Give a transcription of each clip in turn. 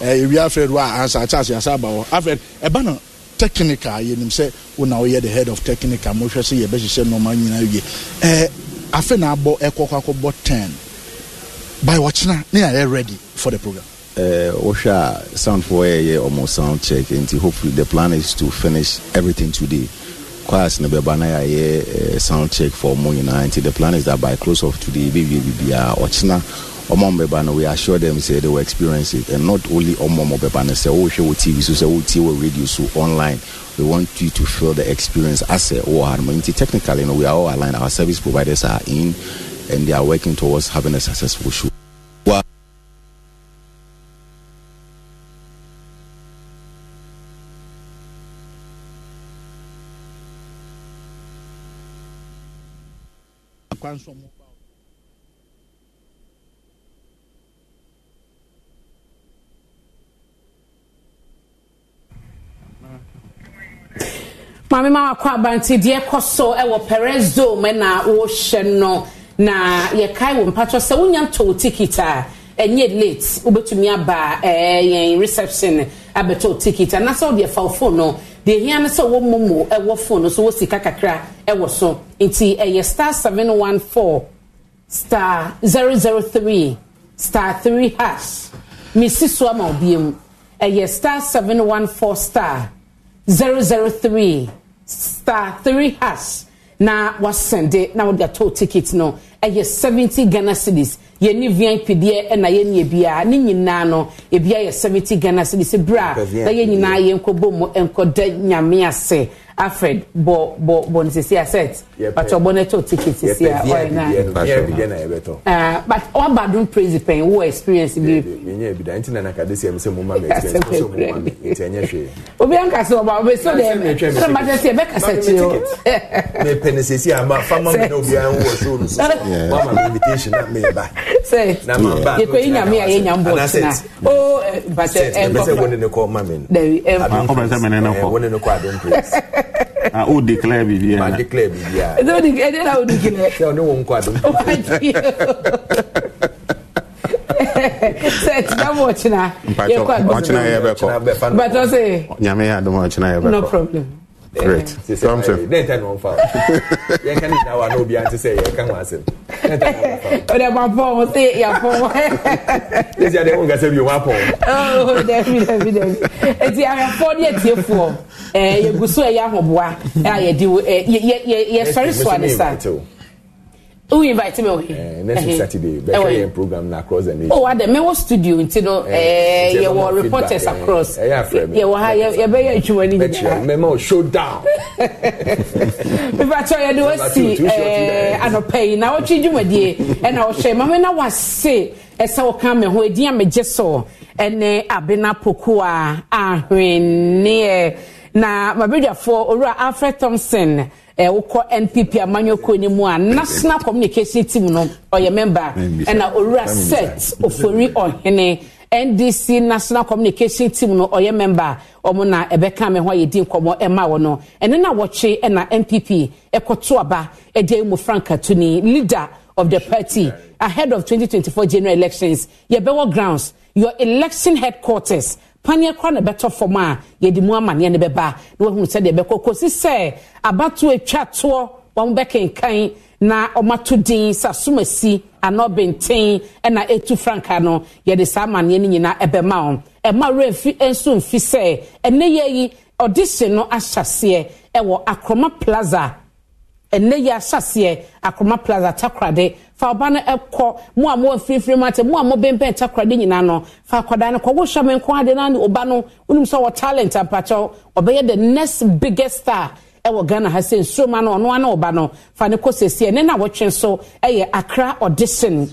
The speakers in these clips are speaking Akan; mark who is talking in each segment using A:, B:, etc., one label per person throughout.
A: ewi alfred wa ansa charles yasa aba hɔ alfred ɛba na technical yɛnim sɛ wona woyɛ the head of technical mohwɛ sɛ yɛbɛhyehyɛ nnoɔma nyinaa wie ɛɛ afei na abɔ ɛkɔkɔ akɔbɔ ten by wɔkyena ne yɛayɛ ready for the program
B: wohwɛ uh, a sound for yɛyɛ ɔmo sound check nti hopefully the plan is to finish everything today choirs no bɛba na yɛayɛ sound check for ɔmo nyinaa nti the plan is that by close of today bɛwie biribiaa ɔkyena ọmọ we assure them say they will experience it and not only ọmọ mbẹba no sẹ oh, wọ́n tv so sẹ wọ́n tie radio so online we want you to feel the experience as a whole harmony nti technically you know, we are all aligned our service providers are in and they are working towards having a successful show.
C: maame mama kɔ abante deɛ kɔ so wɔ perez dome na wɔrehwɛ no na yɛkae wɔ mpatwɔ sɛ wonya ntɔw ticket a ɛnyɛ late wobɛtumi aba ɛɛ yɛn reception abɛtɔw ticket a na sɛ wɔde ɛfa phone no deɛ hia no sɛ wɔn momo ɛwɔ phone no so wɔ sika kakra ɛwɔ so nti ɛyɛ star seven one four star zero zero three star three hash mesi so ama obiemu ɛyɛ star seven one four star zero zero three star three hash na wasɛnde na wɔde ato ticket no ɛyɛ seventy ghana cedis yɛn ni vip deɛ ɛna yɛn ni ebia ne nyinaa no ebia yɛ seventy ghana cedis ebira na yɛn nyinaa yɛn nkɔ bɔ mu nkɔ da nyame ase alfred bɔ bɔ bɔ ne sisi asset pati ɔbɔ ne to ticket sisi a ɔyɛ na but wọn ba dun praise pɛn wo experience bi.
D: yẹn yẹn bi da n ti nana ka de si
E: ɛmisɛn mu ma mi experience ko so mu ma mi nti ɛnyɛ hwee. obi an kasi
C: ɔba ɔbɛ so dɛ sɛ ma tɛ si ɛbɛ kasa kyi o. mɛ
F: pɛn sisi a ma fama mi na obi an wɔ show no wa ma mi invitation na mi ba.
C: na yɛ kɔ yi nyame a yɛ nyam bɔ tina o batɛ ɛnkɔ. ɛbɛsɛ wo ne ne kɔ ma mi. dɛbi ɛnkɔ.
G: a bɛ nkɔ ne ne kɔ. wo ne ne a bɛ
C: praise ah o
H: declare bibi ya ma declare bibi ya
C: ɛdɛ o declare ɛdɛ na o declare sɛ ɔne wɔn nkɔ adum sɛ tina mu ɔkyina yɛ
H: kɔ adum ɔkyina yɛ bɛ kɔ but ɔsɛ nyame yɛ adum ɔkyina yɛ bɛ kɔ no problem great
D: samson den ten wọn fa yẹn kan nina wa n'obi an ti sẹ yẹn kan wọn asem
C: den ten wọn fa. o de ma pọ o se ya pọ wọn.
D: esi adi ẹkún gasẹ bi o ma pọ.
C: ooo dẹbi dẹbi dẹbi eti ahọfọ ni etie fọ ẹ egusi ẹ yẹ ahoboa ẹ a yẹ di wo ẹ yẹ yẹ yẹ sọrí sọ who invite me ọhìn.
I: Eh,
F: next week eh, eh. saturday bẹẹ ṣe yẹn program na across the nation.
C: o wa dẹ mẹwọ studio nti no yẹ wọ reporters
I: across yẹ wọ
C: ha yẹ bẹ
I: yẹ ìtumọ ní yìí. mẹmọ show down.
C: bibatɔ yɛ de wasi anɔpɛ yi na ɔtwi dwumadie ɛna ɔhyɛ maame na wase ɛsɛ ɔka mɛ ho edin a megye so ɛne abena pokuwa ahwenneɛ na mabedwafoɔ owura alfred thompson ɛwokɔ eh, npp amanyɔkuo no mu a national communication team no ɔyɛ member ɛna owura set ofori ɔhene ndc national communication team no ɔyɛ member ɔmo na ɛbɛka me ho a yɛdi nkɔmmɔ ɛma wɔ no ɛne na wɔtwe ɛna npp ɛkɔto aba ɛde mu frankatoni leader of the party ahead of 2024 general elections yɛbɛwɔ grounds your election headquarters paneɛ kora na ɛbɛtɔ fam a yɛde mu amanneɛ no bɛba na wahunu sɛdeɛ ɛbɛkɔ kɔsi sɛ abatoɔ atwa toɔ wɔn bɛkenkan na ɔmato din sɛ asomasi anaa ɔbɛnten ɛna etu frankaa no yɛde saa amanneɛ no nyinaa ɛbɛma wɔn ɛma e wura mfi nso mfi sɛ ɛnɛ yɛ yi audition no ahyɛseɛ ɛwɔ akroma plaza ɛnɛ yi ahyɛseɛ akoma plaza takorade fa ɔba no ɛkɔ mu a mo mfimfini mu ate mu a mo takorade nyinaa no fa akwadaa no kɔ wohwɛ mi nko ade naani ɔba no onim sɛ ɔwɔ talent ampakyɛw ɔbɛyɛ the next biggest star ɛwɔ ghana ha sɛ nsuoma no ɔnoa no ɔba no fa ne kɔ sɛsie ɛnɛ na wɔtwe so ɛyɛ accra audition.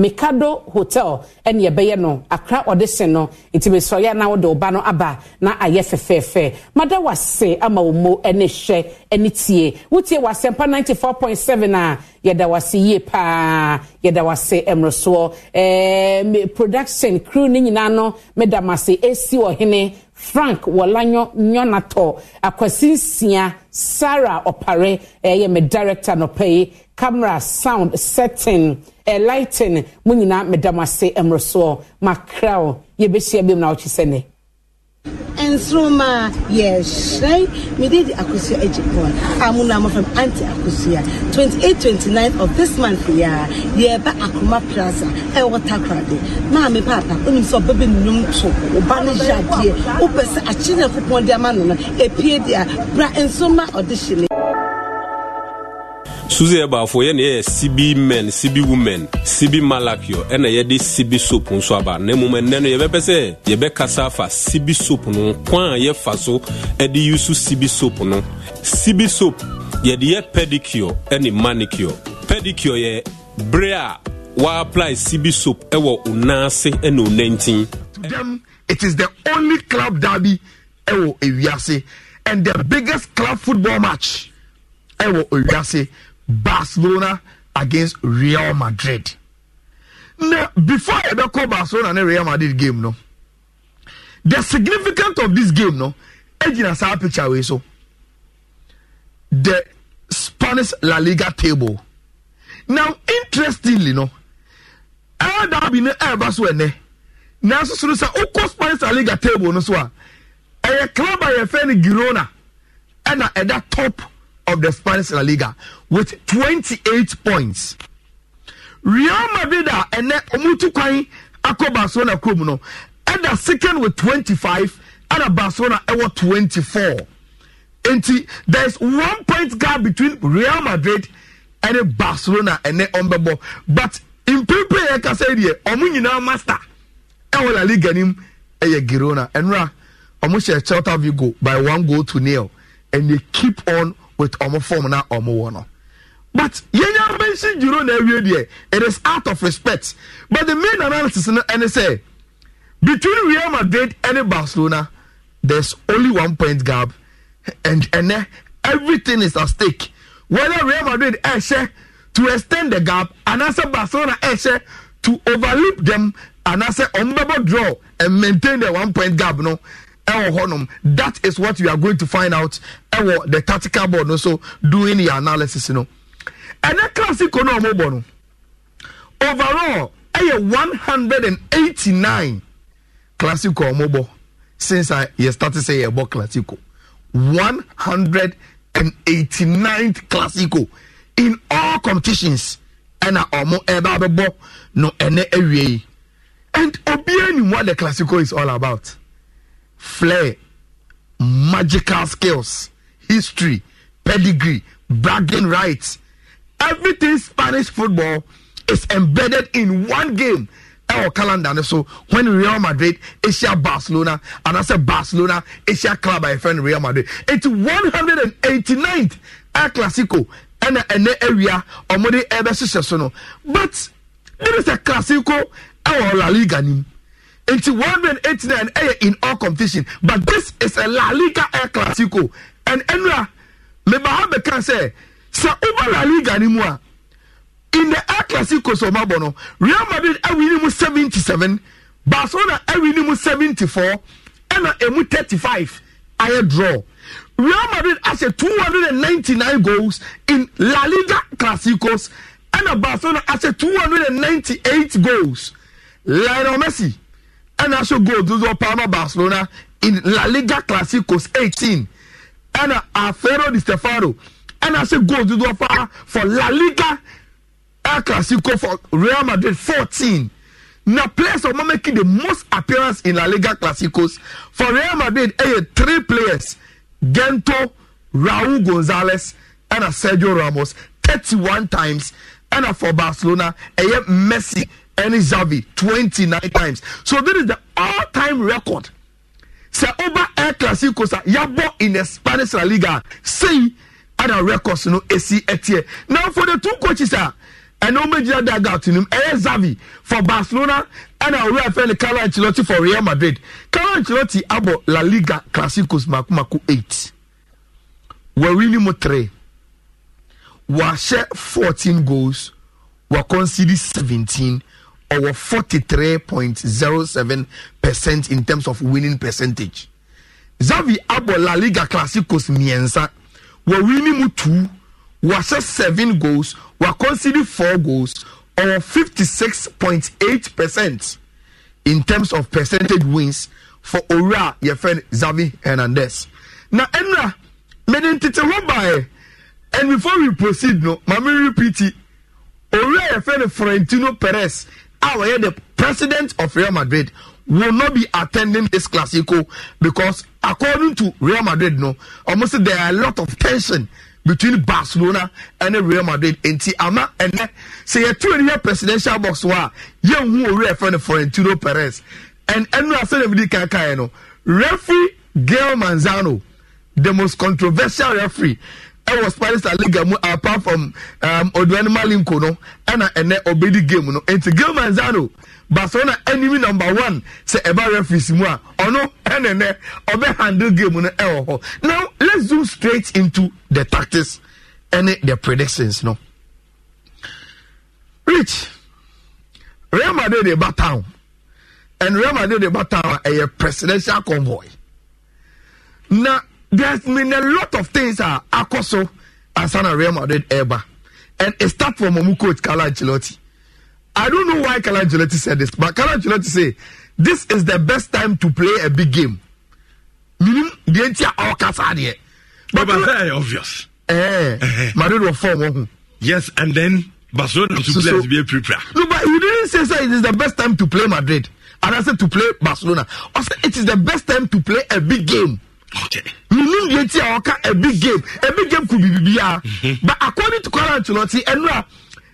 C: mikado hotel ɛne ɛbɛyɛ no akra ɔde se no nti mesɔeɛ na wode wo no aba na ayɛ fɛfɛɛfɛ mada wase ama wo mo ne hwɛ ne tie wotie wasɛmpa 94.7 a yɛda wase yie paa yɛda wase mmorosoɔ eh, production crew no nyinaa no meda mase ɛsi ɔhene frank wɔlanyo nyɔnatɔ akwasinsia sarah ɔpare ɛyɛ eh, director nɔpɛ yi camera sound setting eh, lighting mu nyinaa meda mo ase eh, mmerɛ soɔ makra o yɛbɛhyia bi mu na wɔtwe sɛ ne nsoroma yɛhyerɛn mede de akosua agye pɔn a mo no amafam anti akosua 2829 of this month yi a yɛba akoma plaza ɛwɔ eh, takrade maame paapa wonim sɛ ɔbɛbɛ nnwom to woba no yɛ adeɛ wopɛ sɛ akyerɛ nyankopɔn de ama no no ɛpie de a bra nsoroma
B: ɔde hye ne
H: suzu yɛ baafo yɛ na yɛ sibi men sibi women sibi malakio ɛna yɛde sibi soap nso aba na mmom ɛnɛ no yɛbɛpɛ sɛ yɛbɛkasa afa sibi soap no kwan a yɛfa so ɛde yusu sibi soap no sibi soap yɛde yɛ pedicure ɛne manicure pedicure yɛ bere a wɔapply sibi soap ɛwɔ onaase ɛna onantin.
E: to them it is the only club derby ɛwɔ ewiase and the biggest club football match ɛwɔ ewiase barcelona against real madrid na before I call barcelona ne real madrid game no the significance of this game no egyina saa picture wei so the spanish la liga table now interestingly no ɛyɛ daabi ne ɛɛba so ɛnɛ nanso so no sɛ wokɔ spanish la liga table no so a ɛyɛ club a yɛfɛ no girona ɛna ɛda top of the Spanish La Liga with 28 points. Real Madrid a ɛnɛ ɔmo tu kwan akɔ Barcelona kurom no ɛda second with 25 ɛna Barcelona ever 24. Nti there is one point gap between Real Madrid and Barcelona and the ɔmbɛbɔ but mpempe yɛ kasa yi deɛ ɔmo nyinaa master ɛwɔ La Liga him, ɛyɛ Girona ɛnura ɔmo hyɛ Celta Vigo by one goal to nil and they keep on with ɔmo form na ɔmo wɔ no but yɛnya bɛnsi gyiro na awie deɛ it is out of respect but the main analysis no ɛne sɛ between real madrid and barcelona there's only one point gap and ɛnɛ everything is at stake whether real madrid ɛhyɛ to extend the gap anaasɛ barcelona ɛhyɛ to overlook them anaasɛ ɔmo bɛbɔ draw and maintain the one point gap no ɛwɔ hɔnom that is what you are going to find out ɛwɔ the tactical board no so doing your analysis no ɛnɛ classico no a wɔbɔ no overall ɛyɛ one hundred and eighty-nine classico a wɔbɔ since I yɛ start say yɛ bɔ classic one hundred and eighty-nine classico in all competitions ɛna wɔn ɛbɛ abɛbɔ no ɛnɛ ɛwie yi and Obi nim what the classic is all about flair magical skills history pedigree bragging rights everything spanish football is embedded in one game ɛwɔ calendar so when real madrid is asia barcelona and I anaasɛ barcelona is asia club a friend real madrid it's 189th and el clasico ɛna ɛnɛ area ɔmo de ever so but this is a clasico ɛwɔ la liga nim nti 189 ɛyɛ in all competition but this is a la liga air classico and ɛnura meba ha bɛka sɛ sɛ woba la liga no mu a in the air classico so ɔmabɔ no real madrid awi ne mu 77 barcelona awi ne mu 74 ɛna ɛmu 35 ayɛ draw real madrid ahyɛ 299 goals in la liga classicos ɛna barcelona ahyɛ 298 goals lionel messi ɛna so goal dodo palma barcelona in la liga classicos eighteen ɛna afero di stefano ɛna so goal dodo pa for la liga el clasico for real madrid fourteen na players ọmọ making the most appearance in la liga classicos for real madrid ɛyɛ eh, three players gento raul gonzalez ɛna sergio ramos thirty-one times ɛna for barcelona ɛyɛ eh, messi ɛne twenty nine times so this is the all time record sɛ ɔba El Clasico sa yabɔ in the Spanish La Liga sei ada records no esi ɛteɛ now for the two coaches a ɛna wɔn gyina dugout nim ɛyɛ Xavi for Barcelona ɛna owurɛ afɛ ne Carlo Ancelotti for Real Madrid Carlo Ancelotti abɔ La Liga Clasicos mako mako eight wɔwi ne mu three wɔahyɛ fourteen goals wɔakɔnsidi seventeen ɔwɔ 43.07 percent in terms of winning percentage xavi abɔ la liga classicos mmiɛnsa wɔwini mu two wɔahyɛ seven goals wɔakɔnsidi four goals ɔwɔ 56.8 percent in terms of percentage wins for owura friend xavi hernandez na ɛnura mede ntete hɔ baeɛ and before we proceed no maame repeat owura yɛfɛ friend florentino perez wɔyɛ the president of real madrid will not be attending this classico because according to real madrid no almost there are a lot of tension between barcelona and real madrid nti ama ɛnɛ sɛ a two-year presidential box wa yɛn hu owurɛ ɛfɛ no florentino perez and ɛnu asɛ na ebi di referee gail manzano the most controversial referee ɛwɔ spanish liga mu apart from um, oduane malinko no ɛna ɛnɛ ɔbɛdi game no nti gil manzano barcelona enemy number one sɛ ɛba referees mu a ɔno ɛna ɛnɛ ɔbɛ handle game no ɛwɔ hɔ now let's zoom straight into the tactics ɛne the predictions no rich real madrid de ba town and real madrid de ba town a ɛyɛ presidential convoy na there's been a lot of things a uh, akɔ so asana real madrid ever, and it start from omu coach carlo ancelotti i don't know why carlo ancelotti said this but carlo ancelotti say this is the best time to play
D: a big game minim deɛ nti a ɔka saa deɛ. but very obvious. ɛɛ eh, eh. madrid wɔ fɔm wɔn ho. yes and then barcelona to so, players so, be a prepare.
E: no but you didn't say say it is the best time to play madrid and i said to play barcelona i said it is the best time to play a big game minnu deɛ ti a ɔka a big game a big game could be biribiara but according to quarantine ɔti ɛnura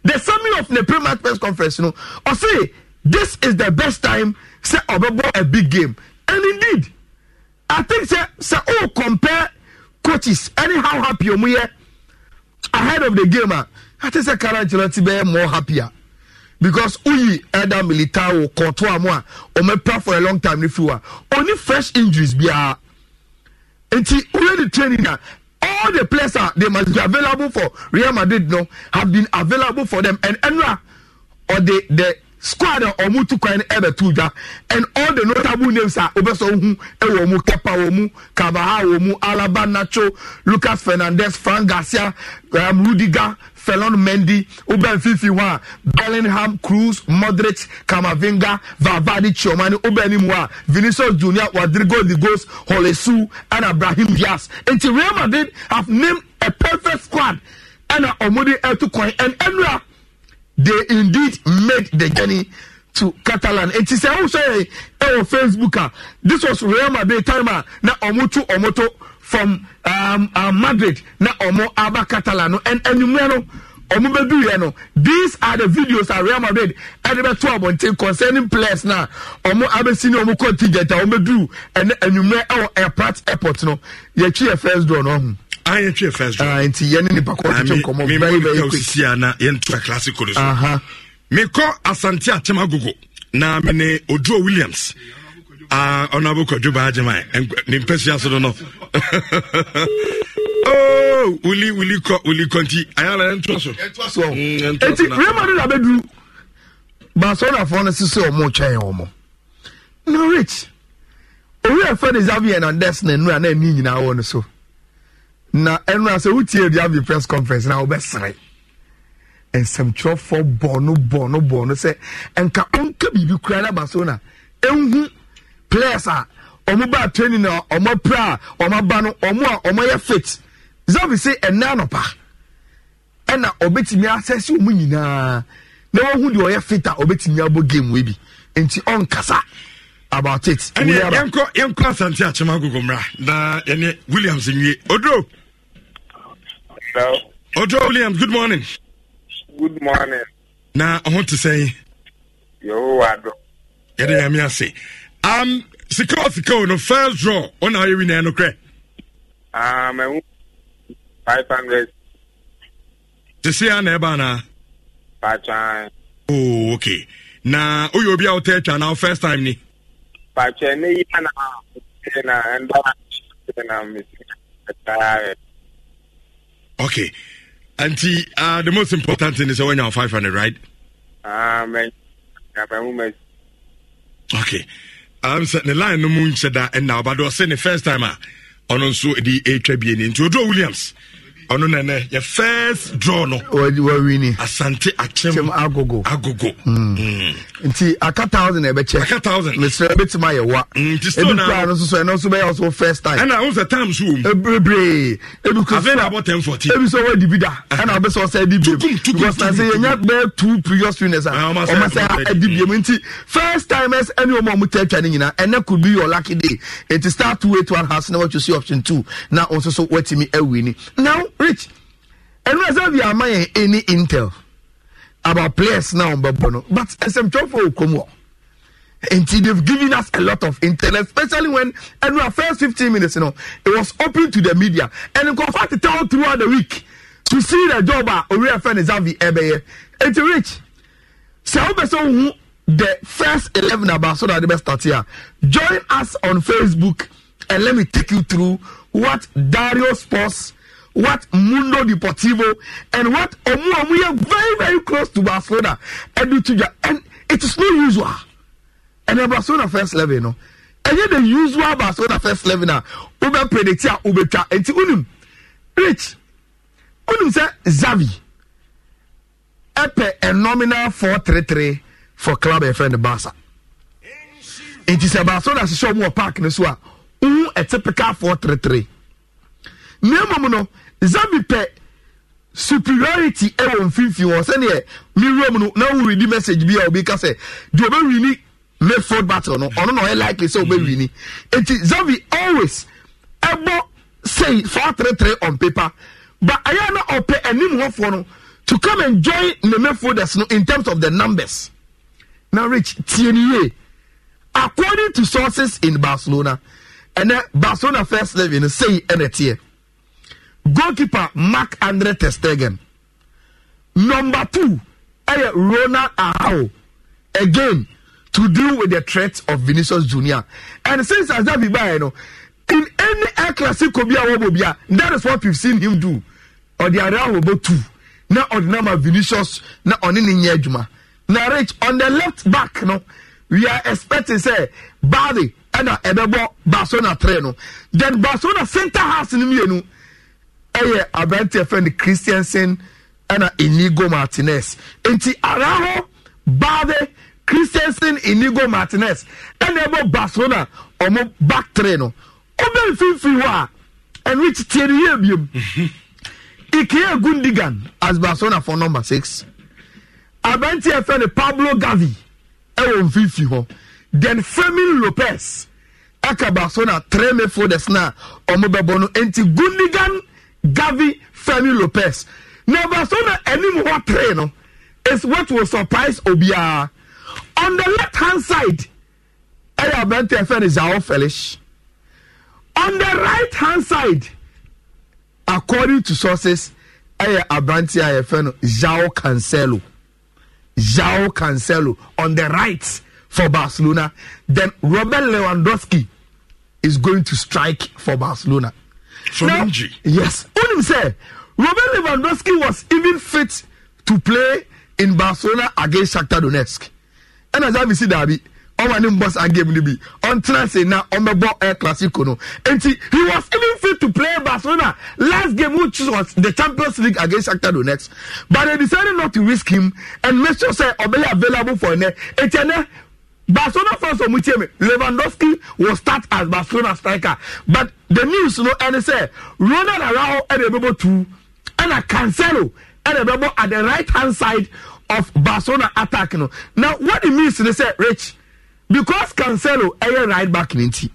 E: the summary of the pre-match press conference no ɔsi this is the best time sɛ ɔbɛbɔ a big game and indeed i think sɛ sɛ o compare coaches ɛni how happy ɔmo yɛ ahead of the game ah, i think sɛ quarantine ti bɛyɛ more happier because uyi ɛda militao kɔtɔ amu a ɔmo pra for a long time ne fi wa oni fresh injuries biara nti wúyẹ ni training na all the players are they must be available for real madrid no have been available for them and Enra or the the squad a ɔmo tu kwan ɛbɛtu dwa and all the notable names a obɛsɛ ohun ɛwɔ ɔmo kepa wɔ mu kabaha wɔ alaba nacho lucas fernandez frank garcia um, rudiger felon mendy obɛn fifi hɔ a bellingham cruz modric kamavinga vavadi chiomani obɛn nimu a vinicius junior rodrigo ligos holesu and brahim diaz nti real madrid have named a perfect squad ɛna ɔmo de ɛtu kwan and ɛnura they indeed made the journey to Catalan. It is also a our eh, oh, Facebook. Ah. This was Real Madrid timer. Ah. Now Omoto Omoto from um, uh, Madrid. Now Omo Aba Catalan and Enumero. Omo Bedu no. These are the videos that Real Madrid Edinburgh to Abonte concerning players now. Omo Abesini Omo Contingent Omo Bedu and Enumero oh, Airport Airport no. Yechi eh, first door no. ayɛ twɛ first
D: draw ah, nti yɛne nipa kɔ ɔtete ah, nkɔmɔ very very quick sisi a na yɛnto a classico de so mekɔ asante atem agogo na mene oduo williams a ah, ɔno abokɔdwo baa gyema ne mpɛsia so no no oh, wuli wuli kɔ wuli kɔ nti ayala yɛntoa so mm, nti rema no na
E: bɛduru barcelonafoɔ no sesɛ ɔmo twɛn ɔmo no rich owurɛ fɛ de xavier nandes na nnura na ani nyinaa wɔ no so na ɛnura sɛ wotie aduavi press conference na wobɛsere nsɛmtwerɛfoɔ bɔɔno bɔɔno bɔɔno sɛ nka ɔnka biribi kura no aba so na ɛnhu players a ɔmo baa training na ɔmo pra a ɔmo aba no ɔmo a ɔmo yɛ fit zavi sɛ ɛnna anɔpa ɛna ɔbɛtumi asɛsɛ ɔmo nyinaa na wɔn ho deɛ ɔyɛ fit a ɔbɛtumi abɔ game webi bi nti ɔnkasa about it. ɛnni yɛnkɔ
D: yɛnkɔ asante akyɛm agogo mra na yɛne williams nwie oduro. Hello. Ojo Williams, good morning. Good morning. Na ɔho te sɛ. Yòówó àdó. Yẹ́dẹ̀ yà mí ase. Um, sika o sika o no first draw ɔna ayé wi na ɛnu ah, kɛ. Um, ɛmu
H: five hundred.
D: Sisi a na ɛba na.
H: Pàtàn.
D: Oh, okay. Na o yɛ obi a o tɛ twa na o first time ni.
H: Pàtàn ne yi na na ɛnda na mi si ka taa
D: okay nti uh, the most important thing is sɛ woanya wo 500 right Amen. okay I'm um, setting the line no mu nkyɛ da ɛna ɔba de ɔsɛ ne first time uh, a ɔno nso de ɛtwa bie ni nti ɔdurɔ williams ɔno nɛnɛ yɛ first draw no wawini asante akyem agogo
E: agogo hmm. Hmm. nti aka thousand ɛbɛkyɛ aka thousand mesrɛ bɛtumi ayɛ wa ɛdu hmm, kora no soso ɛno nso bɛyɛ ɔso first time ɛna wo sɛ time so wom bebree ɛdu kora afei na abɔ 10 14 ebi sɛ wɔdi bi da ɛna wɔbɛ sɛ ɔsɛ di biem because na sɛ yɛnya bɛyɛ two previous winners a ah, ɔma sɛ ɛdi biem nti first timers ɛne ɔma ɔmo tɛ atwa ne nyinaa ɛnɛ could be your lucky day nti star two eight one house na wɔtwe si option two na ɔnso so wɔatumi awini now rich ɛnu ɛsɛ bi ama yɛn any intel about players now bɛbɔ no but ɛsɛmtwɛfo okom wɔ nti they have given us a lot of intel especially when ɛnu first fifteen minutes you no know, it was open to the media and nkɔfɔ ti tell throughout the week to see the job a owurɛ fɛn ne zavi ɛbɛyɛ eti rich sɛ ɔbɛ sɛ ohun the first eleven about so that they bɛ start here join us on facebook and let me take you through what dario sports what Mundo Deportivo and what Omu Omu are very, very close to Barcelona and Utuja. And it is no usual. And the Barcelona first level, you know. And yet the usual Barcelona first level now, Uber Predator, Uber Cha, and Unum. Rich, Unum said Zavi. Epe a nominal 433 for club and friend Barca. It is a Barcelona show more park in this one. Who a typical 433. Name, no zabi pɛ superiority ɛwɔ mfimfini hɔ sɛdeɛ mi wura mu no na wuri di message bi a obi ka sɛ deɛ obe wi ni mayfield battle no ɔno na ɔyɛ likely sɛ obe wi ni eti zabi always ɛbɔ say four three three on paper but ɛyɛ na ɔpɛ anim hɔfoɔ no to come and join ne mayfielders no in terms of the numbers na rich tie ni yie according to sources in barcelona ɛnɛ barcelona first eleven say ɛna teɛ goalkeeper mark andre testegen number two ɛyɛ ronald ahao again to deal with the threat of vinicius junior and since as azabi baayɛ no in any air classic bi a that is what we seen him do ɔde ahao bɔ two na ɔde nama vinicius na ɔne ni nyɛ adwuma na rich on the left back no we are expecting say Barry. baadi ɛna ɛbɛbɔ barcelona three no then barcelona center house ni mmienu ɛyɛ aberante ɛfɛ no christiansen ɛna inigo martinez nti araho baade christiansen inigo martinez ɛna ɛbɔ barcelona ɔmo back three no ɔbɛ mfimfin hɔ a ɛno titie no yɛ biem ikea gundigan as barcelona for number six aberante ɛfɛ no pablo gavi ɛwɔ mfimfin hɔ then fermin lopez ɛka barcelona three midfielders na ɔmo bɛbɔ no nti gundigan. Gavi Femi Lopez. Never so na any more train no, is what will surprise Obia. On the left hand side, ɛyɛ abirante ɛfɛ no Zao Felish. On the right hand side, according to sources, ɛyɛ abirante a yɛfɛ Cancelo. Zao Cancelo on the right for Barcelona. Then Robert Lewandowski is going to strike for Barcelona. Solange. yes. Unim say Robert Lewandowski was even fit to play in Barcelona against Shakhtar Donetsk. And as I see Derby, ọmọ ni mbọs agame ni bi ọntena se na ọmọbọ ẹ classico no see, he was even fit to play barcelona last game which was the champions league against shakhtar donetsk but they decided not to risk him and make sure say ọbẹ available for ẹnẹ And ẹnẹ barcelona fans ọmọ tiẹ mi lewandowski will start as barcelona striker but the news no ɛne sɛ ronald arao ɛna ɛbɛbɔ tu ɛna cancelo ɛna ɛbɛbɔ at the right hand side of barcelona attack no now what it means ne sɛ rich because cancelo ɛyɛ right back ne nti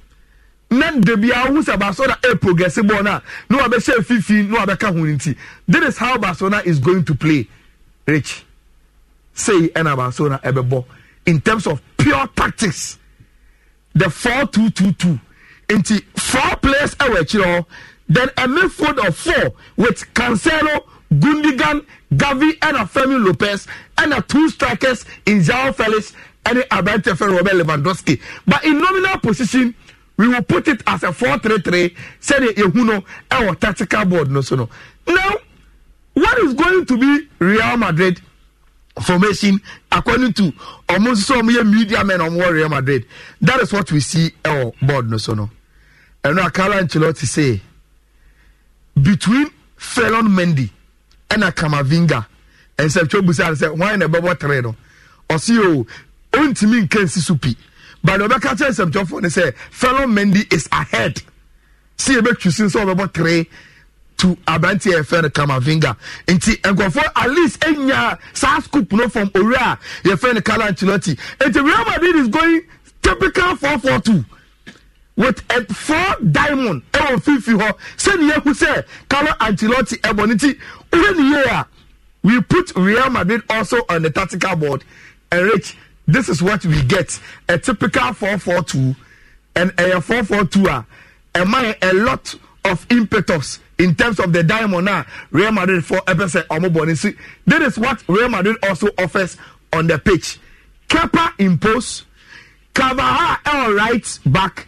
E: na debi ahu sɛ barcelona ɛ progress bɔ na na wabɛhyɛ fifi na wabɛka ho ne nti this is how barcelona is going to play rich sei ɛna barcelona ɛbɛbɔ in terms of pure tactics the four two two two nti four players ɛwɔ akyire hɔ then a midfield of four with cancelo gundogan gavi ɛna femi lopez ɛna two strikers in zao felix ɛne abirante fɛn robert lewandowski but in nominal position we will put it as a four three three sɛdeɛ ehu no ɛwɔ tactical board no so no now what is going to be real madrid formation according to ọmọ nso ọmọ yẹ media men ọmọ wọ real madrid that is what we see ẹwọ board no so no ẹnu akara ancelotti say between felon mendy ɛna kamavinga nsɛmtwɛ busa sɛ wɔn na ɛbɛbɔ tere no ɔsi o oh, ontumi nka nsi so pi but ɔbɛka kyerɛ nsɛmtwɛfoɔ no sɛ felon mendy is ahead si ebɛtwi si nso ɔbɛbɔ tere to aberante a yɛfrɛ no kamavinga nti nkurɔfoɔ at least anya saa scoop no from owura a yɛfrɛ no carlo ancelotti nti real madrid is going typical four four two with a eh, four diamond ɛwɔ fifi hɔ sɛni yɛhu sɛ carlo ancelotti ɛbɔ ne ti wúwo ni yie a we put real madrid also on the tactical board enrich this is what we get a typical four four two and ɛyɛ eh, four four two a ɛma a lot of impetus in terms of the diamond now Real Madrid for episode This is what Real Madrid also offers on the pitch. Kepa impose, Kavaha our right back,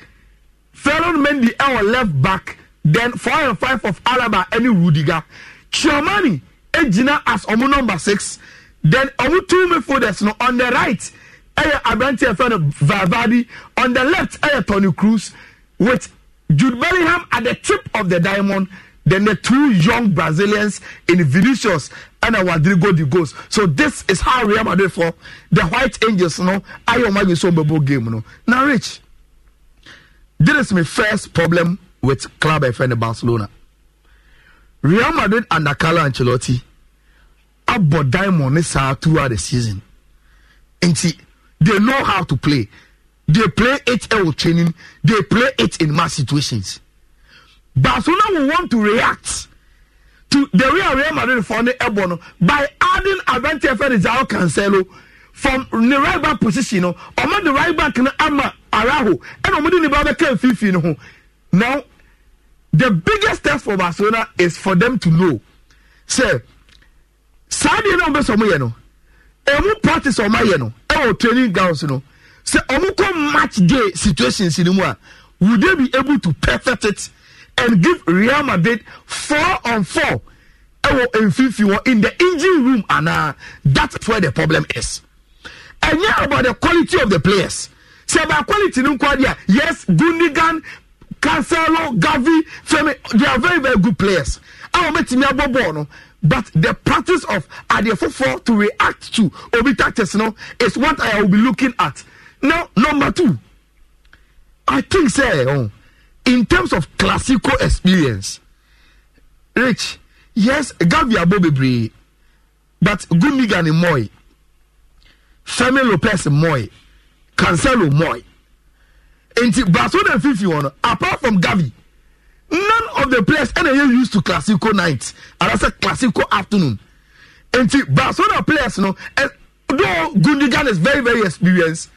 E: Felon Mendy our left back, then four and five of Alaba and Rudiger. Chiamani Ejina as Omu number six, then Omu two midfielders no on the right. Ɛyɛ aberante ɛfɛ no Vavadi on the left ɛyɛ Tony Cruz with Jude Bellingham at the tip of the diamond. Then the two young Brazilians in Vinicius and Rodrigo de goals. So this is how Real Madrid for the White Angels. No, I am my so game. No, now Rich, this is my first problem with club FN Barcelona. Real Madrid under Carlo Ancelotti abɔ diamond ne saa throughout the season nti they know how to play they play it ɛwɔ training they play it in mass situations. Barcelona will want to react to the way Real Madrid found Ebono by adding Avante Felizao Cancelo from the right back position no ọmọ the right back no ama Araujo ẹna ọmọ de ne ba bɛka nfinfin now the biggest test for Barcelona is for them to know sɛ saa deɛ náà ɔmo bɛ sɛ ɔmo yɛ no practice ɔmo ayɛ no ɛwɔ training grounds no sɛ ɔmo kɔ match day situations ni mu a would they be able to perfect it and give Real Madrid four on four ɛwɔ mfimfin wɔ in the engine room ana that's where the problem is And yeah, about the quality of the players sɛ about quality no nkwa deɛ yes Gundogan Cancelo Gavi Femi they are very very good players I will ti mi abɔ bɔɔl no but the practice of adeɛfofoɔ to react to obi tactics no is what I will be looking at now number two I think say. Oh, in terms of classical experience rich yes gavi abo bebree but gunnigan moy femi lopez moy cancelo moy nti Barcelona dem fifi wọn apart from gavi none of the players ẹna yẹ used to classical night arasa classical afternoon nti Barcelona players no though gunnigan is very very experienced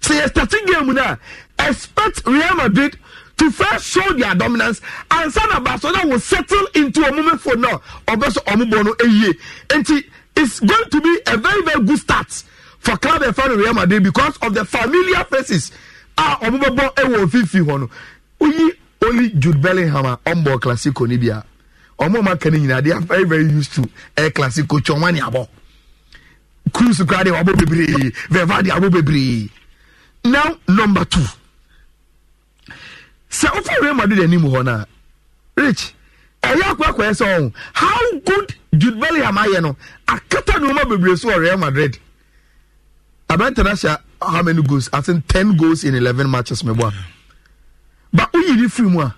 E: sẹ yẹ starting game na expect real madrid to first show their dominance and of san abasoda will settle into a moment for now ọbẹsọ ọmọbọ no eye and it's going to be a very very good start for club efano real madrid because of the familiar faces a ah, ọmọbọbọ ẹwọ fífi hàn no oyi only jude bellingham a ọmọ classico ni bia ọmọ ọmọ they are very very used to a classic tí ọmọ ni abọ cruise kura de wabọ bebree veva de now number two sɛ wofa real madrid anim hɔ no a rich ɛyɛ akoakɔɛ sɛ ɔho how good jude bellingham ayɛ no akata nneɔma bebree so wɔ real madrid abɛntana hyɛ how many goals i think ten goals in eleven matches meboa but woyi ne firi mu a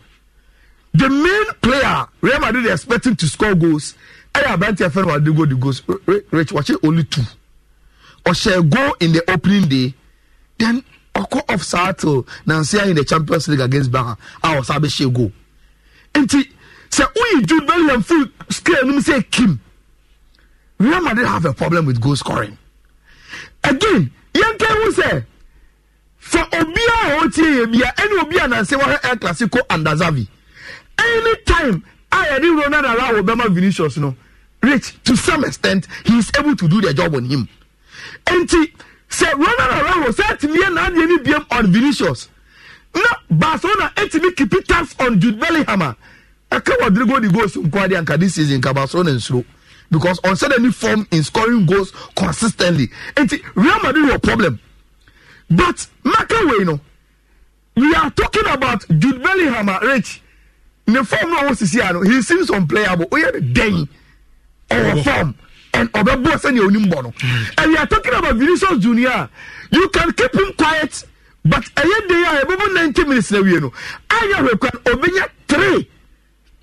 E: the main player real madrid expecting to score goals ɛyɛ abɛnti ɛfɛ no wade go the goals rich wɔhyɛ only two ɔhyɛ goal in the opening day then ɔkɔ off saa till nansi ayi the champions league against baha a ɔsa abɛhyɛ goal nti sɛ oyi jude bellingham full scale num sɛ kim real madrid have a problem with goal scoring again yɛn kɛn ho sɛ fa obi a ɔretie yɛ bia ɛne obi a nansi wɔhɛ air classico andazavi Any anytime a yɛde ronald arawo bɛma vinicius no rich to some extent he is able to do the job on him nti sɛ ronald araujo sɛ atimiɛ naadeɛ ne biam on vinicius na barcelona atumi kipi tax on jude bellingham a ɛka rodrigo de goals nko adeɛ anka this season ka barcelona nsuro because on sɛde ni form in scoring goals consistently nti real madrid wɔ problem but makaway no we are talking about jude bellingham a rich ne form na ɔwɔ sisi ano he seems unplayable oyɛ de den ɔwɔ form and ọbẹ̀bọ̀ sẹ́ni onim bọ̀ no and you are talking about Vinicius Junior you can keep him quiet but ẹ̀yẹ de yà ẹ̀ bọ́bọ̀ ninety minutes na wie no ayé rẹ̀ kwan obìnyẹ three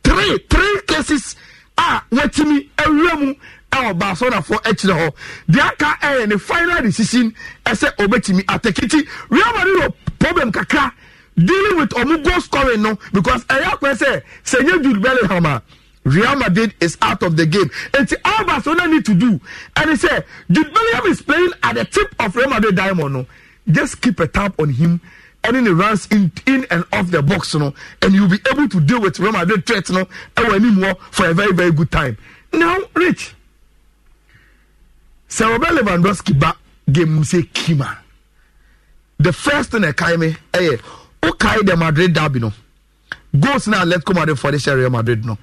E: three three cases a wọ́tìmí ẹ̀wúrẹ́ mu ɛwɔ baasɔnafoɔ ɛkyerɛ hɔ deɛ aka ɛyɛ ne final decision ɛsɛ obetumi atɛkiti real madrid wɔ problem kakra dealing with ɔmo goal scoring no because ɛyɛ akɔɛ sɛ sɛ nye jude bellingham a. Real Madrid is out of the game. And all Barcelona need to do. And he said, Jude Bellingham is playing at the tip of Real Madrid diamond. No? Just keep a tap on him. And then he runs in, in and off the box, you and you'll be able to deal with Real Madrid threats, no, know, and anymore for a very, very good time. Now, Rich, Sir Robert Lewandowski back game say Kima. The first thing I came, eh, okay, the Madrid derby, no. Goals now, Let's come out for this Real Madrid, no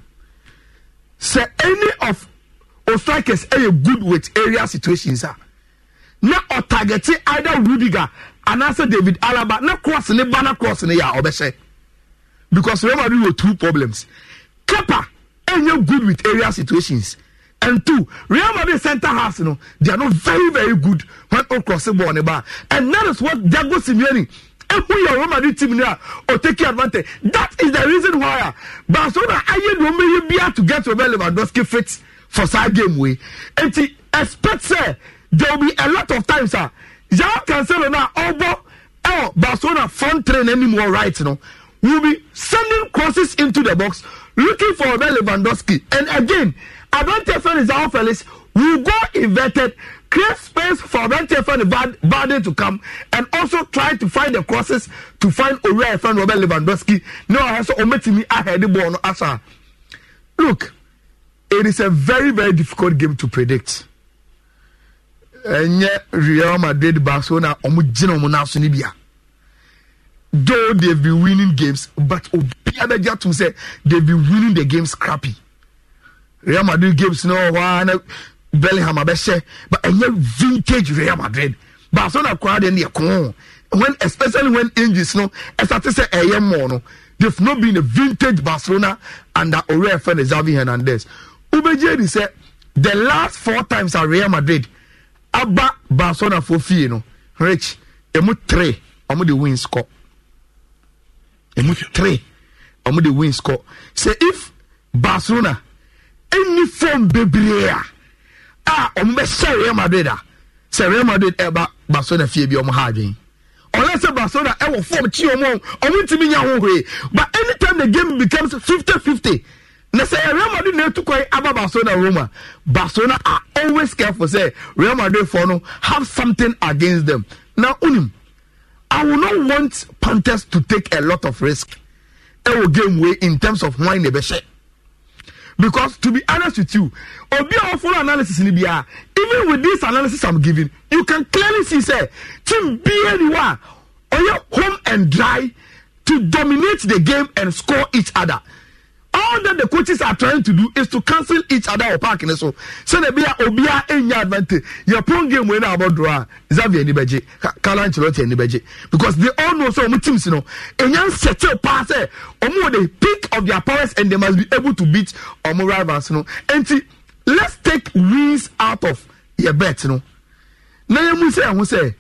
E: sɛ any of ostrikers ɛyɛ good with area situations a na ɔtagɛte either rudiger anaasɛ david alaba na cross ne ba na cross ne yɛ a ɔbɛhyɛ because real madrid were two problems kepa ɛnyɛ good with area situations and two real madrid centre halves you know, they are not very very good when o cross ball the ba and that is what diego simeone ehu yɛ Real Madrid team ni a o take advantage that is the reason why a Barcelona ayé ni wɔn yɛ bia to get Robert Lewandowski fit for saa game wei nti expect say there will be a lot of times a Joao Cancelo na ɔbɔ ɛwɔ Barcelona front train anim wɔ right no will be sending crosses into the box looking for Robert Lewandowski and again advantage is Joao Felix We go inverted create space for Obenche Efe and to come and also try to find the crosses to find Owura Efe Robert Lewandowski ní ọ̀hẹ́ sọ ọmọtìmí ahẹ́dì bọ̀ ọ̀nà asa. Look, it is a very very difficult game to predict. And Ẹ̀yẹ Real Madrid Barcelona ọmọ gyina ọmọ n'aso níbi a. Though they have been winning games but obi abẹ́jẹ́ atum sẹ́ they have been winning the games scrappy. Real Madrid games no one. Bellingham abɛhyɛ but ɛnyɛ vintage Real Madrid Barcelona koraa deɛ neɛ kɔn when especially when injuries no ɛsate sɛ ɛyɛ mɔɔ no they've not been a vintage Barcelona under ɔwɛ ɛfɛ no Hernandez wobɛgye di sɛ the last four times a Real Madrid aba Barcelona for fie no rich emu three ɔmo de win score emu three ɔmo de win score say if Barcelona any form bebree a a ɔmo bɛhyɛ real madrid a sɛ real madrid ɛba barcelona fie bi ɔmo ha adwen ɔlɛ sɛ barcelona ɛwɔ fɔm kyi ɔmo ɔmo ntumi nya ahohoe but anytime the game becomes fifty fifty na sɛ real madrid na etu kwan aba barcelona roma barcelona are always careful sɛ real madrid fɔ no have something against them na unim i will not want panthers to take a lot of risk ɛwɔ game wey in terms of wine na ɛbɛhyɛ because to be honest with you obi a wɔfollow analysis ni bia even with this analysis i'm giving you can clearly see say team bia ni wa home and dry to dominate the game and score each other all that the coaches are trying to do is to cancel each other or park ne so So they sɛdeɛ bia obia enya advantage Your pon game wei na abɔdoro a xavier ani bɛgye carlo ancelotti ani bɛgye because they all know sɛ ɔmo teams no enya nsɛkyɛ paa sɛ ɔmo wɔ the peak of their powers and they must be able to beat omu rivals you know. And see, let's take wins out of your bet you know. na yɛn say sɛ ɛho sɛ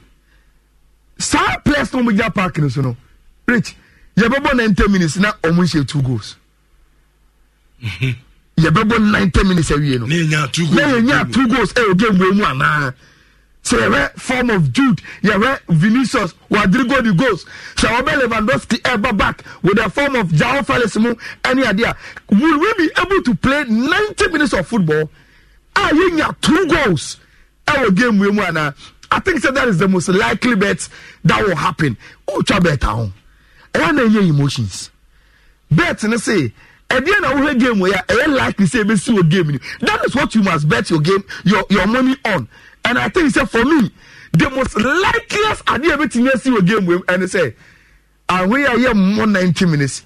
E: saa players na ɔmo gyina park ne so know. rich yɛ bɛbɔ ninety minutes na omu nhyɛ two goals yɛbɛbɔ 90 minutes awie no na yɛnya two goals ɛwɔ eh, game wɔ mu anaa sɛ yɛhwɛ form of jude yɛhwɛ vinicius wadrigo de goals sɛ ɔbɛ lewandowski ɛba back with a form of jao felix mu ɛne adeɛ a will we be able to play 90 minutes of football a ah, yɛnya two goals ɛwɔ eh, game wɔ mu anaa i think say that is the most likely bet that will happen o twa bet ahun ɛyà na yɛ emotions bet ne say ɛdeɛ na wohwɛ game wɔ yɛ ɛyɛ likely sɛ ɛbɛsi wɔ game ni that is what you must bet your game your your money on and i think say for me the most likeliest adeɛ ɛbɛtumi ɛsi wɔ game wɔ ɛne sɛ ahoyi a yɛ more ninety minutes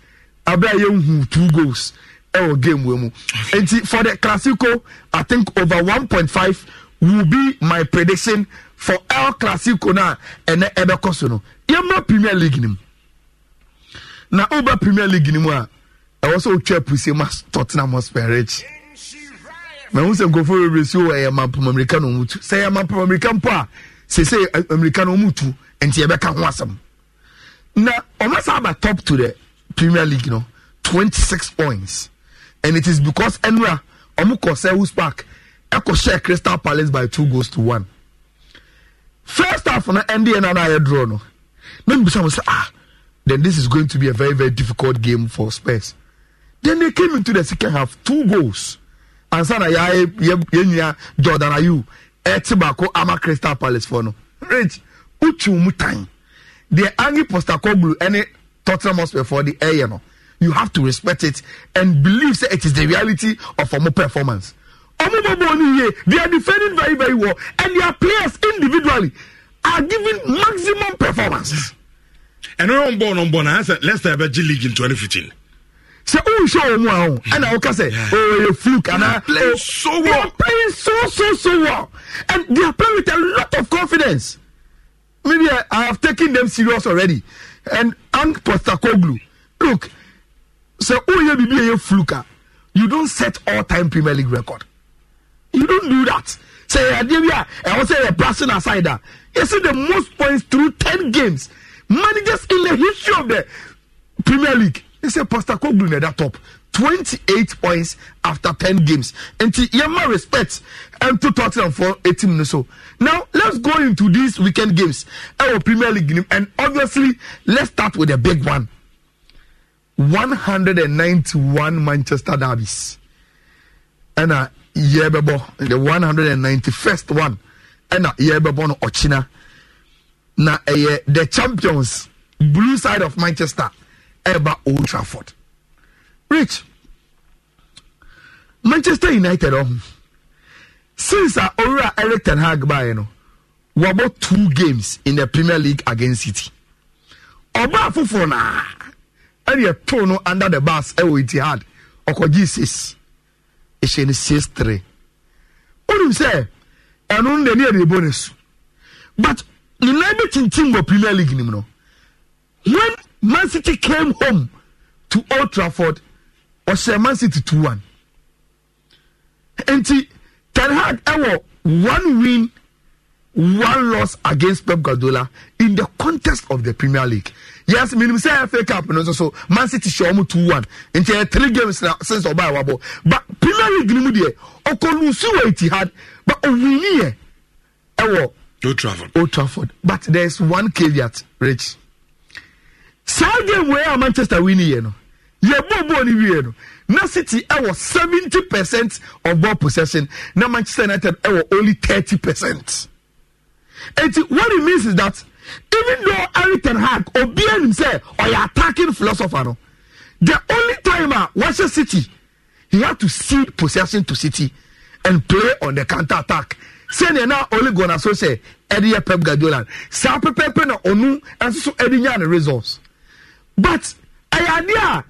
E: abɛ a yɛ hu two goals ɛwɔ eh, game wɔ mu nti for the classico i think over one point five will be my prediction for el classico na ɛnɛ ɛbɛkɔ so no yɛn mura premier league nim na ɔba premier league nim a ɛwɔ sɛ wotwa apuse ma tottenham hotspur rich mahu sɛ nkurɔfoɔ bebree si wɔ ɛyɛ mapam amerika na ɔmutu sɛ ɛyɛ mapam amerika mpo a sese amerika na ɔmutu nti yɛbɛka ho asɛm na ɔma saa aba top to the premier league no 26 points and it is because ɛnura ɔmo kɔ sehus park ɛkɔ crystal palace by two goals to one first half no ɛndeɛ no ana ayɛ draw no na mbisa mo sɛ ah then this is going to be a very very difficult game for spurs Then they came into the second half, two goals. And sana ya yenya Jordan Ayu, eti bako ama Crystal Palace for no. Rich, uchu mutan. The Angi Postacoglu any Tottenham Hotspur for the air, you know. You have to respect it and believe that it is the reality of our performance.
D: They are defending very, very well, and their players individually are giving maximum performance. And on born on born, I said, let's have a G League in 2015 sɛ wonhwɛ wɔ mu a ɛna woka sɛ ɔyɛ oh, fluke anaa oh, playing
E: so so so well and they playing with a lot of confidence maybe I, have taken them serious already and and Postecoglou look sɛ woyɛ biribi ɛyɛ fluke a you don't set all time Premier League record you don't do that sɛ yɛadeɛ bi a ɛwɔ sɛ yɛ brushing aside a yɛsi the most points through ten games managers in the history of the Premier League he say pastor koglu na that top Twenty-eight points after ten games nti yɛma respect two ɛnto and four eighteen minutes so now let's go into these weekend games ɛwɔ premier league nim and obviously let's start with a big one One hundred and ninety-one manchester derbies ɛna yɛbɛbɔ the one hundred and ninety-first one ɛna yɛbɛbɔ no ɔkyina na ɛyɛ eh, the champions blue side of manchester Ever old trafford rich manchester united Um, since a owura eric ten hag know, oh, we about two games in the premier league against city ɔbaa foforɔ naa ɛne ɛtoo no under the bus ɛwɔ etihad ɔkɔgye six it's in six three What wonim sɛ ɛno no nani the ɛbɔ no so but nyinaa bi team wɔ premier league you know, when Man City came home to Old Trafford ɔhyɛ Man City two one nti Ten Hag ɛwɔ one win one loss against Pep Guardiola in the context of the Premier League yes minim sɛ FA Cup no nso so Man City hyɛ ɔmo two one nti ɛyɛ three games na since ɔbaa ɛwɔ abɔ but Premier League ni mu deɛ ɔkɔ lusi wɔ Etihad but owinni yɛ ɛwɔ
D: Old Trafford Old
E: Trafford but there is one caveat Rich saa game wei a manchester win yɛ no yɛbɔɔbɔɔ no wie no na city ɛwɔ e 70 percent of ball possession na manchester united ɛwɔ e only 30 percent eti what it means is that even though eric ten hag obiara nim sɛ ɔyɛ attacking philosopher no the only time a wɔhyɛ city he had to cede possession to city and play on the counter attack sɛnea na ole gunnar solskjaer ɛde yɛ pep guardiola saa pɛpɛpɛ na ɔno so ɛde nya ne results but ɛyɛ adeɛ a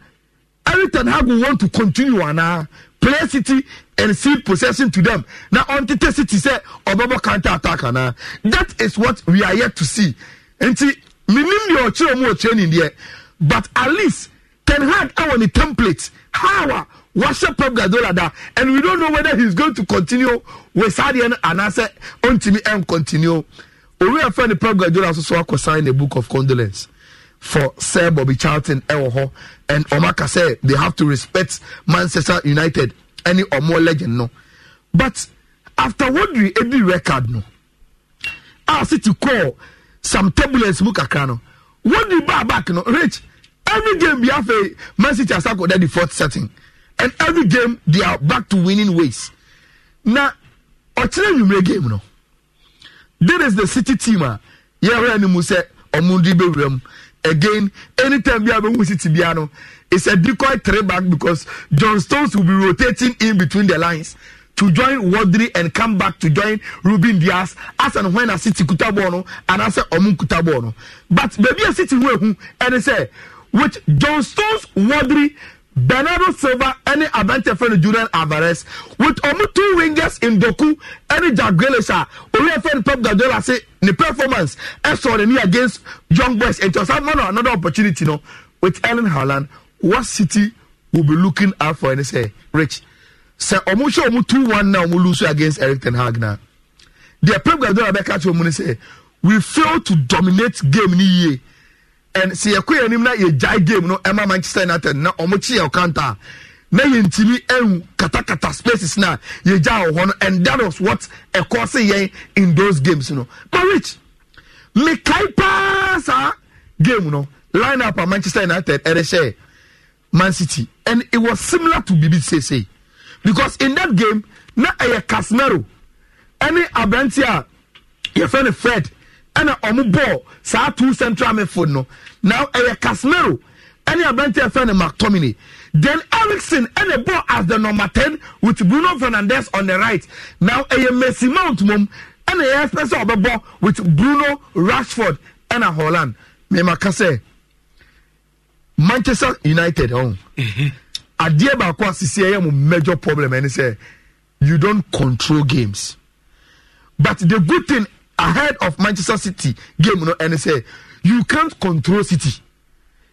E: everton hag want to continue ana play city and see possession to them na ɔntete city sɛ ɔbɛbɔ counter attack ana that is what we are yet to see nti minim deɛ ɔkyerɛ mu ɔkyerɛ ni deɛ but at least ten hag ɛwɔ ne template how a wɔahyɛ pep guardiola da and we don't know whether he is going to continue with saa deɛ no anaasɛ ɔntumi ɛn continue owurɛ fɛn ne pep guardiola nso so akɔ sign a book of condolence for Sir Bobby Charlton ɛwɔ and ɔmaka sɛ they have to respect Manchester United ɛne ɔmo legend no but after Rodri edi record no a si ti kɔ some turbulence mu kakra no Rodri baa back no rich every game bi afei Man City asako that the fourth setting and every game they are back to winning ways na ɔkyerɛ nwumire game no There is the city team a ah. yɛrɛ ni mu sɛ ɔmo di bɛ wura mu again anytime bi a bɛ wusi ti bia no it's a decoy three back because john stones will be rotating in between the lines to join wadri and come back to join ruben dias as and when a city kuta bɔɔl no and as a ɔmo kuta bɔɔl no but baabi a city wo ehu ɛni sɛ with john stones wadri bernardo silva ne abɛntɛfɛ no julian alvarez with ɔmo two wingers ndoku ne jack grealish a owurɛfɛ no pep guardiola se ne performance ɛsɔ n'ani against young boys nti ɔsan ma no another opportunity no with ellen haaland what city will be looking out for ɛne sɛ rich sɛ ɔmo hyɛ ɔmo two one na ɔmo lose against eric ten hag na deɛ pep guardiola bɛka kyerɛ ɔmo ne sɛ we fail to dominate game ni yie and sɛ yɛkɔ yɛ anim na yɛgyae game no ɛma manchester united na ɔmo kye yɛ ɔkanta a na yɛntumi ɛnwu katakata spaces na yɛgya wɔ hɔ no and that was what ɛkɔɔse yɛn in those games no but rich mekae paa saa game no line up a manchester united ɛde man city and it was similar to bibi sese because in that game na ɛyɛ casemiro ɛne aberanteɛ a yɛfɛ no fred ɛna ɔmo bɔɔl saa two central midfield no na ɛyɛ casemiro ɛne abɛnti ɛfɛ no mctominay then ericsson ɛna bɔɔl as the number ten with bruno Fernandez on the right na ɛyɛ messi mount mom ɛna ɛyɛ ɛfɛ sɛ ɔbɛbɔ with bruno rashford ɛna holland mɛma kasɛ manchester united ɔn oh. adeɛ baako a sisi ɛyɛ mo major problem ɛni sɛ you don control games but the good thing ahead of manchester city game no and say you can't control city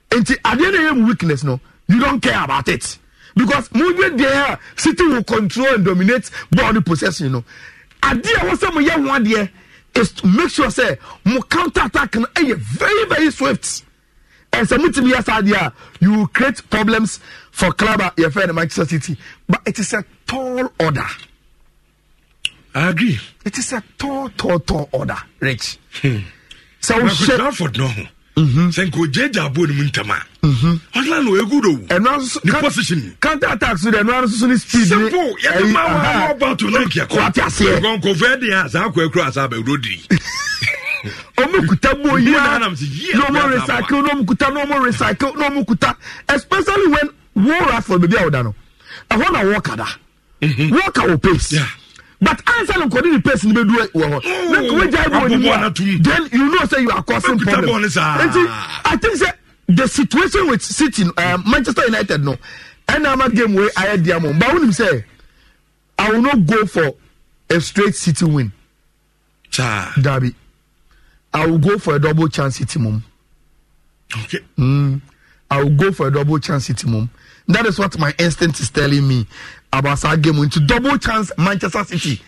E: nti adeɛ no yɛ mu weakness no you don't care about it because mo dwe deɛ city will control and dominate ball possession no adeɛ a wɔsɛ mo yɛ ho adeɛ is to make sure say mo counter attack no ɛyɛ very very swift and sɛ mutumi yɛ saa deɛ a you create problems for club a yɛfɛ no manchester city but it is a tall order
D: agree. It is a tall, tall, tall order,
I: Rich. Hmm.
D: So, we should. Trafford, no. sɛ nka ogyagya aboɔ no mu ntam a ɔna na ɔyɛ good owne position counter attack so de ɛno ara nso ne speed simple yɛde ma wa ɔba to no nkiakɔnkɔfoɔ ɛde a saa kɔ akura asa bɛwurodiri
E: ɔmo kuta mu oyi a na ɔmo recycle na ɔmo kuta na ɔmo recycle na ɔmo kuta especially when wɔn rafa beebi a ɔda no ɛhɔ na wɔka da wɔka wɔ pace. Yeah but ansa no nkɔde ne pace no bɛdu wɔ hɔ na nkɔmɔ gya bɔ ne mu a then you know say you are causing problem nti i think say the situation with city uh, manchester united no ɛna ama game wey ayɛ di amu but wunim say i will not go for a straight city win Cha. derby i will go for a double chance city mum okay. mm, i will go for a double chance city mum. That is what my instinct is telling me about that game. Into double chance Manchester City.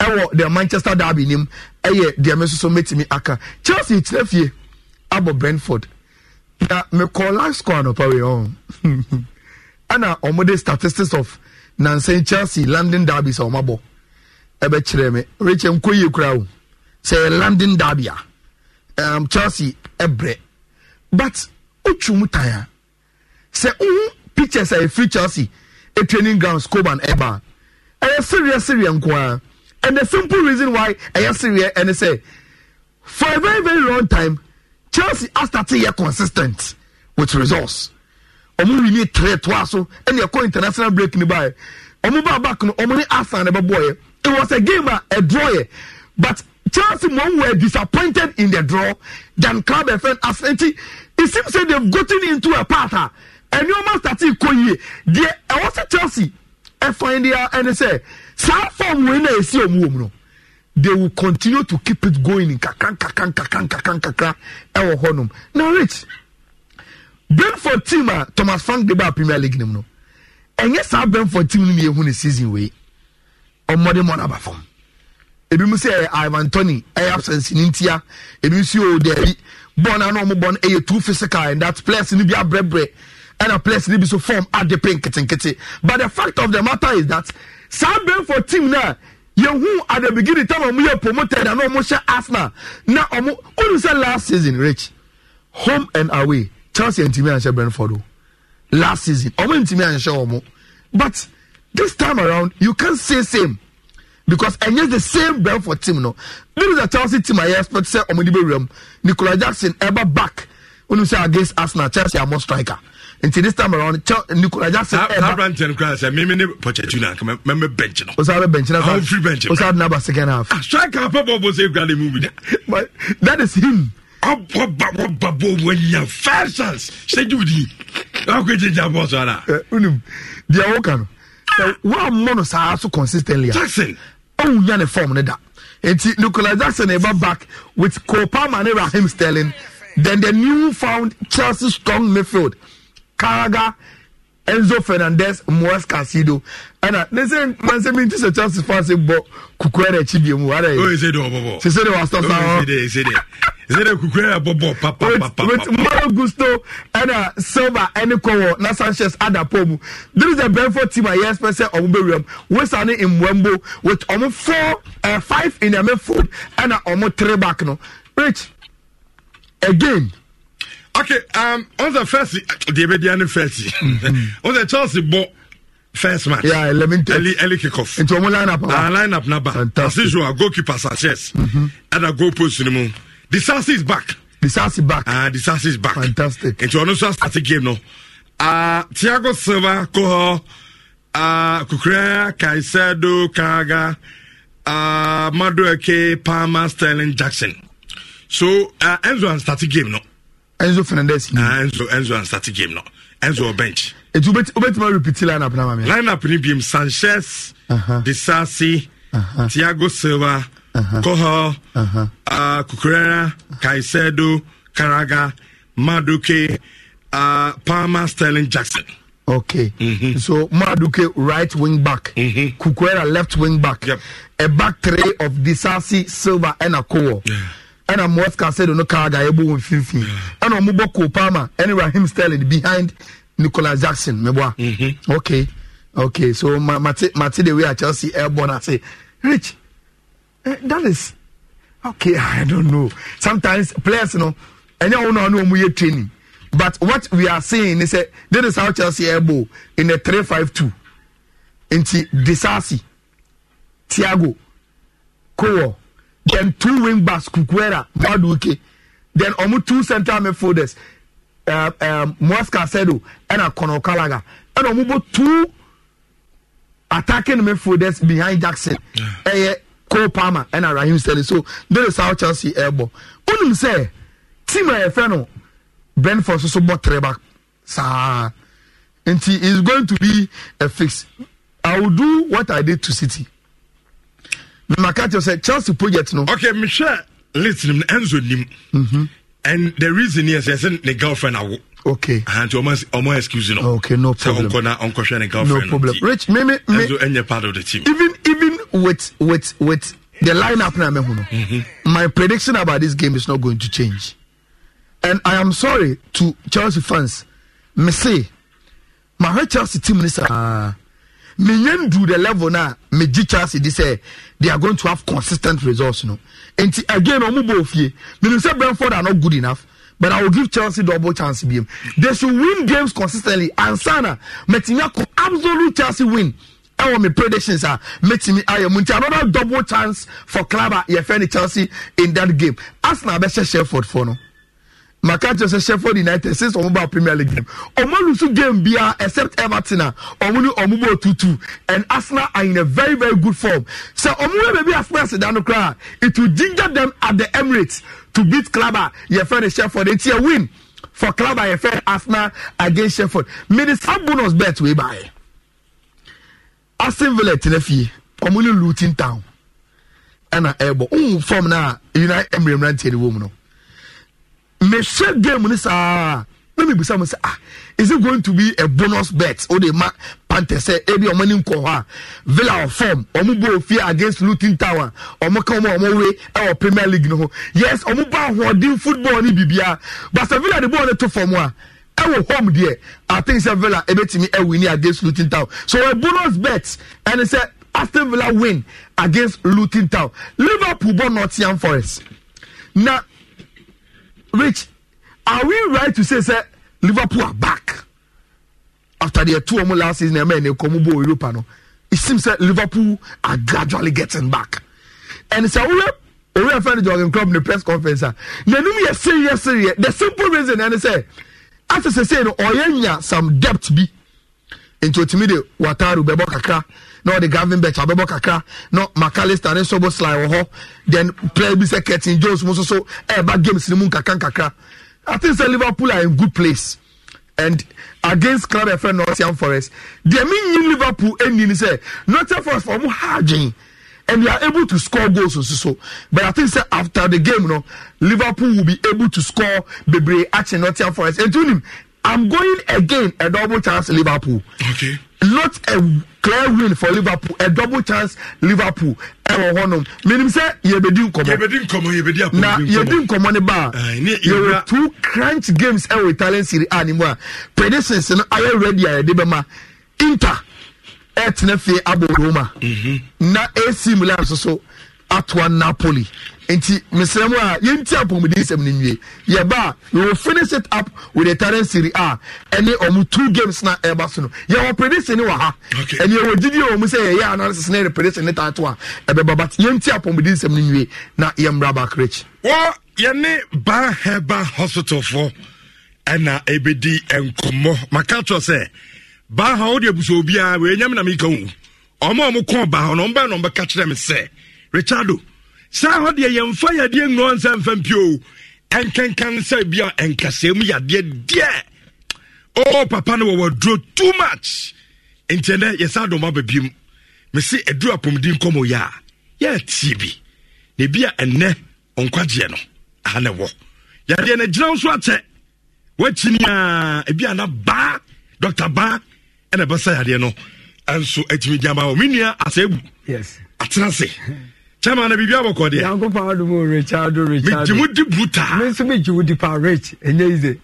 E: ɛwɔ deɛ manchester derby nim ɛyɛ deɛ me soso mɛtumi aka chelsea kyerɛ fie abɔ brentford na mekɔ live score anɔpa wei ɔn ɛna wɔn de statistics of nansan chelsea london derby sɛ wɔn abɔ ɛbɛkyerɛ me rachel nko yie kura o sɛ london derby a um, chelsea ɛbrɛ but otwi mu tan a sɛ ohun pictures a ɛfiri chelsea a training ground, coban ɛba ɛyɛ sereɛ sereɛ nko ara and the simple reason why ɛyɛ sereɛ ɛne say, for a very very long time chelsea has astarte yɛ consistent with results ɔmo wini tire toa so ɛna ɛkɔ international break ne baa ɔmo baa back no ɔmo ne arsenal na ɛbɛbɔ yɛ it was a game uh, a draw, yɛ eh. but chelsea mo were disappointed in the draw than club fn arsenal nti it seems say they have gotten into a pattern nneɛma stati kɔ yie deɛ ɛwɔ sɛ chelsea ɛfan deɛ ɛne sɛ saa fam wei na esi ɔmo wɔm no they will continue to keep it going kakran kakran kakran kakran kakran ɛwɔ hɔnom na rich benford team a ah, thomas frank de ba premier league nim no ɛnyɛ saa benford team no na ehu ne season wei ɔmɔde mɔ n'aba fam ebi mu sɛ ɛyɛ eh, ivan tony ɛyɛ eh, absence ne ntia ebi mu sɛ o dɛbi bɔn na na ɔmo bɔn ɛyɛ too physical and that players ni bi abrɛbrɛ. And a place to be so form at the ade pe nketenkete but the fact of the matter is that saa benfo team na yehu at the beginning time ɔmo yɛ promoted and ɔmo hyɛ arsenal na ɔmo ɔno sɛ last season rich home and away chelsea ntumi anhyɛ brentford o oh. last season ɔmo ntumi anhyɛ ɔmo but this time around you can say same because ɛnyɛ the same brentford team no this is the chelsea team i expect say ɔmo de mu nicola jackson ɛba back ɔno sɛ against arsenal chelsea amo striker nti this
D: time around kyɛ nikola jackson ɛba saa aberanteɛ no koraa sɛ mimi ne pɔkyɛtu na kama mɛmɛ bɛnkye no osaa bɛ bɛnkye na saa awofiri bɛnkye osaa
E: naba second half
D: asraka ah, apɛ bɔbɔ sɛ ekura ne mu bi da but that is him ɔba ɔba bɔ wɔnya first chance sɛ jiwudi ɔkɔ
E: gyegya bɔ so ara eh, unim deɛ wɔka no sɛ wɔammɔ no saa so consistently a jackson ɔwunya ne form ne da nti nikola jackson ɛba back with copama ne Raheem sterling then the new found chelsea strong midfield Karaga, Enzo Fernandez, Moes Casido. And they say, man, say me to the chance for say, but Kukwere Chibi mu. Oh, he
D: said, oh, She said, was tough. Oh, he said, he said, Kukwere Bobo, papa, papa. With
E: Mario Gusto and Silva and Kowo, na Sanchez Adapomu. This is the Brentford team I yes, person of Muberium. We're standing in Wembo with almost four, uh, five in the midfield and uh, almost three back. No, Rich,
D: again okay um on the first the Abedian first mm-hmm. on the Chelsea ball first match. Yeah, eleven thirty. Early, early kickoff. Into ọmọ ah. ah, line up na. Uh, line up na As usual, goalkeeper Sanchez. Mm-hmm. Ẹna goal post ni The Disasi is back. The Disasi back. Ah, the Disasi is back. Fantastic. Into ọ̀nà sọ start game no. Ah, Thiago Silva kò họ. Ah, Kukure Kaisedo Kaga. Uh, Madueke Palmer Sterling Jackson. So uh, Enzo and start game no enzo fernandez ni. enzo enzo asate game now enzo bench. etu obetuma repeat line up na maame. line up ni biem sanchez disasi thiago silva kohol kukurera uh, kaisedo karaga maduke uh, palmer sterling jackson. Okay. Mm-hmm. So Maduke right wing back, mm-hmm. Kukwera left wing
E: back, yep. a back three of Disasi, Silva, and Akowo. Yeah ɛna mɔt kasedo no kaa da ɛbɔ wɔn mfimfini ɛna wɔn bɔ cole palmer ɛne rahim sterling behind nicolas jackson meboa mhm. okay okay so ma mate mate the way a chelsea ɛbɔ na se rich eh, that is okay i don't know sometimes players no ɛnyɛ wɔn na wɔn yɛ training but what we are seeing is say, eh, this is how chelsea ɛbɔ in a three five two nti desasi tiago kowal then two wing backs Kukwera Maduke then ɔmo two central midfielders uh, um, Moise Caicedo ɛna Conor Gallagher ɛna two attacking midfielders behind Jackson ɛyɛ yeah. Cole Palmer ɛna Raheem Sterling so there is how Chelsea ɛbɔ onim sɛ team a yɛfɛ no Brentford soso bɔ three back saa nti is going to be a fix I will do what I did to City
D: maka kyerɛ sɛ chelsea project no okay mehwɛ list nim no ɛnso nim mhm. and the reason yɛ sɛ sɛ ne girlfriend awo okay ahanti ɔmo ɔmo excuse no okay no problem sɛ ɔnkɔ na ɔnkɔhwɛ ne girlfriend no problem no rich me me me ɛnso ɛnyɛ part of the team
E: even even with with with the lineup na mehu no mhm. my prediction about this game is not going to change and i am sorry to chelsea fans me say mahwɛ chelsea team ni ah. Me menyan do the level na megye chelsea They say they are going to have consistent results you know. And again ɔmo bɔ ofie meaning say brentford are not good enough but i will give chelsea double chance bi they should win games consistently ansana mɛtìmí akɔ absolute chelsea win I want mi predictions a mɛtìmí ayɛ mu nti another double chance for club a yɛfɛ chelsea in that game arsenal abɛhyɛ sheffield for no maka kyerɛ sɛ sheffield united since ɔmo ba premier league game ɔmo lusu game bia except everton a ɔmo ni ɔmo bɔ tutu and arsenal are in a very very good form sɛ ɔmo wɛ baabi afra seda no koraa it will ginger them at the emirates to beat club a yɛfɛ no sheffield eti a win for club a yɛfɛ arsenal against sheffield mede saa bonus bet wei baayɛ aston villa tena fie ɔmo ni luton town ɛna ɛɛbɔ ohun fɔm na united emirates mmeranteɛ ni wɔm no mehyɛ game no saa na mebisa mu sɛ ah is it going to be a bonus bet o de ma panther sɛ ebi ɔmo ni nkɔ hɔ a villa ɔfam ɔmo bɔ ofie against luton tower ɔmo ka ɔmo ɔmo we ɛwɔ eh, premier league no ho yes ɔmo ba ahoɔden football ni bibia basa villa de bɔɔl ne to fam a ɛwɔ eh, home deɛ i think sɛ villa ebetumi eh, ɛwin ni against luton town so a bonus bet ɛni sɛ aston villa win against luton town liverpool bɔ nottingham forest na Rich, are we right to say say Liverpool are back after their two almost last season? I mean, they come over Europa. No, it seems that Liverpool are gradually getting back. And it's a we are friend Jurgen Klopp in the press conference. Now, no, me serious, serious. The simple reason, and they say, as I say, no, Oyenya some depth be into Timide Wataru Bebo Kakra na ɔde gavin bet abɛbɔ kakra na macalister ne nsɔbɔ sly wɔ hɔ then player bi sɛ curtin jones mu nso ɛɛba games ne mu nkakra i think say liverpool are in good place and against club ɛfɛ nɔtiam forest deɛ mi nyi liverpool ɛni ni sɛ Nottingham forest wɔn ha adwene and they are able to score goals nso so but i think say after the game no liverpool will be able to score bebree akyɛ Nottingham forest etu nim I'm going again a double chance Liverpool. Okay. Not a clear win for Liverpool, a double chance Liverpool. Ẹ̀rọ hɔnom. Mìíràn sẹ́, yẹ bẹ̀ di nkɔmɔ. Yẹ bẹ̀
D: di Na yẹ di
E: nkɔmɔ ni ba. Yẹ two crunch games ɛwɔ Italian Serie A ni mu a. Predictions no ayɛ ready a yɛde bɛ ma. Inter ɛtena fie abɔ Roma. Mhm. Na AC Milan soso atoa Napoli nti mesrɛ mu a yɛnti apɔmudensɛm no nwie yɛba a yɛwɔ finish it up with the current serie a ɛne ɔmo two games na ɛba so no yɛwɔ prediction wɔ ha ɛne yɛwɔ gyidi wɔ mu sɛ yɛyɛ analysis na yɛde prediction ne taato
D: a ɛbɛba but yɛnti apɔmudensɛm no nwie na yɛmmra back rich wɔ yɛne ban heba hospitalfoɔ ɛna ebedi nkɔmmɔ maka kyerɛ sɛ ban ha wode abusɛ obiaa wɛnyam na meka wu ɔma ɔmo kɔɔ ban ha no ɔmbɛɛ na ɔmbɛka saa hɔ deɛ yɛmfa yadeɛ nnuro nsa mfa mpio ɛnkenkan sɛ bi a ɛnkasɛm yadeɛ deɛ o oh, papa no wɔwɔ duro too much nti ɛnɛ yɛsa dɔm aba bim mese ɛduru apɔmuden nkɔmmɔ yɛ a yɛatie bi na ebi a ɛnɛ ɔnkwagyeɛ no aha na ɛwɔ yadeɛ no gyina nso akyɛ wakyi ni a ebi a na baa dɔkta baa ɛna ɛbɛsa yadeɛ no ɛnso atumi gyama wɔ me nua asɛ abu atena se chairman na biribi abɔkɔ deɛ. yankunpɔ adu mu richard richard. mi jimu di buta. mi nso mi jimu di pa rich enye ize.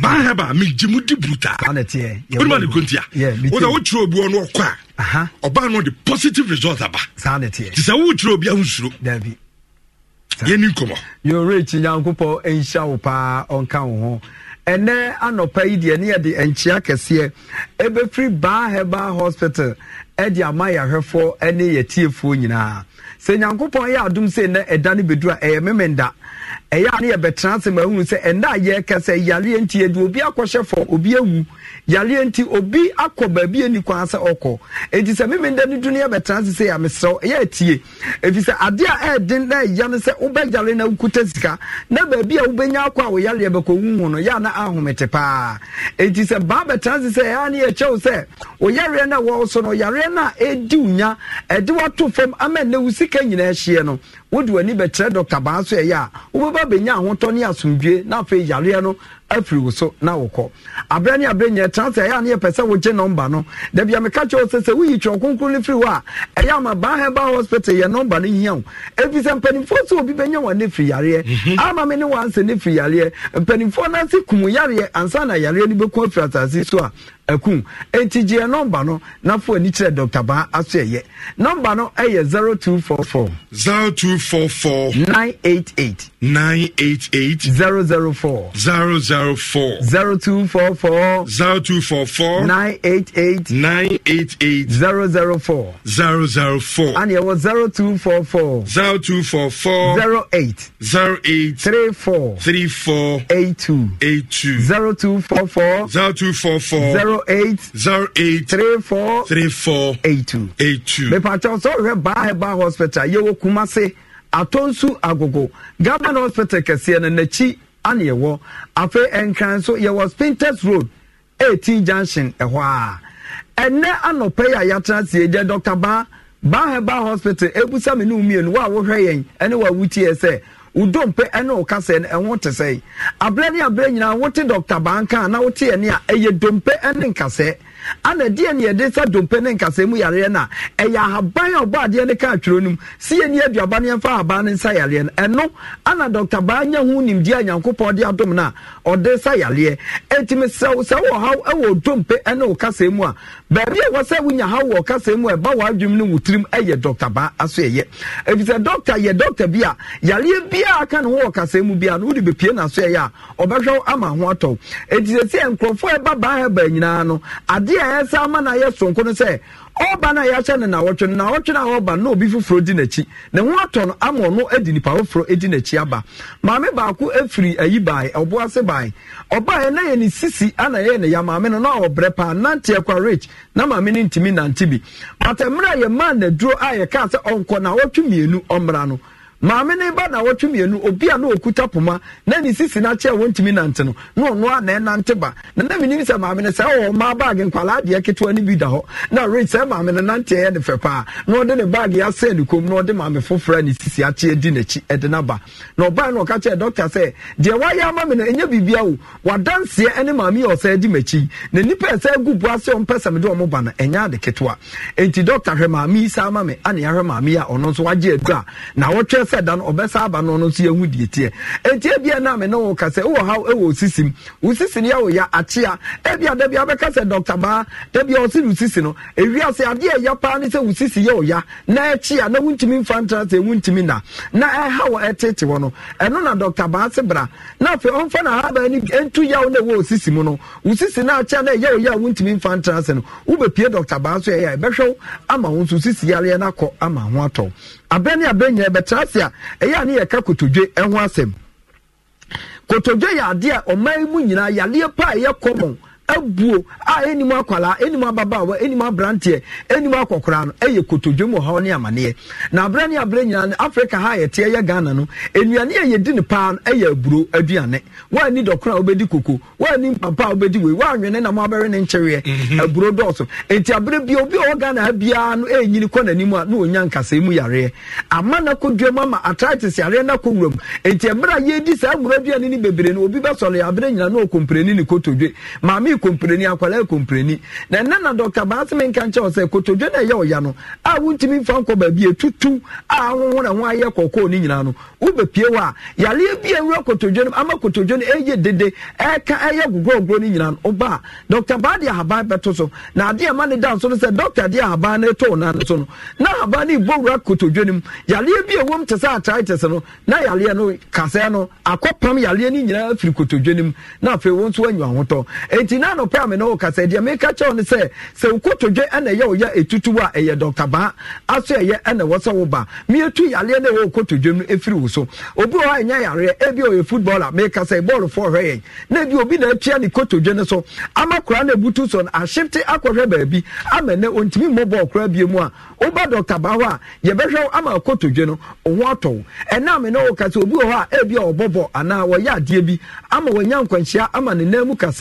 D: bahaba mi jimu di buta. ana tiɛ yɛ wɔ olu ma de kuntia. o da o tiri obi ɔnu ɔkɔ a. ɔbaa n'o de positive result aba. saa na tiɛ. sisan o tiri obi ahun suro. dabi. yɛ ni nkɔmɔ. yoo rich yankunpɔ
E: ehyia wo paa ɔnka wo ho. ɛnɛ anɔpa yi deɛ ne yɛde nkyea kɛseɛ ɛbɛfiri baa herbal hospital ɛde ama yɛahwɛfoɔ ne yɛtiefoɔ nyinaa sɛ nyankopɔn yɛ adom sei na ɛda no bɛdu a ɛyɛ memenda ɛyɛ a e ne yɛbɛtena ase ma ahunu sɛ ɛnna a yɛreka sɛ nti yɛde obi akɔhyɛ fam obi awu yareɛ nti obi akɔ baabi ani kwan sɛ ɔkɔ eti sɛ mímí ndɛ ne dunu yɛbɛtena ase sɛ yɛamesrɛw ɛyɛ etie efisɛ adeɛ a ɛɛden na ɛya e e ne sɛ wobɛgyare na wokuta sika na baabi a wobɛnya akɔ a wo yareɛ bɛkɔ huhu no yɛ a na ahomete paa eti sɛ baa bɛtena ase sɛ ɛyɛ a ne yɛkyɛw sɛ wo yareɛ na ɛwɔ so no yareɛ na ɛdi wo nya ɛde wato fam ama ɛnɛ wo sika nyinaa ɛhyeɛ no wode w'ani bɛkyerɛ dɔkta baa so ɛyɛ a wobɛbɛ abɛnya ahotɔ ne asomdwe na afei yareɛ no afiri wo so na wokɔ aberɛ ne aberɛ nyɛ tena sɛ ɛyɛ a ne yɛpɛ sɛ wogye nɔmba no da bia meka kyerɛ wo sɛ sɛ woyi twerɛ kronkron no firi hɔ a ɛyɛ ama baheba hospital yɛ nɔmba no hia wo ɛfiri sɛ mpanimfoɔ sɛ obi bɛnya wɔn ne firi yareɛ mhm. ama me ne wɔansɛ ne firi yareɛ mpanimfoɔ no ase kum yareɛ ansa na yareɛ no bɛku afiri asase so a ɛku enti gyeɛ nɔmba no na fo ani kyerɛ dr baa aso ɛyɛ nɔmba no ɛyɛ
D: 0244 0244 988 988 004 00 zero four zero two four four zero two four four
E: nine eight eight
D: nine eight eight zero zero four zero zero four and it was zero two four four zero two four four zero eight zero eight three four three four eight two eight two zero two four four zero two four four zero eight zero eight three four three four eight two eight two. mepatɛ sɛ ɔhwɛ baa
E: heba hospital yɛwɔ kumase atɔnsu agogo government hospital kɛseɛ no n'akyi ana ɛwɔ afei nkran so yɛwɔ spintex road 18 junction ɛhɔ a ɛnɛ anɔpɛ yi a yɛatena sie deɛ dr baa baa herbal hospital ebusa mi ne umienu wo a wohwɛ yɛn ɛne wa a wotie sɛ udompe ɛne wo kasa ɛho te sɛ abirɛ ne abirɛ nyinaa wote dɔkta baa nka na wote yɛn a ɛyɛ dompe ɛne nkasɛɛ ana deɛ ne yɛde sɛ dompe ne nkasa mu yareɛ no a ɛyɛ ahaban a ɔbɔ adeɛ no ka atwerɛ no mu sɛ yɛni aduaba no yɛmfa ahaban no nsa yareɛ no ɛno ana dɔkta baa nya ho nimdeɛ a nyankopɔn de adom no a ɔde sa yareɛ ɛnti mesɛ sɛ wowɔ haw ɛwɔ dompe ne wo kasa mu a baabi a ɛwɔ sɛ wonya haw wɔ kasa mu a ɛba w'adwom no wo tirim dɔkta baa aso ɛyɛ ɛfisɛ dɔkta yɛ dɔkta bi a yareɛ biaa aka ne ho wɔ kasa mu bia no wode bɛpie no aso ɛyɛ a ɔbɛhwɛ ama ho atɔ ɛnti sɛ sɛ nkurɔfoɔ ɛba baa ha baa nyinaa no ade agye a yɛsɛ ama na yɛ sonko no sɛ ɔba no a yɛahyɛ no nawɔtwe no nawɔtwe no a ɔba no na obi foforɔ di n'akyi ne ho atɔ no ama ɔno adi nipa foforɔ di n'akyi aba maame baako afiri ayi bae ɔboase bae ɔbaeɛ na yɛ ne sisi ana yɛyɛ ne ya maame no na ɔbrɛ paa nante kwa rich na maame no ntumi nante bi but mmerɛ a yɛmaa n'aduro a yɛkaa sɛ ɔnkɔ nawɔtwe mmienu ɔmmra no maame ne ba na wɔtwe mmienu obi a na okuta poma na ne sisi n'akyɛ a wɔntumi nante no na ɔno a na ɛnante ba na na menim sɛ maame ne sɛ ɔwɔ ɔmaa baage nkwalaa ketewa da hɔ na rich sɛ maame ne nante ɛyɛ ne fɛ paa na ɔde ne baage asɛ ne na maame foforɔ a ne sisi akyɛ di n'akyi ɛde n'aba na ɔbaa na ɔka kyerɛ dɔkta sɛ deɛ na nipa ɛsɛ bu ase maame yi ama maame yi a ɔno nso wagye a na sɛ da no ɔbɛsa aba no no nso yɛhu deɛ na me ne wo ka sɛ osisi m osisi no yɛwo ya akyea ebia da bia bɛka sɛ dɔkta baa no osisi no ewia sɛ adeɛ ɛya paa ne sɛ osisi yɛwo ya na na ntra na na ɛha wɔ ɛtete no ɛno na dɔkta baa se bra na na na mu no na ya a ntra sɛ no dɔkta baa so ɛyɛ abɛn ne abɛn nyɛ bɛtena ase a ɛyɛ a ne yɛka kotodwe ho asɛm kotodwe yɛ adeɛ a ɔman mu nyinaa yɛadeɛ pa a ɛyɛ kɔmɔn abuo a ɛnim akwalaa ɛnim ababaawa ɛnim aberanteɛ ɛnim akɔkora no ɛyɛ kotodwe mu ne amaneɛ na aberɛ ne aberɛ nyinaa no africa ha yɛteɛ yɛ ghana no nnuane a yɛdi no paa no ɛyɛ aburo aduane woani dɔkoro a wobɛdi koko woani mpapa a wobɛdi wei woanwene nam abɛwe ne nkyɛweɛ mhm. aburo dɔɔso enti aberɛ bia obi a ɔwɔ ghana ha biara no kɔ n'anim a na ɔnya nkasɛe mu yareɛ ama na kɔdua mu ama yareɛ na kɔwura mu enti mmerɛ a saa na kɔmpreni akwalaa kɔmpreni na ɛna na dɔkta baaseme nka nkyɛw sɛ kotodwe na ɛyɛ ɔya no a wontumi mfa nkɔ baabi etutu a ahoho na ho ayɛ kɔkɔɔ ne nyinaa no wobɛpie hɔ a yaleɛ bi ewura kotodwe no ama kotodwe no ɛyɛ dede ɛka ɛyɛ gogorogoro ne nyinaa no ɔba a dɔkta baa de ahaban bɛto so na adeɛ ɛma ne da nso no sɛ dɔkta de ahaban no ɛtɔ ɔnan no so no na ahaban no ebɔ wura kotodwe no mu yaleɛ bi a te sɛ atraitis no na yaleɛ no kasɛɛ no akɔpam yaleɛ no nyinaa firi kotodwe no mu na afei wɔn nso anyu ahotɔ eti nna anɔpɛ a me ne wo deɛ meka kyɛw ne sɛ sɛ wokotodwe ɛna ɛyɛ woyɛ a ɛyɛ dɔkta baa aso ɛyɛ ɛna ɛwɔ sɛ woba meɛtu yareɛ na ɛwɔ wokotodwe no ɛfiri wo so obi wɔ hɔ ɛnyɛ yareɛ ebi ɔyɛ football a meka sɛ bɔɔlfoɔ hwɛ yɛn na bi obi na atua ne kotodwe no so ama koraa no abutu so no ahyepte akɔhwɛ baabi ama nɛ ɔntumi mmɔ bɔɔl koraa bie mu a woba baa hɔ a yɛbɛhwɛ ama kotodwe no wo atɔ wo ɛna me ya sɛ obi wɔ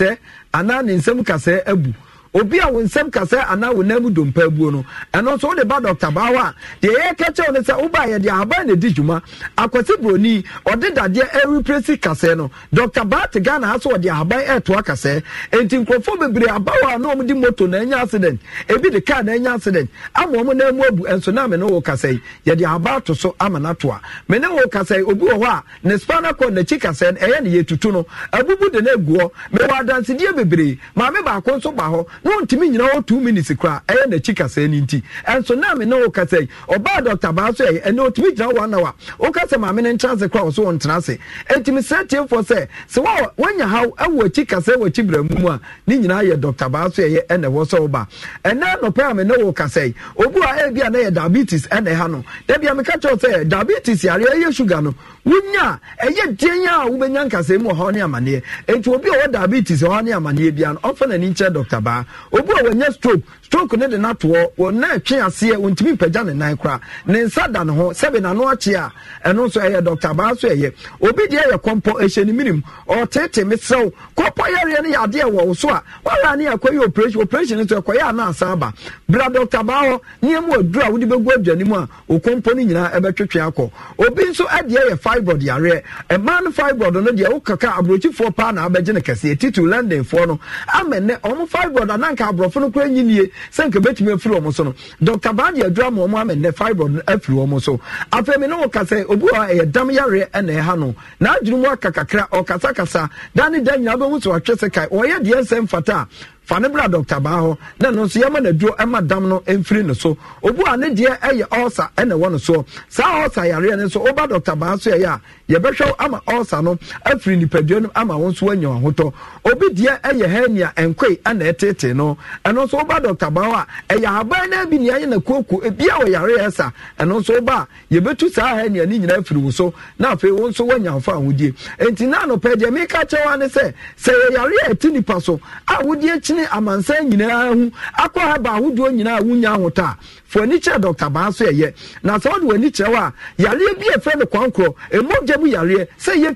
E: hɔ anaa ne nsɛm kasɛɛ abu obi a wo nsɛm kasɛ anaa wo nam do mpa abuo no ɛno nso wode ba dɔkta baawa a deɛ yɛyɛ ka kyɛw no sɛ woba yɛde ahaban na ɛdi dwuma akwase buroni ɔde dadeɛ ɛrepresi kasɛ no dɔkta baa te ghana aso sɛ ɔde ahaban ɛretoa kasɛ enti nkurɔfoɔ bebree abawa a na ɔmde moto na ɛnya accident ebi de kaa na ɛnya accident ama ɔmo na mu abu ɛnso na mene wo kasɛ yi yɛde ahaban ato so ama no atoa mene wo kasɛ yi obi wɔ hɔ a ne spana kɔ n'akyi kasɛ no ɛyɛ ne yɛtutu no abubu de no aguɔ wontumi nyina wɔ two minutes koraa ɛyɛ n'akyi kasaa no nti ɛnso na me ne wo kasa yi ɔbaa dɔkta baa so ɛyɛ ɛnɛ otumi gyina one hour woka sɛ maame ne nkyɛnse koraa ɔso wɔn tena ase ɛntumi sɛ tiefoɔ sɛ sɛ wɔ wɔnya haw ɛwɔ akyi kasaa wɔ akyi berɛ mu a ne nyinaa yɛ dɔkta baa so ɛyɛ ɛna ɛwɔ sɛ ɔba ɛnɛ nɔpɛ a me ne wo kasa yi obu a ɛbi a na yɛ diabetes ɛna ɛha no dabi a meka kyerɛw sɛ diabetes yare ɛyɛ sugar no wonya ɛyɛ deɛ a wobɛnya nkasa mu ɔhaw ne amaneɛ enti obi a ɔwɔ diabetes ɔhaw ne amaneɛ bia no ɔmfa n'ani nkyerɛ dɔkta baa obi a wɔnyɛ stroke stroke ne de natoɔ wɔn nan atwe aseɛ wɔntumi mpagya ne nan kora ne nsa da ne ho sɛbi n'ano a ɛno nso ɛyɛ dɔkta baa nso obi deɛ yɛ kɔmpɔ ehyɛ ne mirim ɔtete me sɛw ya yɛreɛ no wɔ so a wɔwura ne yɛ operation operation nso ɛkɔyɛ ana asa aba bra dɔkta baa hɔ nneɛma aduru a wɔde bɛgu aduane mu a nyinaa ɛbɛtwetwe akɔ obi nso adeɛ yɛ fibroid yareɛ ɛmaa no fibroid no deɛ wokaka na ananka aborɔfo no kora nyinie sɛ nka bɛtumi afiri wɔn so no dr baadi adura ma wɔn amɛnɛ fibro no afiri wɔn so afei mi ne wo kasa obi a ɛyɛ dam yareɛ ɛna ɛha no n'adwene mu aka kakra ɔkasakasa dan ne dan nyinaa bɛhu sɛ wɔatwe kae ɔyɛ deɛ nsɛm fata fa ne bra dɔkta baa hɔ na no nso yɛma n'aduro ɛma dam no mfiri ne so obu a ne deɛ ɛyɛ ɔɔsa ɛna ɛwɔ ne soɔ saa ɔɔsa yareɛ ne nso woba dɔkta baa so yɛyɛ a yɛbɛhwɛ ama ɔɔsa no afiri nipadua no ama wɔn nso anya ahotɔ obi deɛ ɛyɛ hɛnia nkoi ɛna ɛtete no ɛno nso woba dɔkta baa hɔ a ɛyɛ aban na bi nea yɛ na kuoku ebi a ɔyareɛ ɛsa ɛno nso woba a yɛbɛtu saa hɛnia ne nyinaa afiri wo so na afei wɔn nso wɔanya ahofɔ ahodie nti naanopɛ deɛ meka kyerɛ wa ne sɛ sɛ yɛ yareɛ ɛti nipa so a wodie kyi akyene amansan nyinaa ho akɔ ahodoɔ nyinaa a wonya ho ta fo ani kyerɛ dɔkta baa na sɛ wode w'ani kyerɛ hɔ a yareɛ bi ɛfrɛ no kwankorɔ ɛmɔgya mu yareɛ sɛ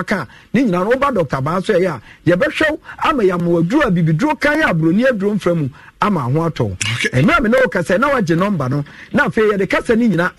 E: aka ne nyinaa no woba dɔkta baa a ama yɛamawaduro a bibiduro kan a aburoni aduro mfra mu ama ho atɔ na wagye nɔmba no na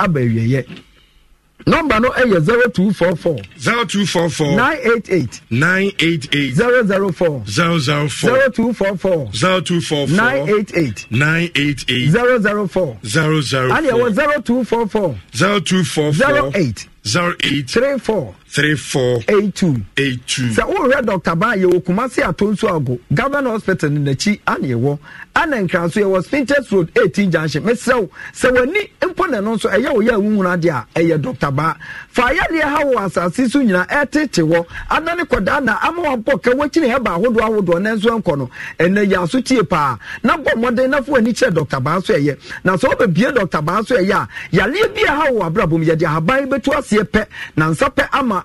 D: nọmba no eh, yɛ zero two four four. zero two four four. nine eight eight. nine eight eight. zero zero four. zero zero four. zero two four four. zero two four four. nine eight eight. nine eight eight. zero zero four. zero zero four. and yɛ wɔ zero two four four. zero two four four. zero eight. zero eight. three four. three four eight two eight two. sɛ wohwɛ dr oku ago governor hospital no
E: n'akyi ana ɛwɔ ana nkran so yɛwɔ spintex road eighteen junction mesrɛw sɛ w'ani mpo na nso ɛyɛ wo yɛ a wohunu a ɛyɛ baa fa ha wɔ asase so nyinaa ɛtete hɔ adane kɔdaa na ama wampɔ ka wakyini hɛba ahodoɔ ahodoɔ na nso nkɔ no ɛnɛ yɛ tie paa na bɔ mmɔden na fo w'ani kyerɛ so na sɛ wobɛbie dr baa so ɛyɛ a yaleɛ bi a ha wɔ yɛde ama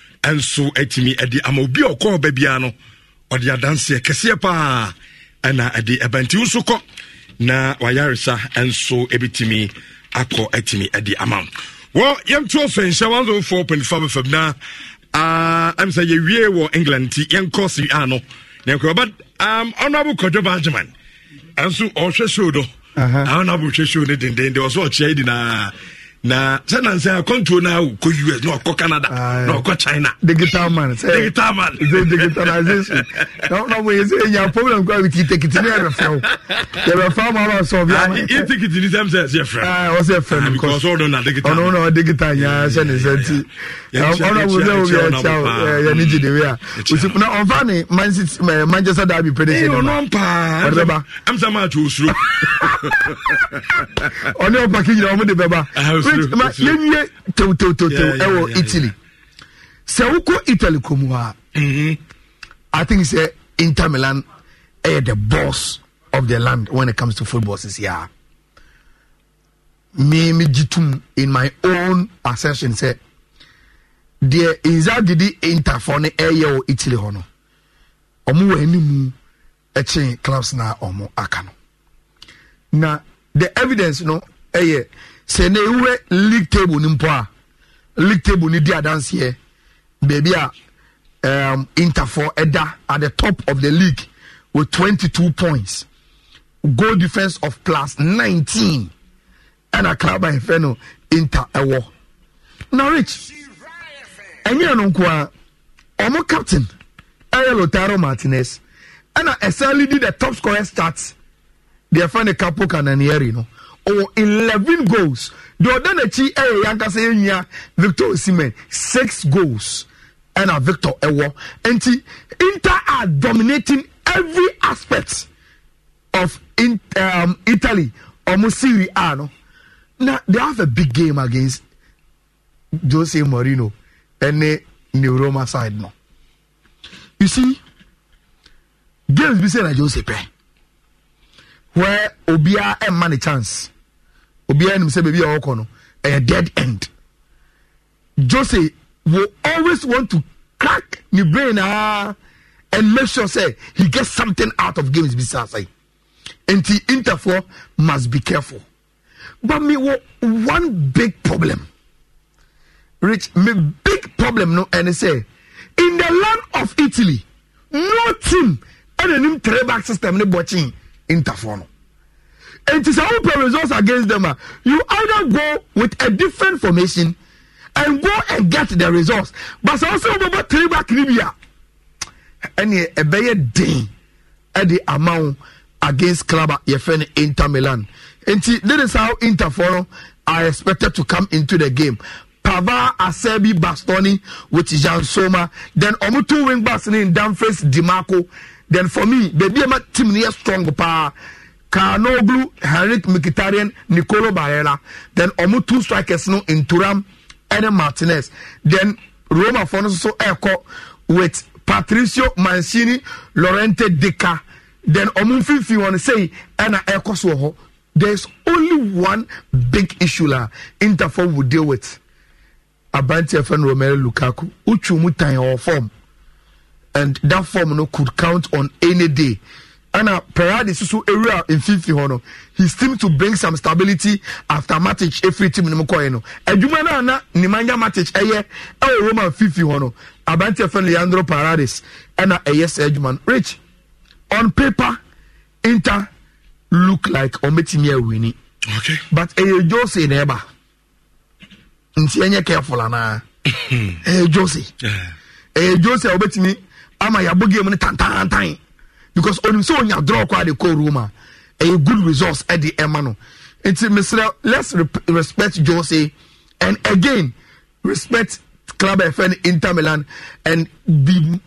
D: nso atumi de ama obi a ɔkɔ ɔba biara no ɔde adanseɛ kɛseɛ paa ɛna ɛde ɛbantiw nso kɔ na wayaresa nso ebitumi akɔ atumi ɛde ama wɔ yɛmto ɔfɛnhyɛ 104.5 fm na ɛm sɛ yɛwie wɔ england nti yɛnkɔ si a no na nkɔ but um, honorable kɔdwo benjamin ɛnso ɔhwɛ show do honorable hwɛ show no dendenden ɔso ɔkyeɛ yi dinaa na sɛ nansa akɔntuo na kɔ us na ɔkɔ canada na ɔkɔ china
E: digital man sɛ digital man sɛ digitalization
D: na na mo yɛ eh, sɛ ɛnya problem kora ti tikiti ne yɛbɛfrɛ wo
E: yɛbɛfrɛ ma ba sɔ bi ama yɛ
D: tikiti ni sɛm sɛ ɛsɛ fɛ aa ɔsɛ fɛ no because ɔno na digital ɔno
E: na digital nyaa hyɛ ne nsa ti ɔno mo sɛ obi ɛkyɛ wo yɛ ne gyi de wei a osi na ɔnfa ne eh, manchester derby pɛ ne sɛ ɔno mpaa ɔde bɛba
D: ɛm sɛ maa kye osuro ɔne
E: ɔpaki nyina ɔmo de bɛba fridge ma ɛwɔ italy sɛ wokɔ italy kɔmu a mm-hmm. i think sɛ inter milan ɛyɛ the boss of the land when it comes to football sisi me me gyi in my own assertion sɛ deɛ nzadi di interfoɔ no ɛyɛ wɔ italy hɔ no ɔmo wɔ anim ɛkyɛn clubs na ɔmo aka no na the evidence no ɛyɛ. Eh, sɛ na ewurɛ league table ni mpo a league table ni di adanseɛ beebi a um, for ɛda at the top of the league with twenty two points goal difference of plus nineteen ɛna club a yɛfɛ no inter ɛwɔ na rich ɛnyɛ no nko ɔmo captain ɛyɛ lotaro martinez ɛna ɛsɛ leading the top scorer stats deɛ ɛfɛ no capo cananieri no ɔwɔ eleven goals deɛ ɔda n'akyi ɛyɛ eh, yankasa yɛnyia victor osimhen six goals ɛna victor ɛwɔ nti inter are dominating every aspect of in, um, italy ɔmo serie a no na they have a big game against jose mourinho ɛne ne roma side no you see games bi sɛ na jose pɛ where obiara ɛmma ne chance obiara nim sɛ baabi a ɔkɔ no ɛyɛ dead end jose will always want to crack ne brain ah and make sure say he gets something out of games bi saa sɛn nti interfoɔ must be careful but me wɔ one big problem rich me big problem no ɛne sɛ in the land of italy no team ɛna nim three back system ne bɔkyen interfoɔ no nti sɛ wopɛ results against them a ah. you either go with a different formation and go and get the results but sɛ wosɛ wobɛbɔ three back no bi a ɛneɛ ɛbɛyɛ den ɛde ama wo against club a yɛfrɛ no inter milan nti this is how interfoɔ no are expected to come into the game Pava Asebi Bastoni with Jan Soma. Then wing Wingbas in Danfres Dimarco then for me baabi ma team no yɛ strong paa Kaanoglu, Henrik Mkhitaryan, Nicolo Barella, then ɔmo two strikers no Nturam ɛne Martinez, then Roma fɔ no nso ɛkɔ with Patricio Mancini, Lorente Deka, then ɔmo mfimfin wɔn sɛyi ɛna ɛkɔ so wɔ hɔ. There is only one big issue la Interfor would deal with. Aberanteɛ fɛn Romelu Lukaku, utu mu tan ɔwɔ and that form no could count on any day. Ana uh, Peradi Susu area in fifty no. He team to bring some stability after Matic every team no kɔ no. Adwuma na na Nemanja Matic ɛyɛ eh, ɛwɔ oh, Roman fifty no. Abante fɛn Leandro Paradis ɛna ɛyɛ uh, eh, sɛ adwuma no. Rich on paper Inter look like ɔmɛtumi ɛwini. Okay. But ɛyɛ eh, Jose na ɛba. Nti ɛnyɛ careful ana.
A: ɛyɛ
E: Jose. Ɛyɛ Jose a ɔbɛtumi ama yɛabɔ game no tantantan because onim sɛ onya draw kɔ ade kɔ room a ɛyɛ good results ɛde ɛma no nti mesrɛ let's respect jose and again respect club fn inter milan and be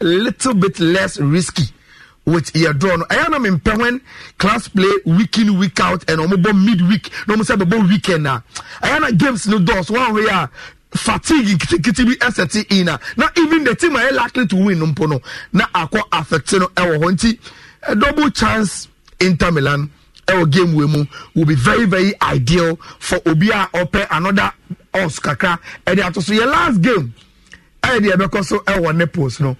E: little bit less risky with your draw no ɛyɛ anam mpɛ when class play week in week out and ɔmo bɔ mid week na ɔmo sɛ bɛbɔ weekend na ɛyɛ na games no dɔɔso wɔn ahoɛ a fatigue nkitikiti bi ɛsɛte in a na even the team a yɛ likely to win mpo no na akɔ affect no ɛwɔ hɔ nti a double chance inter milan ɛwɔ game wei mu will be very very ideal for obi a ɔpɛ another us kakra ɛde ato so yɛ last game ɛyɛ deɛ ɛbɛkɔ so ɛwɔ naples no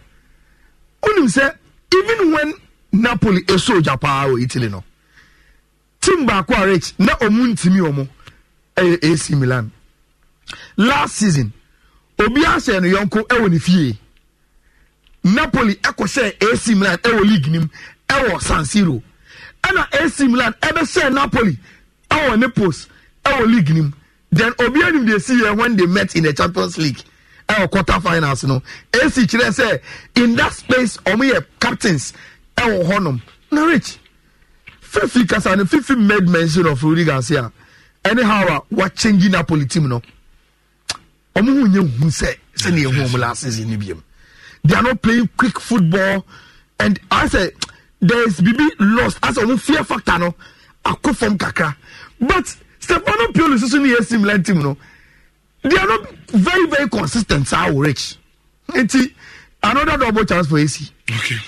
E: onim sɛ even when napoli eso ogya paa wɔ italy no team baako a rich na ɔmo ntumi ɔmo ɛyɛ ac milan last season obi ahyɛ no yɔnko ɛwɔ ne fie napoli ɛkɔhyɛ ac milan ɛwɔ league nim ɛwɔ san siro ɛna ac milan ɛbɛhyɛ napoli ɛwɔ naples ɛwɔ league nim then obi anim de si yɛ when they met in the champions league ɛwɔ quarter finals no ac kyerɛ say in that space ɔmo yɛ captains ɛwɔ hɔnom na rich fifi kasa ne fifi made mention of rudy garcia anyhow a wa change napoli team no ɔmo ho nyɛ hu sɛ sɛnea ehu ɔmo last season ni biem they are not playing quick football and asɛ there is bibi lost asɛ ɔmo fear factor no akɔ fam kakra but stefano pioli soso ni yɛ sim line team no they are not very very consis ten t saa o rich nti another double chance for ac.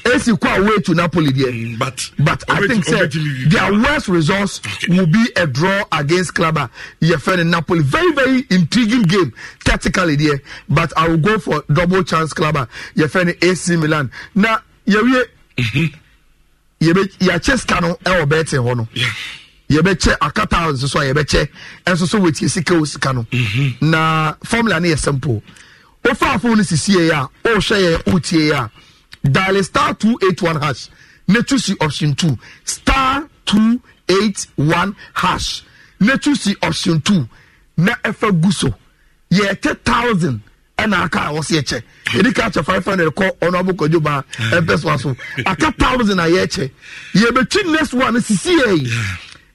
E: AC go away to Napoli there. Mm, but but I think say, their worst resource okay. will be a draw against Clubber Yefen in Napoli. Very, very intriguing game tactically there. But I will go for double chance Clubber Yefen AC Milan. Now, yɛwie yɛkyɛ sika no ɛwɔ bɛɛte hɔ no yɛbɛkyɛ akata nso so a yɛbɛkyɛ ɛnso so wɔtie sika o sika no na formula no yɛ simple wofaafo no sisieɛ a wohwɛ yɛ wotie a dial star two eight one hash na choose option two star two eight one hash na choose option two na ɛfɛ gu yɛ te thousand ɛna aka a wɔsi ɛkyɛ yɛde ka kyɛ five hundred kɔ ɔno abokɔ dwoba ɛmpɛsɛ so aka thousand a yɛɛkyɛ yɛbɛtwi next one sisi yɛ yi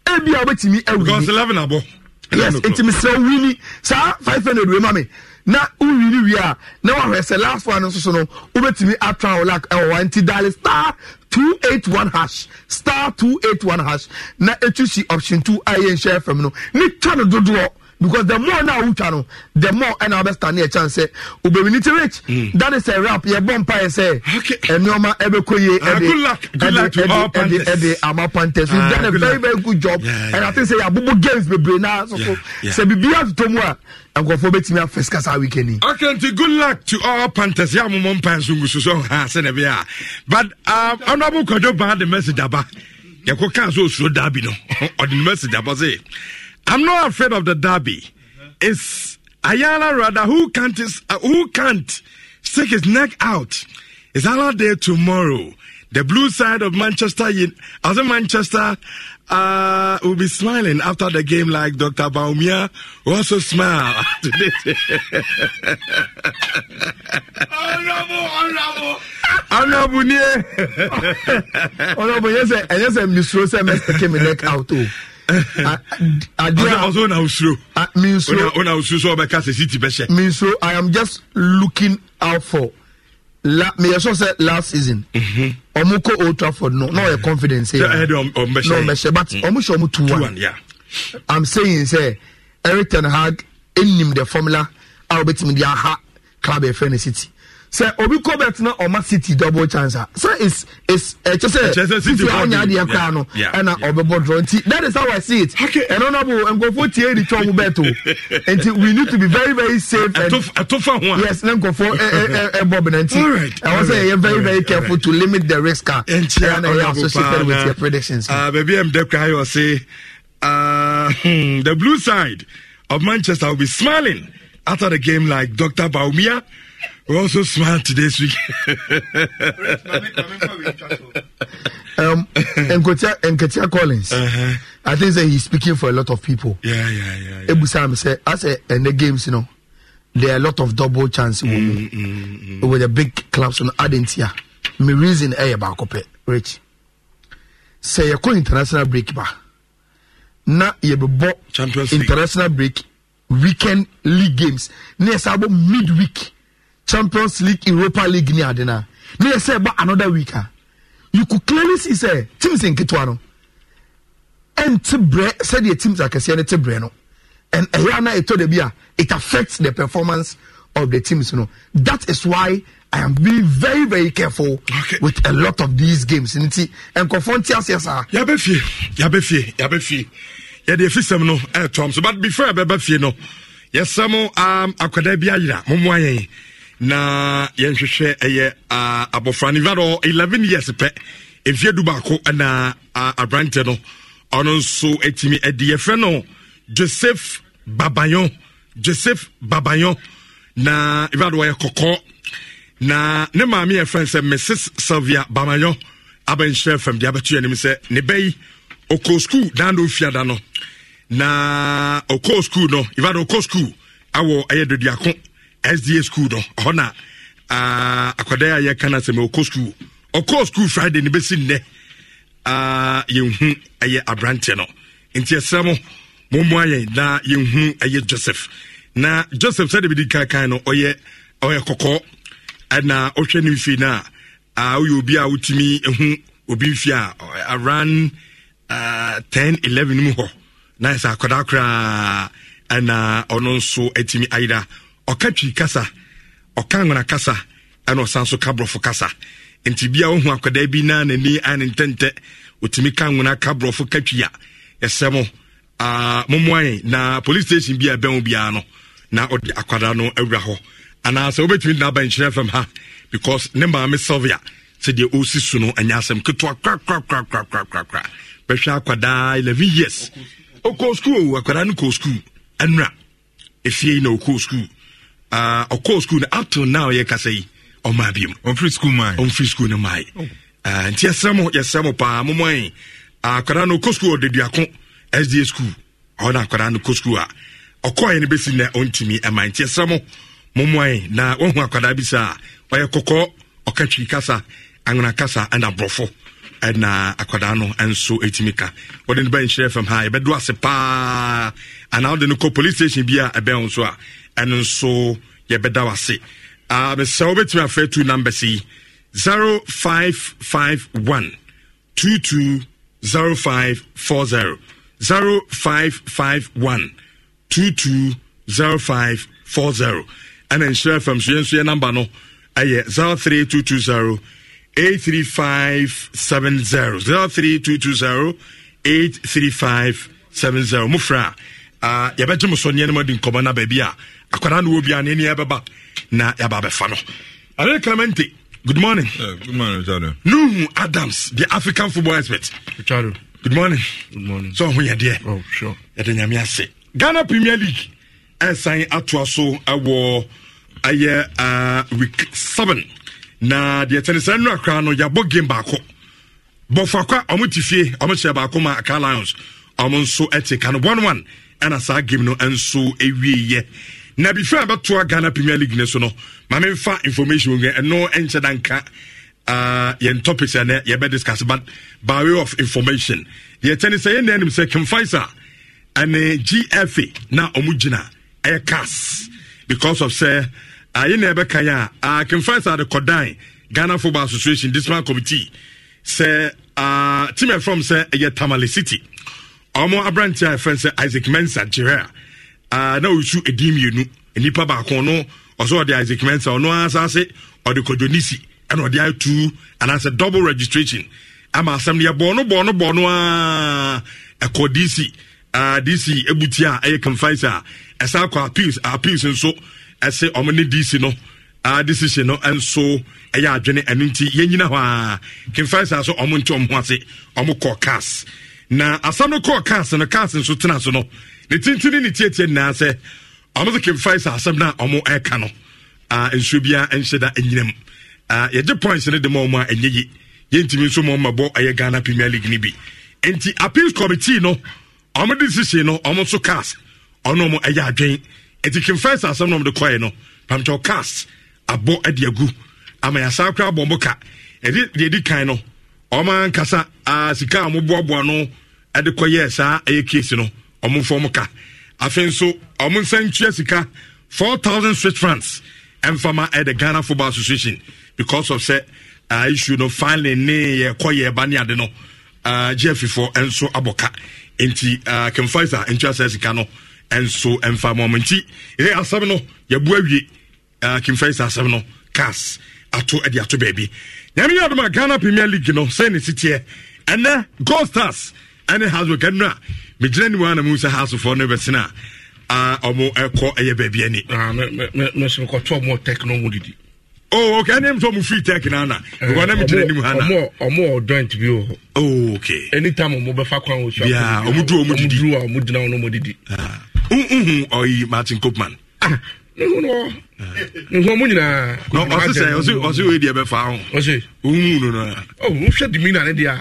E: ebi a wɔbɛtumi awini yes nti mesrɛ wini saa five hundred wei ma mi na wowi no wie a na wahwɛ sɛ last one nso so no wobɛtumi atra wo lak ɛwɔ wa nti dale star 281 hash star 281 hash na ɛtu si option 2 a yɛnhyɛ fam no ne twa no dodoɔ because the more na wotwa no the more ɛna wobɛsta ne ɛkyɛn sɛ obɛmi ne ti rich mm. that is a rap yɛbɔ mpaeɛ sɛ ɛnneɔma ɛbɛkɔ ye ɛde uh, ama pantes so ah, done a very very good job yeah, yeah, and i think sɛ yɛabobɔ games bebree naa so so sɛ biribiara totɔ mu a nkurɔfoɔ bɛtumi afɛ sika saa weekend yi.
D: okay nti good luck to all panthers yà àmúmọ̀ mpa nso ngusu so ha ase na bi a but um, honourable kwadwo ban the message aba yẹ kó kan so osuro derby no ọdi the message aba say i'm not afraid of the derby it's ayala rather who can't is, uh, who can't stick his neck out it's another there tomorrow the blue side of manchester as a manchester uh, will be smiling after the game like Dr. Baumia also smiled today.
J: honorable, honorable.
E: honorable, yeah. honorable, yes, yes, Mr. Semester came neck out too.
D: Oh. Uh, uh, uh, I
E: am just looking out for la meyɛ sure sɛ last season mhm. ɔmo -hmm. kɔ old trafford no na ɔyɛ mhm. confidence na ɔmɛhyɛ but mm. ɔmo hyɛ ɔmo two one yeah. i'm saying sɛ eric ten hag enim the formula a obetumi de aha club efɛ ne city sɛ obi kɔbɛt na ɔma city double chance a sɛ is is ɛkyɛ eh, sɛ city anya adeɛ koraa no ɛna ɔbɛbɔ draw nti that is how i see it ɛno na bo nkurɔfoɔ tie di twɛn mo bɛto nti we
D: need to be very very safe and ɛtofa ho a yes na nkurɔfoɔ ɛ ɛ ɛbɔ bena nti ɛwɔ sɛ yɛ very very careful to
E: limit the risk a ɛna yɛ associated with your
D: predictions. baabi ɛmu dɛ kura yɛ ɔse the blue side of manchester will be smiling after the game like dr baumia. We're also smart this week. um,
E: Nkotia, Nkotia Collins. Uh-huh. I think that he's speaking for a lot of people. Yeah, yeah, yeah. yeah. Ebu said, as a, in the games, you know, there are a lot of double chances mm, mm, mm, mm. with the big clubs on Adentia. My reason is eh, about Kope, Rich. Say, you call international break ba. Na, you be international break, weekend league games. Next, about midweek champions league europa league ni ade na ne yɛ sɛ ɛba another week a ah. you could clearly see sɛ teams nketewa no ɛnte brɛ sɛdeɛ teams akɛseɛ no te brɛ no and ɛyɛ na ɛtɔ dɛ a it affects the performance of the teams no that is why i am being very
D: very careful okay. with a lot of these games nti nkɔfɔ nti aseɛ saa. yabɛ fie yabɛ fie yabɛ fie yɛde efi sɛm no ɛɛtɔm eh, so but before yabɛba fie no yɛsɛm um, akwadaa bi ayira mo mu ayɛ na yɛnhwehwɛ ɛyɛ uh, abɔfra ne vadɔ 11 years pɛ ɛfie du baako ɛna uh, aberante no ɔno nso atumi ɛde yɛfrɛ no joseph babayon joseph babayon na vadɔ yɛ kɔkɔɔ na ne maame yɛ frɛ sɛ mrs sylvia babayon abɛnhyerɛ fam de abɛto yɛ anim sɛ ne bɛ yi ɔkɔɔ skul dan de ofiada no na ɔkɔɔ skul no vadɔ ɔkɔɔ skul awɔ ɛyɛ doduako sda school no hɔ na akwadaa a yɛka asɛm ɔkɔ school ɔkɔɔ school friday no bɛsi nnɛ yɛnhu ɛyɛ aberanteɛ no nti ɛsrɛ mo mommoa yɛn na yɛnhu ɛyɛ joseph na joseph sɛde bidi kan no ɔyɛ ɔyɛ kɔkɔɔ ɛna ɔhwɛ ne mfie no a woyɛ obi a wotumi hu obi mfie a around 10 11 mu hɔ na ɛsɛ akwadaa koraa ɛna ɔno nso atumi ayera ɔka twi kasa ɔka nwena kasa ɛna ɔsan so ka borɔfo kasa nti bia wohu akwadaa bi na n'ani a ne ntɛntɛ ɔtumi ka nwena ka borɔfo ka twi a ɛsɛ mo ah, mommoae na police station bi a ɛbɛn wo biara no na ɔde akwadaa no awura hɔ anaasɛ wobɛtumi de naba nkyerɛ fam ha because ne maame sylvia sɛdeɛ ɔsi so no ɛnyɛ asɛm ketewa korakorakorakorakorakora bɛhwɛ akwadaa eleven years ɔkɔɔ skuul akwadaa no kɔɔ skuul ɛnora ɛfie yi na ɔkɔɔ skuul uh, ah, ɔkɔɔ school no up till now yɛkasa yi ɔma biom ɔmfiri school no mae oh. ah, nti yɛsrɛ mo yɛsrɛ mo paa momɔe eh. akwadaa ah, no ɔkɔ school ɔdeduako sda school ọ eh, eh, na akwadaa no kɔ school a ɔkɔɔyɛ no bɛsi nɛ ɔntumi ɛma nti yɛsrɛ mo momɔe na wahu akwadaa bi sɛ a ɔyɛ kɔkɔɔ ɔka twiri kasa anwena kasa ɛna borɔfo ɛna akwadaa no nso ɛtumi ka wɔde no bɛnhyerɛ fam ha yɛbɛdo ase paa anaa wode no kɔ police station bi a ɛbɛn wo so a ɛno nso yɛbɛda wase uh, ah, mesɛ wobɛtumi afrɛ two numbers yi 0551 220540 0551 220540 ɛna nhyira fam so yɛ nso yɛ number no ɛyɛ 03220 83570 03220 83570 mofrɛ a yɛbɛgye mo so nneɛ no madi nkɔmmɔ no baabi a akwadaa no wɔ bia ne ɛbɛba na yɛaba bɛfa no ale clemente good morning uh, good morning richard nuhu adams the african football expert richard good morning good morning so ho yɛdeɛ oh sure yɛde nyame ase ghana premier league ɛsan atoa so ɛwɔ ɛyɛ uh, week seven na deɛ tɛne sɛ nnura koraa no yɛabɔ game baako bɔfakwa ɔmo te fie ɔmo hyɛ baako ma aka lions ɔmo nso ɛte ka one one ɛna saa game no nso ɛwieyɛ na before abɛtoa ghana premier league ne so no ma memfa information wɔ ɛno nkyɛ da nka yɛn topics ɛnɛ yɛbɛ but by way of information yɛkyɛ ne sɛ yɛnna anim sɛ kimfaisa ɛne gfa na ɔmo gyina ɛyɛ cas because of sɛ uh, yɛnna yɛbɛka yɛ a uh, de kɔdan ghana football association dismal committee sɛ uh, team ɛfrɔm sɛ ɛyɛ tamale city ɔmo aberanteɛ a yɛfrɛ sɛ isaac mensa gyerea Ah, na ɔresu ɛdin mmienu nnipa baako no ɔsɛ ɔde isaac mensa ɔno asa ase ɔde kɔdwonisi ɛna ɔde atu anaasɛ double registration ama asɛm deɛ bɔɔ no bɔɔ no bɔɔ no a ɛkɔ dc uh, ah, dc ebuti a ɛyɛ confise a ɛsan kɔ appeals appeals nso ɛsɛ ɔmo ne dc no uh, decision no nso ɛyɛ adwene ɛno nti yɛnyina hɔ a confise a so ɔmo nti ɔmo ho ase ɔmo kɔ cars na asɛm no kɔɔ cars no cars nso tena so no ne tintini ne tietie nyinaa sɛ ɔmo sɛ kemfae sɛ asɛm no a ɔmo ɛka no nsuo biara nhyɛ da anyinam yɛgye points no de ma ɔmo a ɛnyɛ yi yɛntumi nso ma ɔmo abɔ ɛyɛ ghana premier league no bi nti appeals committee no ɔmo decision no ɔmo nso cast ɔno ɔmo ɛyɛ adwen nti kemfae sɛ asɛm no ɔmo de kɔɛ no pamtɛ cast abɔ ɛde agu ama yɛasa kora abɔ ɔmo ka ɛde deɛ di kan no ɔmo ankasa sika a ɔmo boaboa no ɛde kɔyɛɛ saa ɛyɛ case no ɔmomfa ɔmo ka afei nso ɔmo nsa ntua sika 4000 swiss francs ɛmfama ɛde ghana football association because of sɛ uh, issue no finally ne yɛkɔ yɛba ne ade no uh, gyeafifoɔ nso abɔka nti uh, kemfaisa ntua sɛ sika no ɛnso ɛmfa ɔmo nti ɛyɛ asɛm no yɛbu awie uh, kemfaisa asɛm no cas ato ɛde ato baabi nyame yɛ adoma ghana premier league no sɛ ne siteɛ ɛnɛ gold stars ɛne hasbro ganu megyina nim a na mu sɛ hasofoɔ no bɛsene a ɔmo ɛkɔ ɛyɛ baabi
I: ani ah, mesokɔtɔ mɔ tek no mu didi oh okay ɛne msɛ ɔmo free tek no ana bɛkɔ na megyina nim ha naɔmo more bi wɔ Oh, okay anytime I'm ɔmo bɛfa kwan wɔ sua ɔmo
D: du ɔmo didi ɔmo dina ɔno mɔ didi wohu ah. ɔyi martin copman ah,
I: ne hu no nhuamu nyinaa. na ɔsi sɛ ɔsi ɔsi
D: oye deɛ bɛ fa ho. ɔsi. ohun mu nana.
I: ɔ wohwɛ dimi na ne deɛ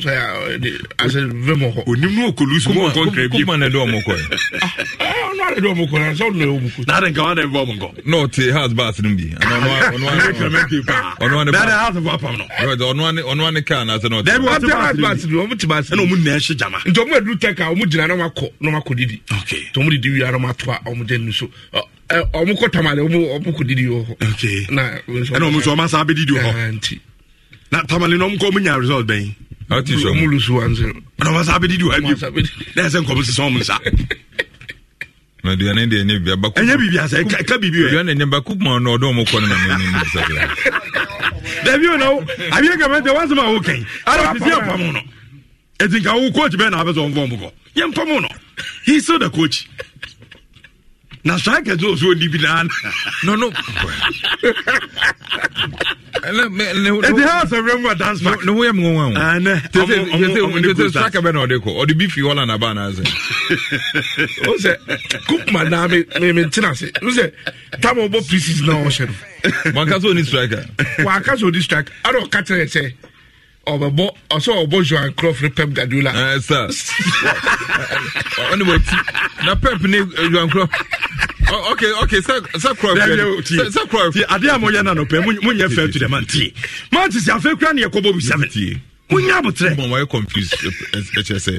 I: sɛ ɛdi asɛ fɛn mɔ hɔ. onim n'o kolu sumu ɔkɔ nkira bi. kuma
D: na de ɔmu kɔ ye.
I: Ah, ah, ɔn n'ale de ɔmu kɔ na sɛ ɔnu de ɔmu kɔ.
D: n'ale nka wale bɔ ɔmu kɔ. n'o ti house baasi nin bi. ɔnuwani house bɔ apam nɔ. ɔnuwani ɔnuwani kaa na sɛ n'o ti. ɔmu ti house baasi
I: nin ɔmu ti baasi nin. ɛna ɔmu nɛɛsi jama. nti ɔmu edu tɛ ka ɔmu jina n'ɔmu akɔ n'ɔmu akɔ didi. ok tɔmu didi wi nso ɔmo kɔ didi wɔ hɔ. na
D: ɔmo nso ɔmo asa abɛdidi wɔ hɔ na tamale na ɔmo kɔ ɔmo nya result bɛn. ati sɔn mu lusu wa nsɛm. na ɔmo asa abɛdidi wɔ hɔ ebi na ɛsɛ nkɔmɔ sisan ɔmo nsa. na aduane deɛ ɛnyɛ biribi abakuma ɛnyɛ biribi asa ɛka biribi wɛ aduane ɛnyɛ bakuma na ɔdɔn ɔmo kɔ no na mo ni nsa bila. dabi o na o abiy kama tɛ wansɛm a o kɛn ara ti se ɛfam no etinka o coach bɛɛ na a bɛ sɔn fɔm kɔ yɛn fɔm no he is still the coach na saa kɛse o so onibi naa no no
I: ɛdi ha asɛmɛ mu a dance park ne ho yɛ mu nwa o ɛnɛ tete tete tete saka
D: bɛ na ɔde kɔ ɔde bi fi hɔ la na ba na sɛ o
I: sɛ kumuma naa mi mi mi tina se o sɛ taama o bɔ pieces na ɔhyɛ no wa kaso ni ọbẹbọ ọsọ ọbọ joan croft ne pep guardiola. ẹ sá ọni bọ ti na pep ne eh, joan croft
D: ok ok sẹ sẹ croft yẹ ti ade a mo yẹ nanu pẹ mu n fẹ tu dẹ man ti man ti sẹ afẹ kura ni yẹ kọ bọ bi sẹfẹ mu n yẹ abotire. mo wáyé confused ẹ kyerẹ sẹ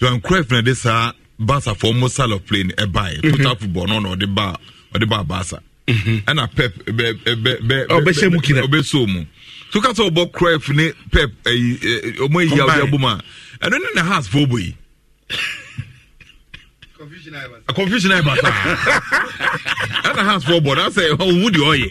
D: joan croft na de sa basa fọ mo style of playing ẹ ba yẹ mhm. total football náà na ọde ba ọde ba basa. ẹna mhm. pep bẹ bẹ bẹ ọbẹ sẹ mu kiri ọbẹ sọ mu so sɛ ɔbɔ cruyff ne pep ayi eh, eh, ɔmo ayi a abom a ɛno ne na has fo yi. confusion ayi ba saa ɛna has fo na sɛ ɔmo mu ɔyɛ.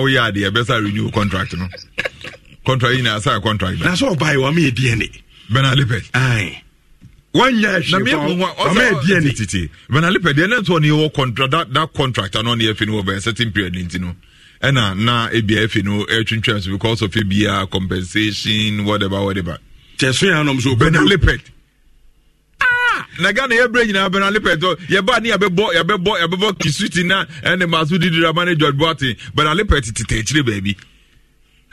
D: woyɛ adeɛ ɛbɛsa renew contract no contract yi na asa contract na sɛ ɔbae wa meyɛ dna benalipet wanyɛ ɛhwɛmɛdne titi benalipet deɛ ne nso ɔne contract that, that contract ana ɔne yɛfei no wɔ bɛyɛ certain period nti no ɛna na ebia afei no ɛtwintwam because of ebia compensation whatever whatever tɛso yɛ anom so benalipet na ghana yɛbrɛ nyinaa bɛna ne pɛtɔ yɛba ne yɛbɛbɔ yɛbɛbɔ yɛbɛbɔ kisuti na ɛne maaso didira ma ne george boaten but alepɛt tete akyire baabi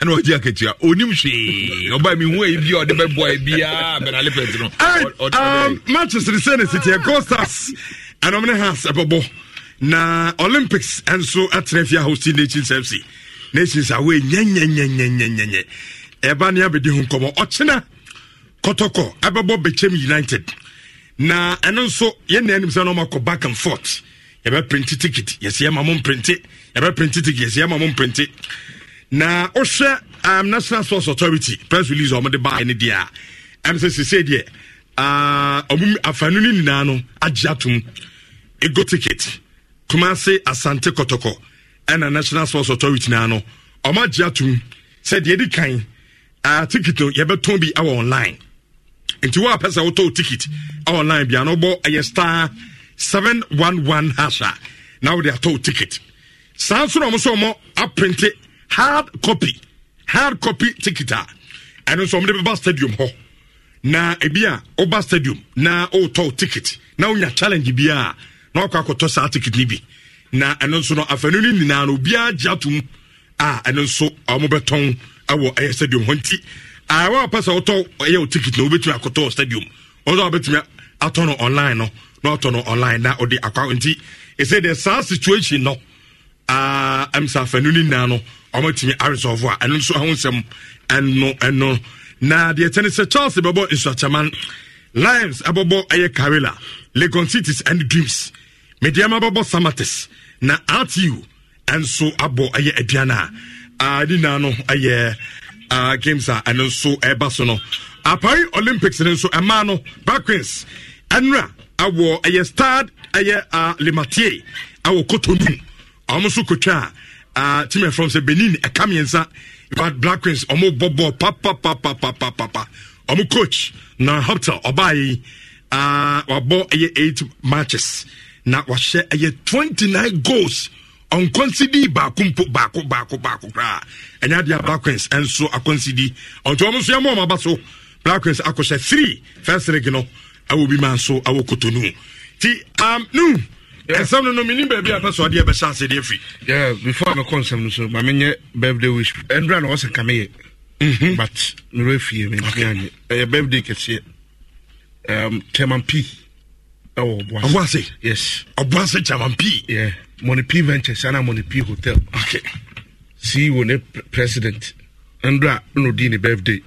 D: ɛna ɔgye akatua ɔnim hwee ɔba mehu ayi bia ɔde bɛbɔ a biaa bɛna alepɛt no um, manchester sɛ ne sitiɛ gold stars ɛnom ne has ɛbɛbɔ na olympics nso atena fie hosting nations fc nations away nyɛnyɛnyɛnyɛnyɛnyɛ ɛba ne abɛdi ho nkɔmmɔ ɔkyena kɔtɔkɔ ɛbɛbɔ bɛkyɛm united na ɛno nso yɛnna anim sɛ no ɔmakɔ back and forth yɛbɛprinte ticket yɛsɛ yɛma mo mprinte yɛbɛprinte ticket yɛsɛ yɛma mo mprinte na wohwɛ um, national sports authority press release a ɔmode baɛ no deɛ a ɛm sɛ sesei deɛ uh, ɔmo afanu no nyinaa no agye atom ego ticket kumase asante kɔtɔkɔ ɛna national sports authority naa no ɔmo agye atom sɛ deɛ ɛdi kan uh, ticket no yɛbɛtɔn bi ɛwɔ online nti wo a pɛ sɛ wotɔɔ ticket online bia na wobɔ ɛyɛ star 711 hash a na wode atɔɔ ticket saa nso na ɔmo sɛ ɔmɔ aprinte hard copy hard copy ticket a ɛno nso ɔmde bɛba stadium hɔ na ebi a woba stadium na wotɔɔ ticket na wonya challenge bi a na wakɔ akɔtɔ saa ticket no bi na ɛno nso no afanu no nyinaa no obiara gye atom a ɛno nso ɔmobɛtɔn ɛwɔ ɛyɛ stadium hɔ nti awa ɔpɛ sɛ wotɔ ɛyɛ o ticket na wobɛtumi akɔtɔ stadium ɔsɛ wobɛtumi atɔ no online no na ɔtɔ no online na ɔde akɔ nti ɛsɛ e deɛ saa situation no ɛmsafanu no nyinaa no ɔmatumi aresɔfo a ɛno nso ahosɛm ɛno ɛno na deɛ kyɛ e, ne sɛ charles bɛbɔ nsuakyɛman lions ɛbɛbɔ ɛyɛ carila legon cities and dreams medeɛma bɛbɔ samates na rtu ɛnso abɔ ɛyɛ aduane a ne nyinaa no ɛyɛ uh, games a ɛno nso ɛba so no apari olympics no nso ɛmaa no backins ɛnra awɔ ɛyɛ stad ɛyɛ uh, ah, lematie awɔ kotonim ɔmo nso kotwa a ah, team ɛfrɔm sɛ benin ɛka mmiɛnsa but blackins ɔmo bɔbɔ papapapapapapa ɔmo coach na hoptel ɔbaayɛ uh, wabɔ ɛyɛ eight matches na wahyɛ ɛyɛ twenty nine goals ɔnconsider baako mpo baako baako baako koraa ɛnyɛ adeɛ a blackwins nso akɔnsidi ɔnti wɔn nso yɛmɔ ɔmo aba so blackwins akɔhyɛ three first rig no
I: ɛwɔ bi ma nso ɛwɔ kotonu ti am nu ɛsɛm no no mi ni baabi a pɛ so adeɛ bɛhyɛ ase deɛ fi. yeah before mi kɔ nsɛm no so maame nye birthday wish ndura na ɔsɛ kame yɛ. Mm-hmm. but mi ro efie mi nti anyi ɛyɛ birthday kɛseɛ um, chairman p ɛwɔ oh, ɔbuase yes ɔbuase chairman p yeah money p ventures ana money p hotel okay ceo ne president ndra na odi ne birthday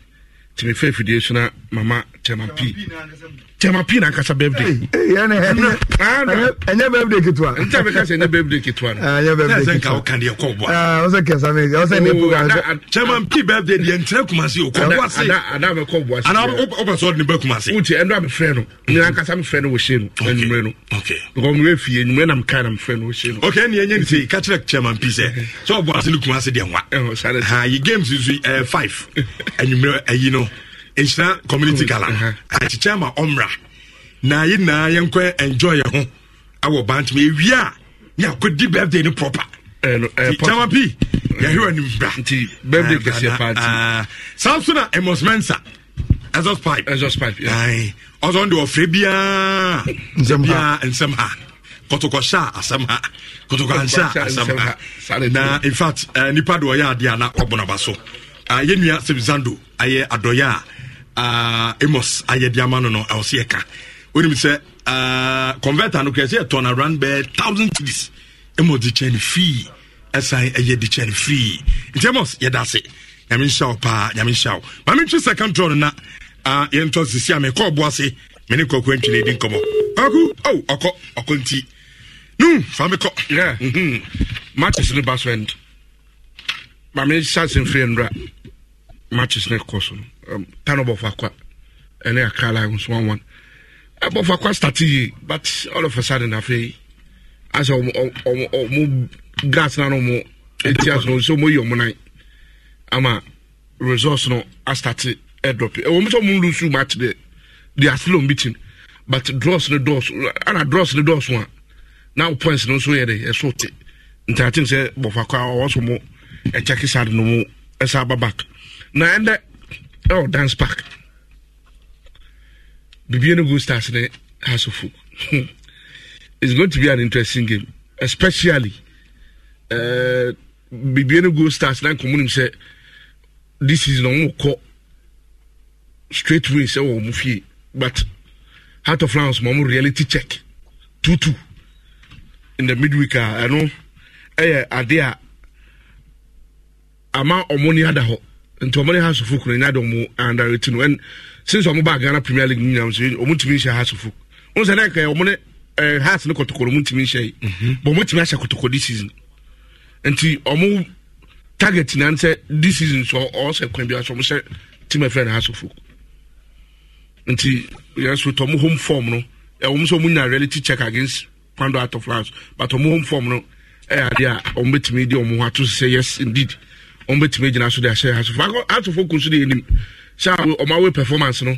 I: tumi fa afidie so mama chairman p tẹmọ pii n'ankasa birthday. ɛnyɛ birthday ketewa. n tɛ bɛ ka sɛ ɛnyɛ birthday
D: ketewa. ɛnyɛ ah, birthday ketewa. sɛ nka o kan di yɛ kɔ bɔ.
I: ɔsɛ kɛsɛ mi ɔsɛ ne program.
D: cɛman pii birthday
I: di yɛ ntina kumasi o kɔ bɔ ase. ana bɛ kɔ bɔ ase. ana o bɛ sɔrɔ nin bɛ kumasi. n cɛ ɛnu a bɛ fɛn no ni ankasa mi fɛn no o se no ɛnumere no. nkɔmi o ye fi ye na mi kan na mi fɛn no o se no. ok
D: ni ye ɲɛni se ka kyerɛ cɛman pii sɛ sɔ bɔ ase ni kumasi de wa. ɛɛ games eh, five ɛnumere ɛyi eh, no nhyira community gala akyekyɛ ama ɔmmra na yɛ nyinaa yɛnkɔ enjoy yɛ ho awɔ bantoma ewie a yɛ akɔdi birthday no proper kyama pii yɛhwɛ nim bra nti birthday kɛseɛ paa saa nso na amos mensa exhaust pipe exhaust pipe ɛn ɔsɔn de ɔfrɛ biara nsɛm ha nsɛm ha kɔtɔkɔhyɛ asɛm ha kɔtɔkɔhyɛ asɛm ha na in fact nipa de ɔyɛ adeɛ a na ɔbɔ n'aba so yɛnua sebizando ayɛ adɔyɛ a. Ah, amos ayɛ de ama no no ɛwɔ sɛ say ah, wonim sɛ converter no kra sɛ yɛtɔn around bɛɛ thousand cities amos de chain free ɛsan ɛyɛ di kyɛn free nti amos yɛda ase nyame nhyɛ wo paa nyame nhyɛ wo ma second tɔ no na yɛntɔ sisi a mekɔ ɔbo ase mene
I: kɔko antwene ɛdi nkɔmmɔ ɔku o ɔkɔ ɔkɔ nti no fa mekɔ matches no ba so ɛnd ma mehyɛ matches no kɔ so no town of Akwa and Accra Lions 1 1. Above but all of a sudden, I feel as a gas no more. It has no so more your Ama resource no, I started airdrop. I want to lose so much there. They are still but draws the doors and I draws the doors one. Now points no so here, eh, a sort. Nti I think say Bofakwa also more a Jackie Sad no more eh, Oh, dance park Bibiano no go stars ne house of folk it's going to be an interesting game especially eh, Bibiano biribiara no go stars na nkɔmɔ nim sɛ this season wɔn kɔ straight way sɛ wɔn mu fie but heart of lions wɔn reality check two two in the midweek a ɛno ɛyɛ ade a ah, ama wɔn ni ada hɔ nti ɔmo ne hasofo kuro nyɛ de ɔmo andarete no ɛn since ɔmo ba ghana premier league nyinam so ɔmo tumi nhyɛ hasofo ɔmo sɛ nɛɛkɛ ɔmo ne ɛɛ eh, has ne kɔtɔkɔ ɔmo tumi nhyɛ yi mhm. bɔn ɔmo tumi ahyɛ kɔtɔkɔ this season nti ɔmo target nan sɛ this season so ɔsɛ kwan bi aso ɔmo sɛ team ɛfɛ na hasofo nti yɛn so tɔmo home form no ɛwɔm eh, sɛ ɔmo nyina reality check against kwando out of house but ɔmo home form no ɛyɛ adeɛ a ɔmo betumi di ɔmo ho ato sɛ yes indeed wɔn bɛtumi agyina so de ahyɛ asofo asofo kun so de anim sɛ ɔmo away performance no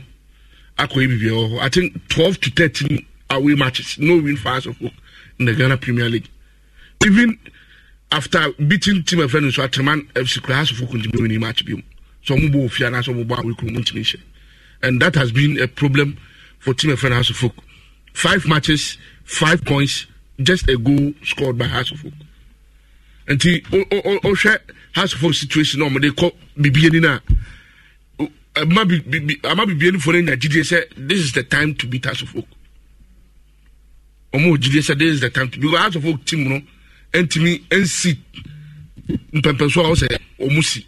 I: akɔyɛ bibi ɛwɔ hɔ i think twelve to thirteen away matches no win for asofo in the ghana premier league even after beating team ɛfɛ no nso atreman fc kura asofo kun tumi win match bi so ɔmo bɔ ofia anaasɛ ɔmo bɔ away kun mo hyɛ and that has been a problem for team ɛfɛ no asofo five matches five points just a goal scored by asofo nti o o o hwɛ house folk situation na ɔmɔde kɔ bibie ni na ama bibie ni fo ne nya gyidie sɛ this is the time to beat house folk ɔmɔ gyidie sɛ this is the time to because house folk team no ntumi nsi mpɛmpɛnso a ɔsɛ ɔmo si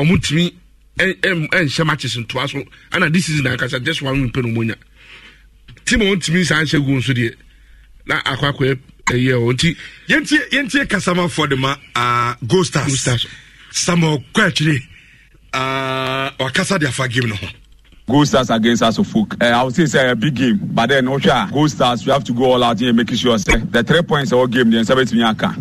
I: ɔmo ntumi nhyɛ matches ntoa so ɛna this season ankasa just one win pɛ na ɔmo nya team a ɔntumi nsa nhyɛ goal nso deɛ na akɔ akɔyɛ ɛyɛ o nti yɛntie yɛntie kasama fɔ de ma aa ah, go stars samuel kwakyire
D: aa ah, wakasa de afa game no ho. Gold Stars against Asofuk. Uh, eh, I would say it's a big game, but then Osha, Gold Stars, we have to go all out here making sure say, the three points all game, the Nsabet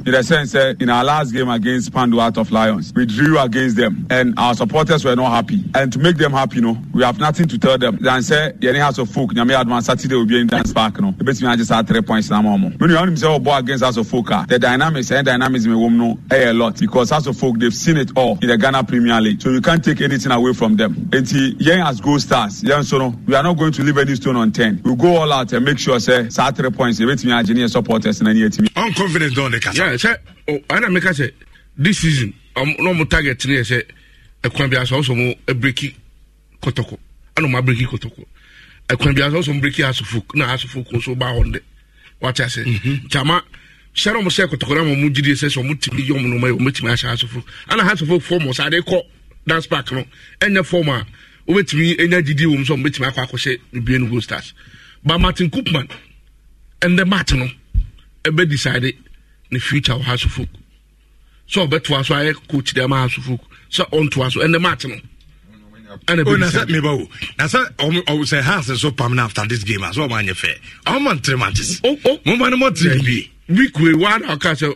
H: In the sense, uh, in our last game against Pandu Out of Lions, we drew against them, and our supporters
D: were not happy. And to make them happy, you know, we have nothing to tell them than say, Yeni Asofuk, Nyame advance Saturday will be in Dance Park, you know. The best just had three points now, Momo. When you want himself ball against Asofuk, ah, the dynamics and eh, dynamics in woman know a lot because Asofuk, they've seen it all in the Ghana Premier League. So you can't take anything away from them. And see, yeah, as Gold Stars. us yẹn nso no we are not going to leave any stone unturned
I: we go all out and make sure Say saa three points ebetumi agye ne yẹ supporters na ne yẹ timi. on confidence don de kasa. sẹ ana mi ka sẹ this season n'o mu target ne yẹ sẹ ẹkwan bi aso ọsọ mu ebiriki kọtọkọ ẹna ọmọ abiriki kọtọkọ ẹkwan bi aso ọsọ mu biriki asofo na asofo kò so ba ọhún dẹ wàtí ase. jama sẹ́ni ọmọ sẹ́ kọtọkọ náà ọmọ jíde ẹsẹ̀ sọ ọmọ tìmí yọ ọmọ náà ọmọ tìmí aṣọ asofo ẹna asofo fọọmù ọ̀sán kọ dance park náà ẹ̀yẹ fọọmù a wobɛtumi ɛnya gyidi wɔ mu sɛ wobɛtumi akɔ akɔhyɛ bibie no gold stars but martin coopman ɛndɛ mat no ɛbɛ decide ne future wɔ hasofok sɛ ɔbɛtoa so ayɛ coach dɛ ma hasofok sɛ ɔntoa so ɛndɛ mat no nasɛ oh, meba o nasɛ sɛ has so pam after this game a sɛ ɔma anyɛ fɛ ɔma ntere matches moma no mɔtere bie week wei waa na ɔka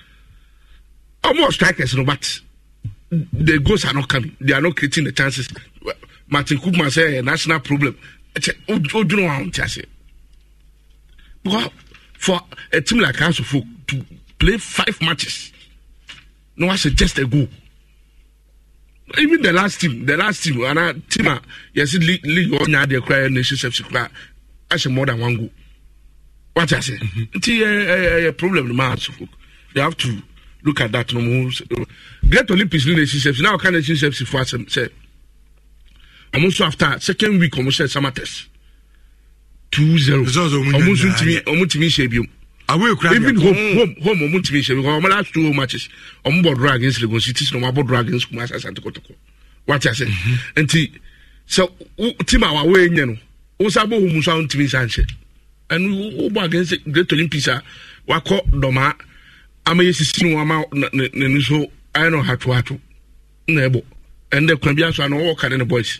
I: ɔmo strikers no but the goals are not coming they are not creating the chances martin kupman sɛ eh, national problem kyɛ odwene wa nti ase because for a team like asofo to play five matches no, wa suggest a goal even the last team the last team ana team a yɛsi league league ɔnya adeɛ kura yɛ nation sef kura ahyɛ more than one goal wati ase mm-hmm. nti yɛ eh, ɛyɛ eh, problem no ma asofo they have to look at that no more. great olympics ni na esi sepsi na ɔka na esi sepsi fo asɛm sɛ ɔmo nso after second week ɔmo hyɛ summer test two zero ɔmo nso ntumi ɔmo ntumi nhyɛ biom away kura even home home home ɔmo ntumi nhyɛ biom ɔmo last two home matches ɔmo bɔ draw against legon city na ɔmo abɔ draw against kumasi asante kɔtɔkɔ wati ase nti sɛ team a wawo enye no wosan bɔ home nso a ntumi nsa nhyɛ ɛnu wo bɔ against great olympics a wakɔ dɔmaa ama yɛ sisi no ama n'ani so ayɛ no hatohato na ɛbɔ ɛn dɛ kwan bi aso ano ɔwɔ kane ne boys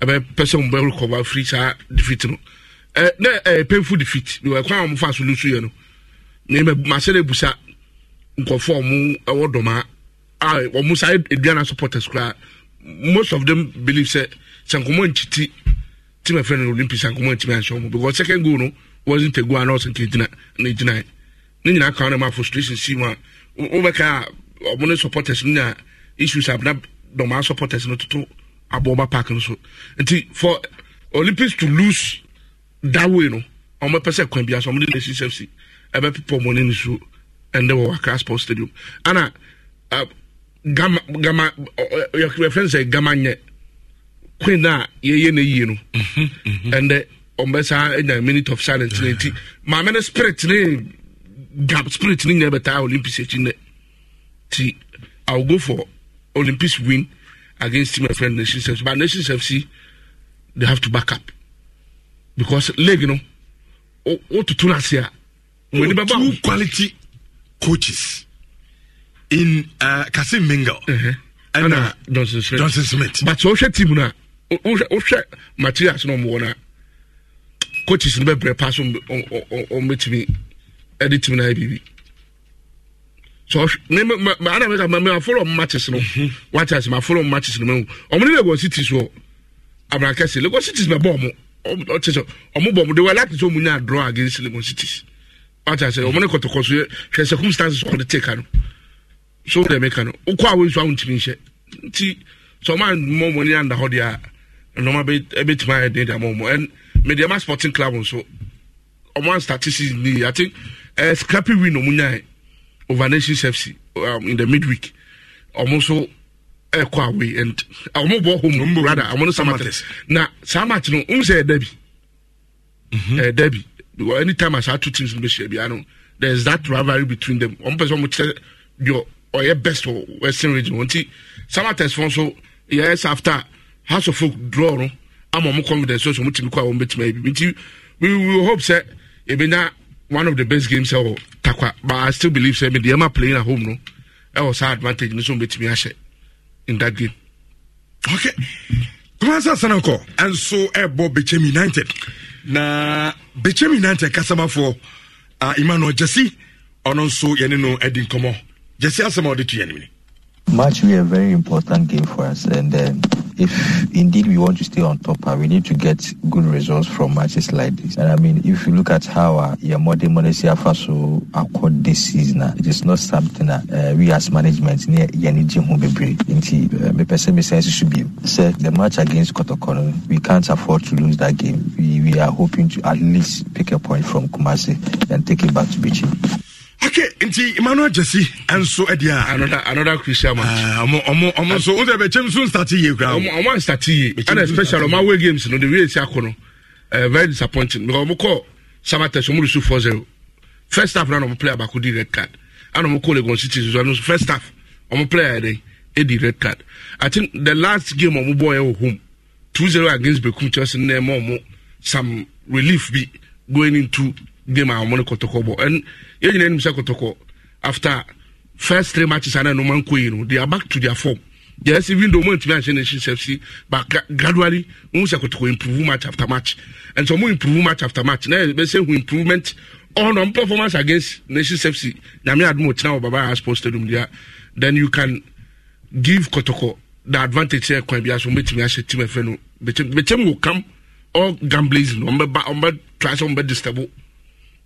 I: ɛbɛ pɛ sɛ bɛ rekɔba firi saa defeat no ɛ dɛ ɛyɛ painful defeat ɛwɔ kwan a ɔmo fa so lusu yɛ no mɛmɛ masɛ de busa nkɔfo a ɔmo ɛwɔ dɔmaa a ɔmo saa eduana supporters koraa most of them believe sɛ sankomo nkyiti team ɛfɛ no olympics sankomo nkyimi ansi ɔmo because second goal no wasn't a goal anaa ɔsɛ nke gyina ne gyina yɛ ne nyinaa kan no ma frustration si mu a wobɛka a ɔmo ne supporters no nya issues a na dɔmaa supporters no toto aboɔba park no so nti for olympics to lose that way no ɔmo pɛ sɛ kwan bi aso ɔmo de lesi sɛfsi ɛbɛ pepa ɔmo ne nsuo ɛnde wɔ Accra sports stadium ana uh, gama gama yɛ fɛn sɛ gama nyɛ queen a yɛyɛ ne yie no ɛnde mm-hmm, mm-hmm. ɔmo bɛ saa ɛnya minute of silence ne nti maame ne spirit ne dab spirit ni nyɛ bɛtaa olympics akyi nɛ ti i will go for olympics win against my friend nations fc but nations fc they have to back up because leg no o tutu na se a wɔn two quality coaches in uh, kasim mingal ɛna uh -huh. johnson smith johnson smith but o hwɛ team na o hwɛ materials na ɔmo wɔ na coaches no bɛ brɛ pa so ɔmo bɛ tumi ɛde tim na ayɛ biribi so ne ma ma ana mi ka ma matches no mhm. wati ase ma afolo matches no ma wu ɔmo ne lagos city so aburakɛse lagos city bɛ bɔ ɔmo ɔte sɛ ɔmo bɔ ɔmo de against lagos city wati ase ɔmo ne kɔtɔkɔ circumstances ɔmo de so de mi ka no okɔ awo nso awo ntumi nhyɛ nti sɛ ɔmo anumɔ ɔmo ni anda hɔ deɛ nneɛma bɛ ebi tuma ayɛ den de ama ɔmo ɛn mɛ sporting club nso ɔmo an statistics I think uh, scrappy win ɔmo nyae over nation fc um, in the midweek ɔmo nso ɛkɔ eh, away and ɔmo ah, bɔ home rather ɔmo no samates na saa match no n sɛ ɛda bi ɛda bi anytime as our two teams bɛ hyɛ bi ano there is that rivalry between them ɔmo pɛ sɛ ɔmo kyerɛ deɛ best for western region wɔn ti samates fɔ nso yɛs after house of folk draw no ama ɔmo confidence so ɔmo tìmi kɔ a ɔmo bɛ tìmi ayi bi nti we will hope sɛ ebi na one of the best games ɛwɔ takwa but i still believe sɛ mede ɛma playing at home no ɛwɔ saa advantage no so mbɛtumi ahyɛ in that game okay kɔmansa sanakɔ ɛnso ɛbɔ bɛkyɛm united na
D: bɛkyɛm united kasamafoɔ uh, emmanuel jesse ɔno nso yɛne no adi nkɔmmɔ jesse asɛm a ɔde to yɛ
J: match will be a very important game for us and then.
E: if indeed we want to stay on top, ah, we need to get good results from matches like this. And I mean, if you look at how uh, ah, Yamode Monesia Faso accord this season, ah, it is not something that uh, eh, we as management near Yaniji The eh, person should be So the match against Kotokono, we can't afford to lose that game. We, we are hoping to at least pick a point from Kumasi and take it back to Bichi.
D: okay nti emmanuel jesse
I: nso ɛdi a. another another crucial match. Ah, ɔmɔ ɔmɔ ɔmɔ nso o de bɛ kyɛn nso nsati yie kura. ɔmɔ ɔmɔ nsati yie ɛna special ɔmɔ away games no de wi esi ako no very disappointing because ɔmɔ kɔ sabata so ɔmɔ de su four zero first half na ɔmɔ play abako di red card ɛna ɔmɔ kɔ legon city so ɔmɔ first half ɔmɔ play eh, ayɛ dɛ red card i think the last game ɔmɔ bɔ yɛ wɔ home two zero against bekum chelsea na ɛmɔ ɔmɔ some relief bi going into game a ɔmɔ ne kɔtɔkɔ bɔ and yɛn nyina nim sɛ kɔtɔkɔ after first three matches ana ɛnoma nkɔ yi no they are back to their form yes even though mo ntumi ahyɛ nation sefc but gradually mo sɛ kɔtɔkɔ improve match after match and so mo improve match after match na yɛ bɛ sɛ hu improvement on on performance against nation sefc nyame adum otina wɔ baba sports stadium dia then you can give kɔtɔkɔ the advantage sɛ kwan bi aso mo betumi ahyɛ team ɛfɛ no betem betem will come all gamblers no ɔmo bɛ ba ɔmo bɛ try sɛ ɔmo bɛ disturb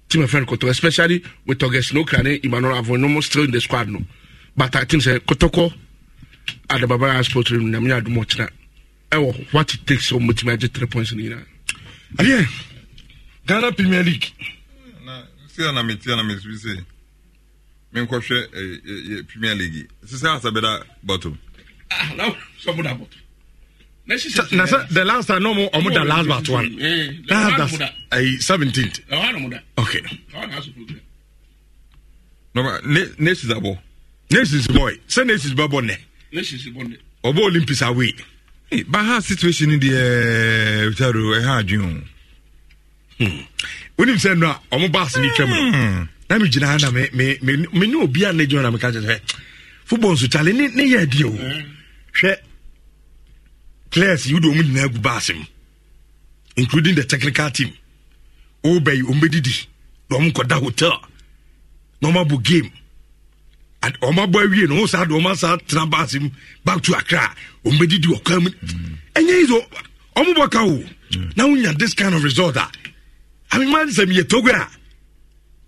I: team of friend Kotoko, especially with August Nokrane, Emmanuel Avonomo still in the squad no. But I think Kotoko at the Baba Sports Room, Namina yeah, Dumotina. Eh, oh, what it takes so much magic three points in Iran. Yeah. Ghana Premier League.
D: Still na me still na me say. Me nkɔhwɛ eh, eh, Premier League. Sisan asabeda bottom.
I: Ah, now someone bottom na sɛ the last time n'ɔmo ɔmo da last but one last but
D: ayi seventeenth. okay. nɔba ne nesis abɔ nesis bɔ sɛ nesis bɛ bɔ nɛ.
I: nesis bɔ nɛ.
D: ɔbɔ olympics away. Hey, ba ha situation ni deɛ wotaro ɛha adwen o wonim sɛ no a ɔmo bas ne twam no na megyina ha na mene obia ne dwon na meka kyɛ sɛ football nso kyale ne yɛ adiɛ o hwɛ class wode ɔmu nyinaa gu baase mu including the technical team wobɛyi ɔmu bɛdidi na ɔmu nkɔda hotel na ɔmu abɔ game and ɔmu abɔ awie na ɔmu saa de ɔmu asa tena baase mu back to accra ɔmu bɛdidi wɔ kwan mu ɛnyɛ yi so ɔmu bɔ ka o na wonya this kind of result a amema nsɛm yɛ togo a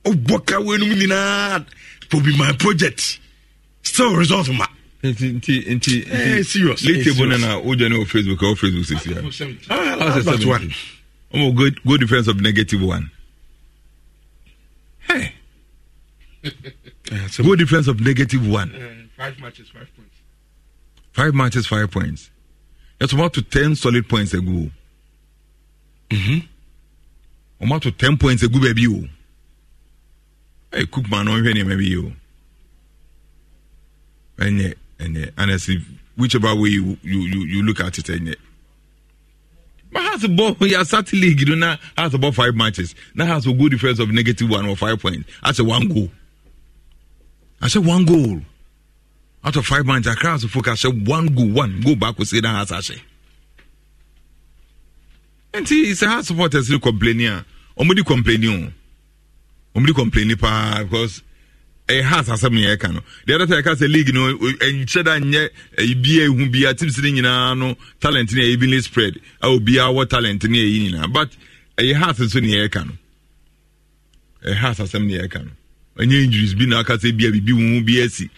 D: ɔbɔ ka wɔ enum nyinaa for be my project still result ma nti nti nti eh, nti late bo nana o jẹ o facebook o facebook sisi ya oh,
I: how
D: is ah, it seven omo good good defence of negative one hey good defence of negative one
I: eh, five matches five points
D: five matches five points yẹtọ ọmọ ato ten solid points egu o ọmọ mm-hmm. ato ten points egu bẹẹbi o ẹ cookman ọhún hwẹ ní ẹmẹ bi o ẹ And honestly, uh, whichever way you, you, you, you look at it, and uh, but has a ball yeah sat league, you know, has about five matches. Now has a good difference of negative one or five points. That's a one goal. I said one goal. Out of five matches, I can't focus. I said one goal, one go back We say that has actually. And see, it's a hard supporters complaining. Omudi complaining. Omudi complaining because ɛyɛ has asɛm ne yɛka no the other time yɛka sɛ league no ɛnkyɛ da nyɛ e, bia ehu bia tips ne nyinaa no talent ne evenly spread a obiara wɔ talent ne ɛyi nyinaa but ɛyɛ has nso ne yɛka no ɛyɛ has asɛm ne yɛka no ɛnyɛ injuries bi na aka sɛ bia bibi wu bi asi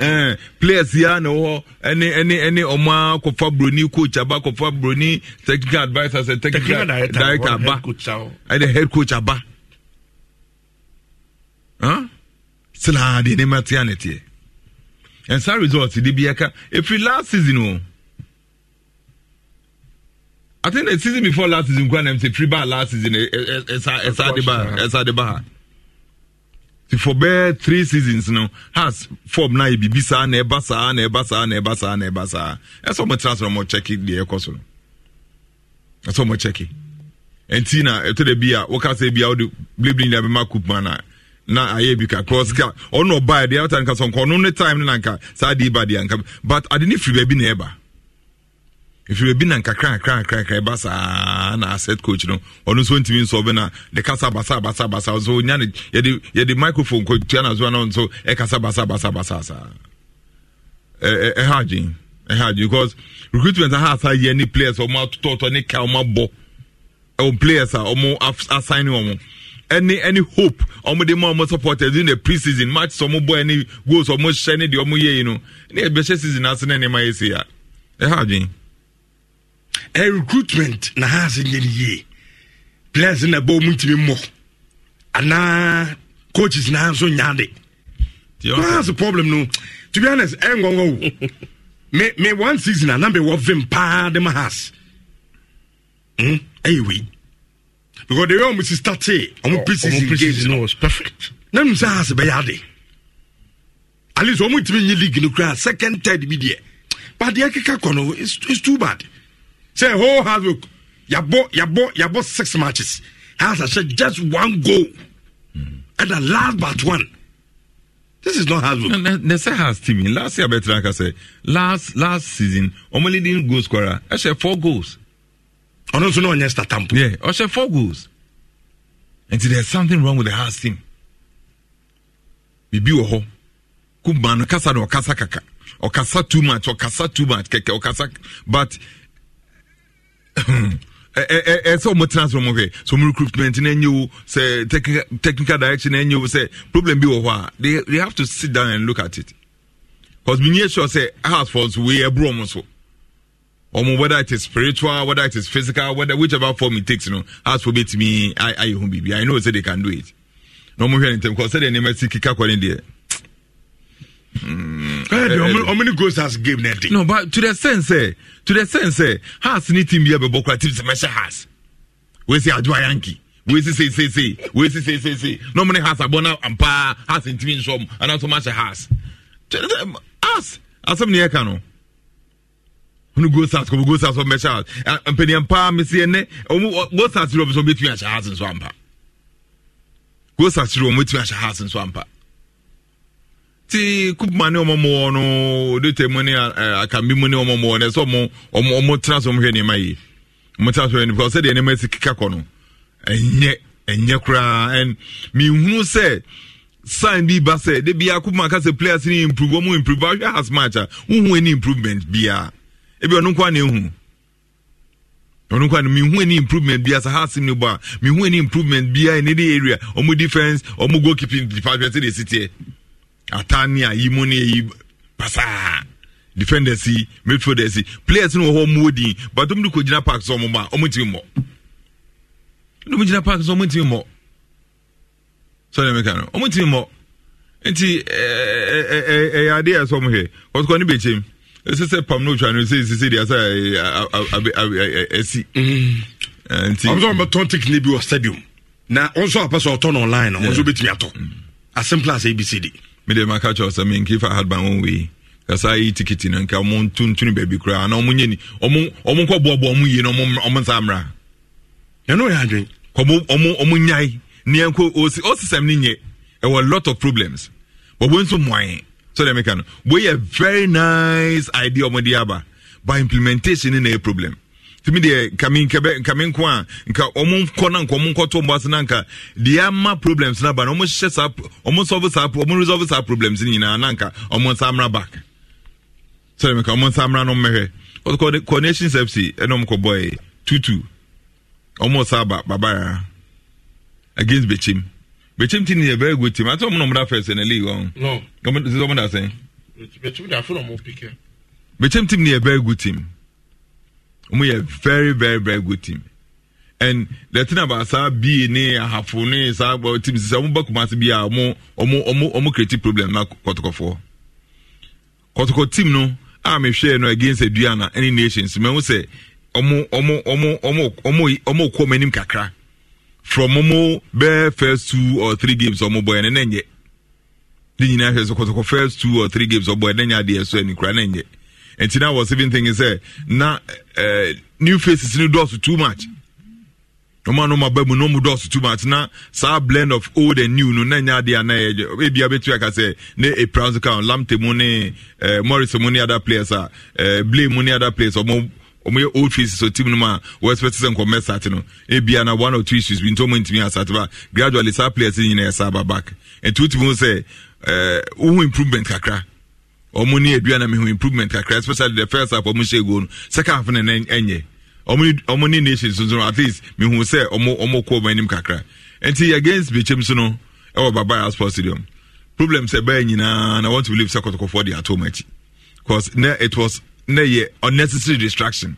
D: eh, players yi a na wɔ ɛne ɛne ɛne ɔmo akɔfa broni coach aba kɔfa broni technical adviser sɛ technical director aba ɛne ah, head coach aba. Huh? still de ne matea ne teɛ ɛnsa result de bi If ɛfiri last season o oh. I think the season before last season kwan ɛm sɛ bar last season ɛsa ɛsa de ba ɛsa de ba ha ti for bɛɛ three seasons no has form now. yɛ be saa ne ɛba ne na ne saa ne ɛba That's na ɛba transfer, more checking the so na ɔmo kyɛki deɛ ɛkɔ so no ɛsɛ ɔmo kyɛki what can say be bi a wɔka sɛ bi a wɔde blebile na ayɛ bi kakra ɔsika ɔno ɔba deɛ ɛwɔta nka sɛ nka ɔno ne time no nanka saa de ba deɛ anka but ade ne firi baabi na ɛba firi baabi na nka krankrankrankra ɛba saa na asset coach no ɔno nso ntumi nso ɔbɛ na de kasa basa basa basa so nya ne yɛde yɛde microphone kɔ tua n'aso ano nso ɛkasa basa basa basa saa ɛɛ ɛha adwin ɛha adwin because recruitment aha asa yɛ ne players ɔmo atotɔtɔ ne ka ɔmo abɔ ɛwɔ players a ɔmo assign wɔn any any hope ɔmo de ma supporters in the preseason match ɔmo bɔ any goals ɔmo hyɛ shiny. The ɔmo you know, no ne ɛbɛhyɛ season ase ne nneɛma yɛ si ya ɛha adwene. ɛ recruitment na ha ase nye ne yie players na ɛbɔ ɔmo ntumi mmɔ anaa coaches na so nso nya de na problem no to be honest ɛ ngɔngɔ o me me one season anam number of vim paa de ma ha ase ɛyɛ hmm? because the way ɔmo si start ɔmo pieces in games no was perfect na nnum sɛ ase bɛyɛ ade at least ɔmo tìmi nye league in kura second third bi deɛ but the keka kɔ no it's too bad Say whole hard work yabɔ yabɔ yabɔ six matches has ahyɛ just one goal and mm. last but one this is not hard work. na na sɛ has timi last year better than I say. last last season ɔmo didn't goal scorer I ɛhyɛ four goals ɔno nso na ɔnyɛ statampo yeah ɔhyɛ four goals nti there's something wrong with the house team biribi wɔ hɔ kuma no kasa no ɔkasa kaka ɔkasa too much ɔkasa too much kɛkɛ ɔkasa but ɛsɛ ɔmo tena so ɔmo hwɛ so ɔmo recruitment na enye wo sɛ technical direction na enye wo sɛ problem bi wɔ hɔ a they they have to sit down and look at it because mi n yɛ sure sɛ house for nso wei ɛburo ɔmo so um, whether it is spiritual, whether it is physical, whether whichever form it takes, you know, as for me, I, I, I, baby, I know say they can do it. No more anything because they never see Kika in there. Hmm. Eh, eh, eh, How many goals has game netting? No, but to the sense, eh, to the sense, eh, has anything be a bokra tips, Mesha has. We say Adwa Yankee. We see say, say, say, we see say, say, say. No money has a bona and pa has in team shop and also much has. Us, as some near canoe wọn go stars kọ go stars ọmọ ẹhyẹ mpanyin paa mesi ẹnẹ ọmọ go stars rẹ ọmọ sọ betumi ahyẹ ase nso ampa go stars rẹ ọmọ betumi ahyẹ ase nso ampa ti kupuma ne ọmọ mọọ no odeta mu ne akambi mu ne ọmọ mọọ ne sọ ọmọ ọmọ ọmọ tena so ọmọ hwẹ nneema yie ọmọ tena so hwẹ nneema ọsẹ deɛ nneema esi keka kɔ no ɛnyɛ ɛnyɛ koraa ɛn mihunu sɛ sign bi ba sɛ de bi akupuma kasa players ni improve wɔn improve ahwɛ house match a huhu any improvement biara ebi ɔno nkoa na ehu ɔno nkoa na mihu any improvement bi asa ha asem ne bɔ a mihu any improvement bi a ne de area ɔmo defence ɔmo goalkeeping department de si teɛ ataani a yi mu ne yi pasaa defenders yi midfielders yi players no wɔ hɔ ɔmo wɔ din but ɔmo de ko gyina park so ɔmo ma ɔmo ti mɔ ɔmo gyina park so ɔmo ti mɔ sɔɔni ɛmɛ kan no ɔmo ti mɔ nti ɛɛ ɛɛ ɛyɛ adeɛ ɛsɛ ɔmo hɛ ɔtɔkɔ ne bɛ kyɛn mu ɛsɛ sɛ pam no otwa no sɛ ɛsɛ sɛ deɛ sɛ asi nti ɔmo sɛ ɔmɛtɔn tekne bi wɔ stadium na wɔn nso apɛ sɛ ɔtɔ no online no wɔn nso bɛtumi atɔ asɛmpla sɛ ebi si di mede maka kyɛw sɛ menke fa hadban wɔ wei kasa yi tikiti no nka ɔmo ntuntun baabi koraa na ɔmo nye ni ɔmo ɔmo nkɔ boaboa ɔmo yie na ɔmo ɔmo nsa amra ɛno yɛ adwen kɔmo ɔmo ɔmo nyae nea nko osi osisɛm ne nye ɛwɔ lot of problems wɔbɔ nso mmoanye so dem kan wey a very nice idea ọmọ di aba but implementation na yɛ problem tumi deɛ nkame nkɛbɛ nkame nko a nka wɔn nkɔ na nka wɔn nkɔtɔ wɔn ase na nka deɛ ama problems na ba na wɔn hyehyɛ saa wɔn solve saa wɔn resolve saa problems nyinaa na nka wɔn nsa amra back so dem kan wɔn nsa amra na wɔn mɛhwɛ kɔdɛ coordination service ɛna wɔn kɔ bɔ ɛ tutu wɔn nsa aba babara against bechim bɛkyɛm ti ni yɛ very good team ati ɔmo na first in the league ɔn no ɔmo sisi ɔmo da sɛn
I: bɛkyɛm da fɔlɔ ɔmo pikɛ
D: bɛkyɛm team ni yɛ very good team ɔmo yɛ very very very good team and the thing about saa bie ne ahafo ne saa team sisan ɔmo ba kumasi bi a ɔmo ɔmo ɔmo ɔmo create problem na kɔtɔkɔfoɔ kɔtɔkɔ team no a mi hwɛ no against aduana ɛne nations mɛ n sɛ ɔmo ɔmo ɔmo ɔmo ɔmo ɔmo kɔ ɔmo anim kakra from ɔmo bɛɛ first two or three games ɔmo bɔ yɛn ne nyɛ ne nyinaa hwɛ so first two or three games ɔbɔ yɛn ne nyɛ adeɛ so ɛni kura ne nyɛ nti na wɔsi bi ntɛn na new faces ni dɔɔso too much ɔmo anɔ ɔmo aba mu na ɔmo too much na saa blend of old and new no na nyɛ adeɛ ana yɛ gye ebi abɛtu aka sɛ ne eprans eh, kan lamte mu ne ɛɛ eh, morris mu ne other players ah eh, ɛɛ blay mu ne other players ɔmo ɔmoyɛ old faces so team no mu a wɔexpect sɛ nkɔmmɛ sate no ebia na one or two issues bi nti ɔmo ntumi asate ba gradually saa players nyinaa ɛsa aba back nti wotumi ho sɛ wohu improvement kakra ɔmo ne adua na mehu improvement kakra especially the first half ɔmo hyɛ goal no second half no na ɛnyɛ ɔmo ne nation so so at least mehu sɛ ɔmo kɔ ɔmo anim kakra nti against bɛkyɛm so no ɛwɔ babaya sports stadium problem sɛ nyinaa na i want to believe sɛ kɔtɔkɔfoɔ de ato ɔmo akyi because na it was na yɛ unnecessary distraction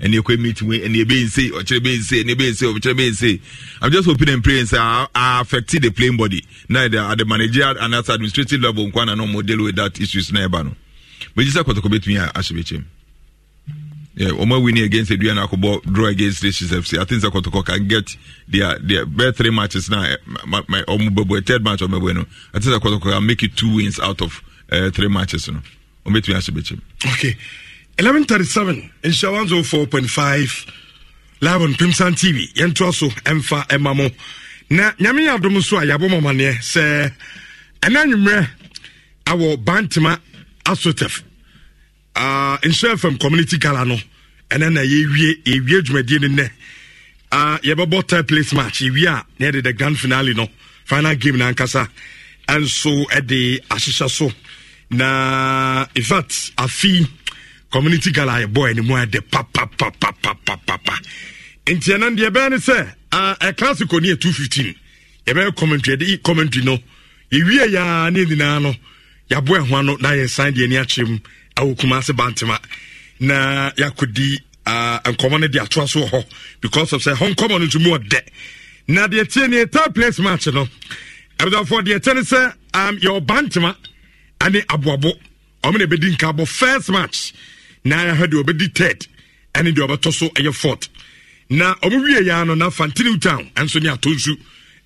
D: and you could meet me and you being say or chebe say and you being say or chebe say i'm just hoping and praying say i, affect the playing body neither at the managerial and at administrative level nkwana no more deal with that issues na eba no meji sɛ kɔtɔkɔ bɛtumi a ahyɛ bɛkyɛm yeah, Oma winning against Edwin Akobo draw against Riches FC. I think Zakotoko can get their their best three matches now. My, my, my third match or my bueno. I think Zakotoko can make it two wins out of uh, three matches. No, You know, Ometu Yashibichim. Okay. 11:37. thirty seven nhyia one oh live on pimsan tv yɛntoa so ɛmfa ɛma mo na nyame yɛ adom so a yɛabɔ mamaneɛ sɛ ɛna anwummerɛ awɔ bantema asotef uh, ah, nhyia fm community gala no ɛnɛ na yɛwie yɛwie dwumadie no nnɛ ah, yɛbɛbɔ tie place match yɛwie a na yɛde the grand finale no final game no ankasa ɛnso ɛde ahyehyɛ so na in fact afei community gala ayɛ bɔɔ ɛnimu ayɛ dɛ papapapapapa nti ɛnan deɛ ɛbɛyɛ ne sɛ ɛɛ classico ni yɛ two fifteen yɛbɛyɛ commentary yɛde commentary no ewie yaa ne nyinaa no yɛabɔ ɛho ano na yɛ san deɛ ni akyerɛ mu ɛwɔ kumase bantama na yɛakɔdi ɛɛ nkɔmɔ no de atoa so wɔ hɔ because of sɛ hɔn nkɔmɔ no nso ɔdɛ na deɛ tie ne third place match no ɛbɛdɔfoɔ deɛ tie ne sɛ um, yɛ ɔbantama ɛne aboabo ɔmo na ebɛdi nkaabɔ first match na yɛhwɛ deɛ ɔbɛdi third ɛne deɛ ɔbɛtɔ so ɛyɛ fourth na ɔmo wie yɛa no na fantini town ɛnso ne atɔ nsu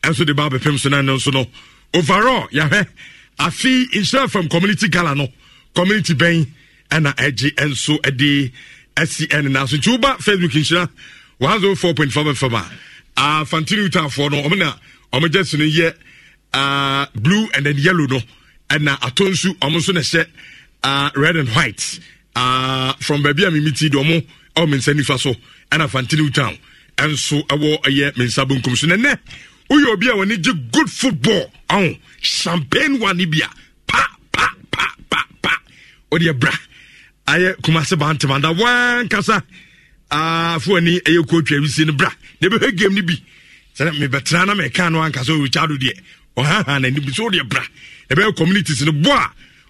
D: ɛnso de ba abɛpem so na ɛno nso no overall yɛhwɛ afi nhyira fam community gala no community bɛn ɛna ɛgye ɛnso ɛde ɛsi ɛne na so nti woba facebook nhyira 104.5 fm a uh, fantini townfoɔ no ɔmo na ɔmo gye so no yɛ uh, blue and then yellow no ɛna atɔ nsu ɔmo nso na ɛhyɛ uh, ah, red and white Ah, from baabi oh, a mimi ti dɔn mo ɛwɔ mi nsa nifa so ɛna fantini town ɛnso ɛwɔ ɛyɛ mi nsa benkum so nɛnɛ woyɛ obi a wɔn gye good football ɔn oh, champagne wa ni bia pa pa pa pa pa o deɛ bra ayɛ kumase bantama da wɔn kasa afo ah, ani ɛyɛ kootwa ewisi ni bra na ebe hɛ game ni bi sɛnɛ mi bɛ tena na mɛ kan no ankasa o richard deɛ ɔhanhan oh, na ni bi so o deɛ bra ebe communities ni bɔ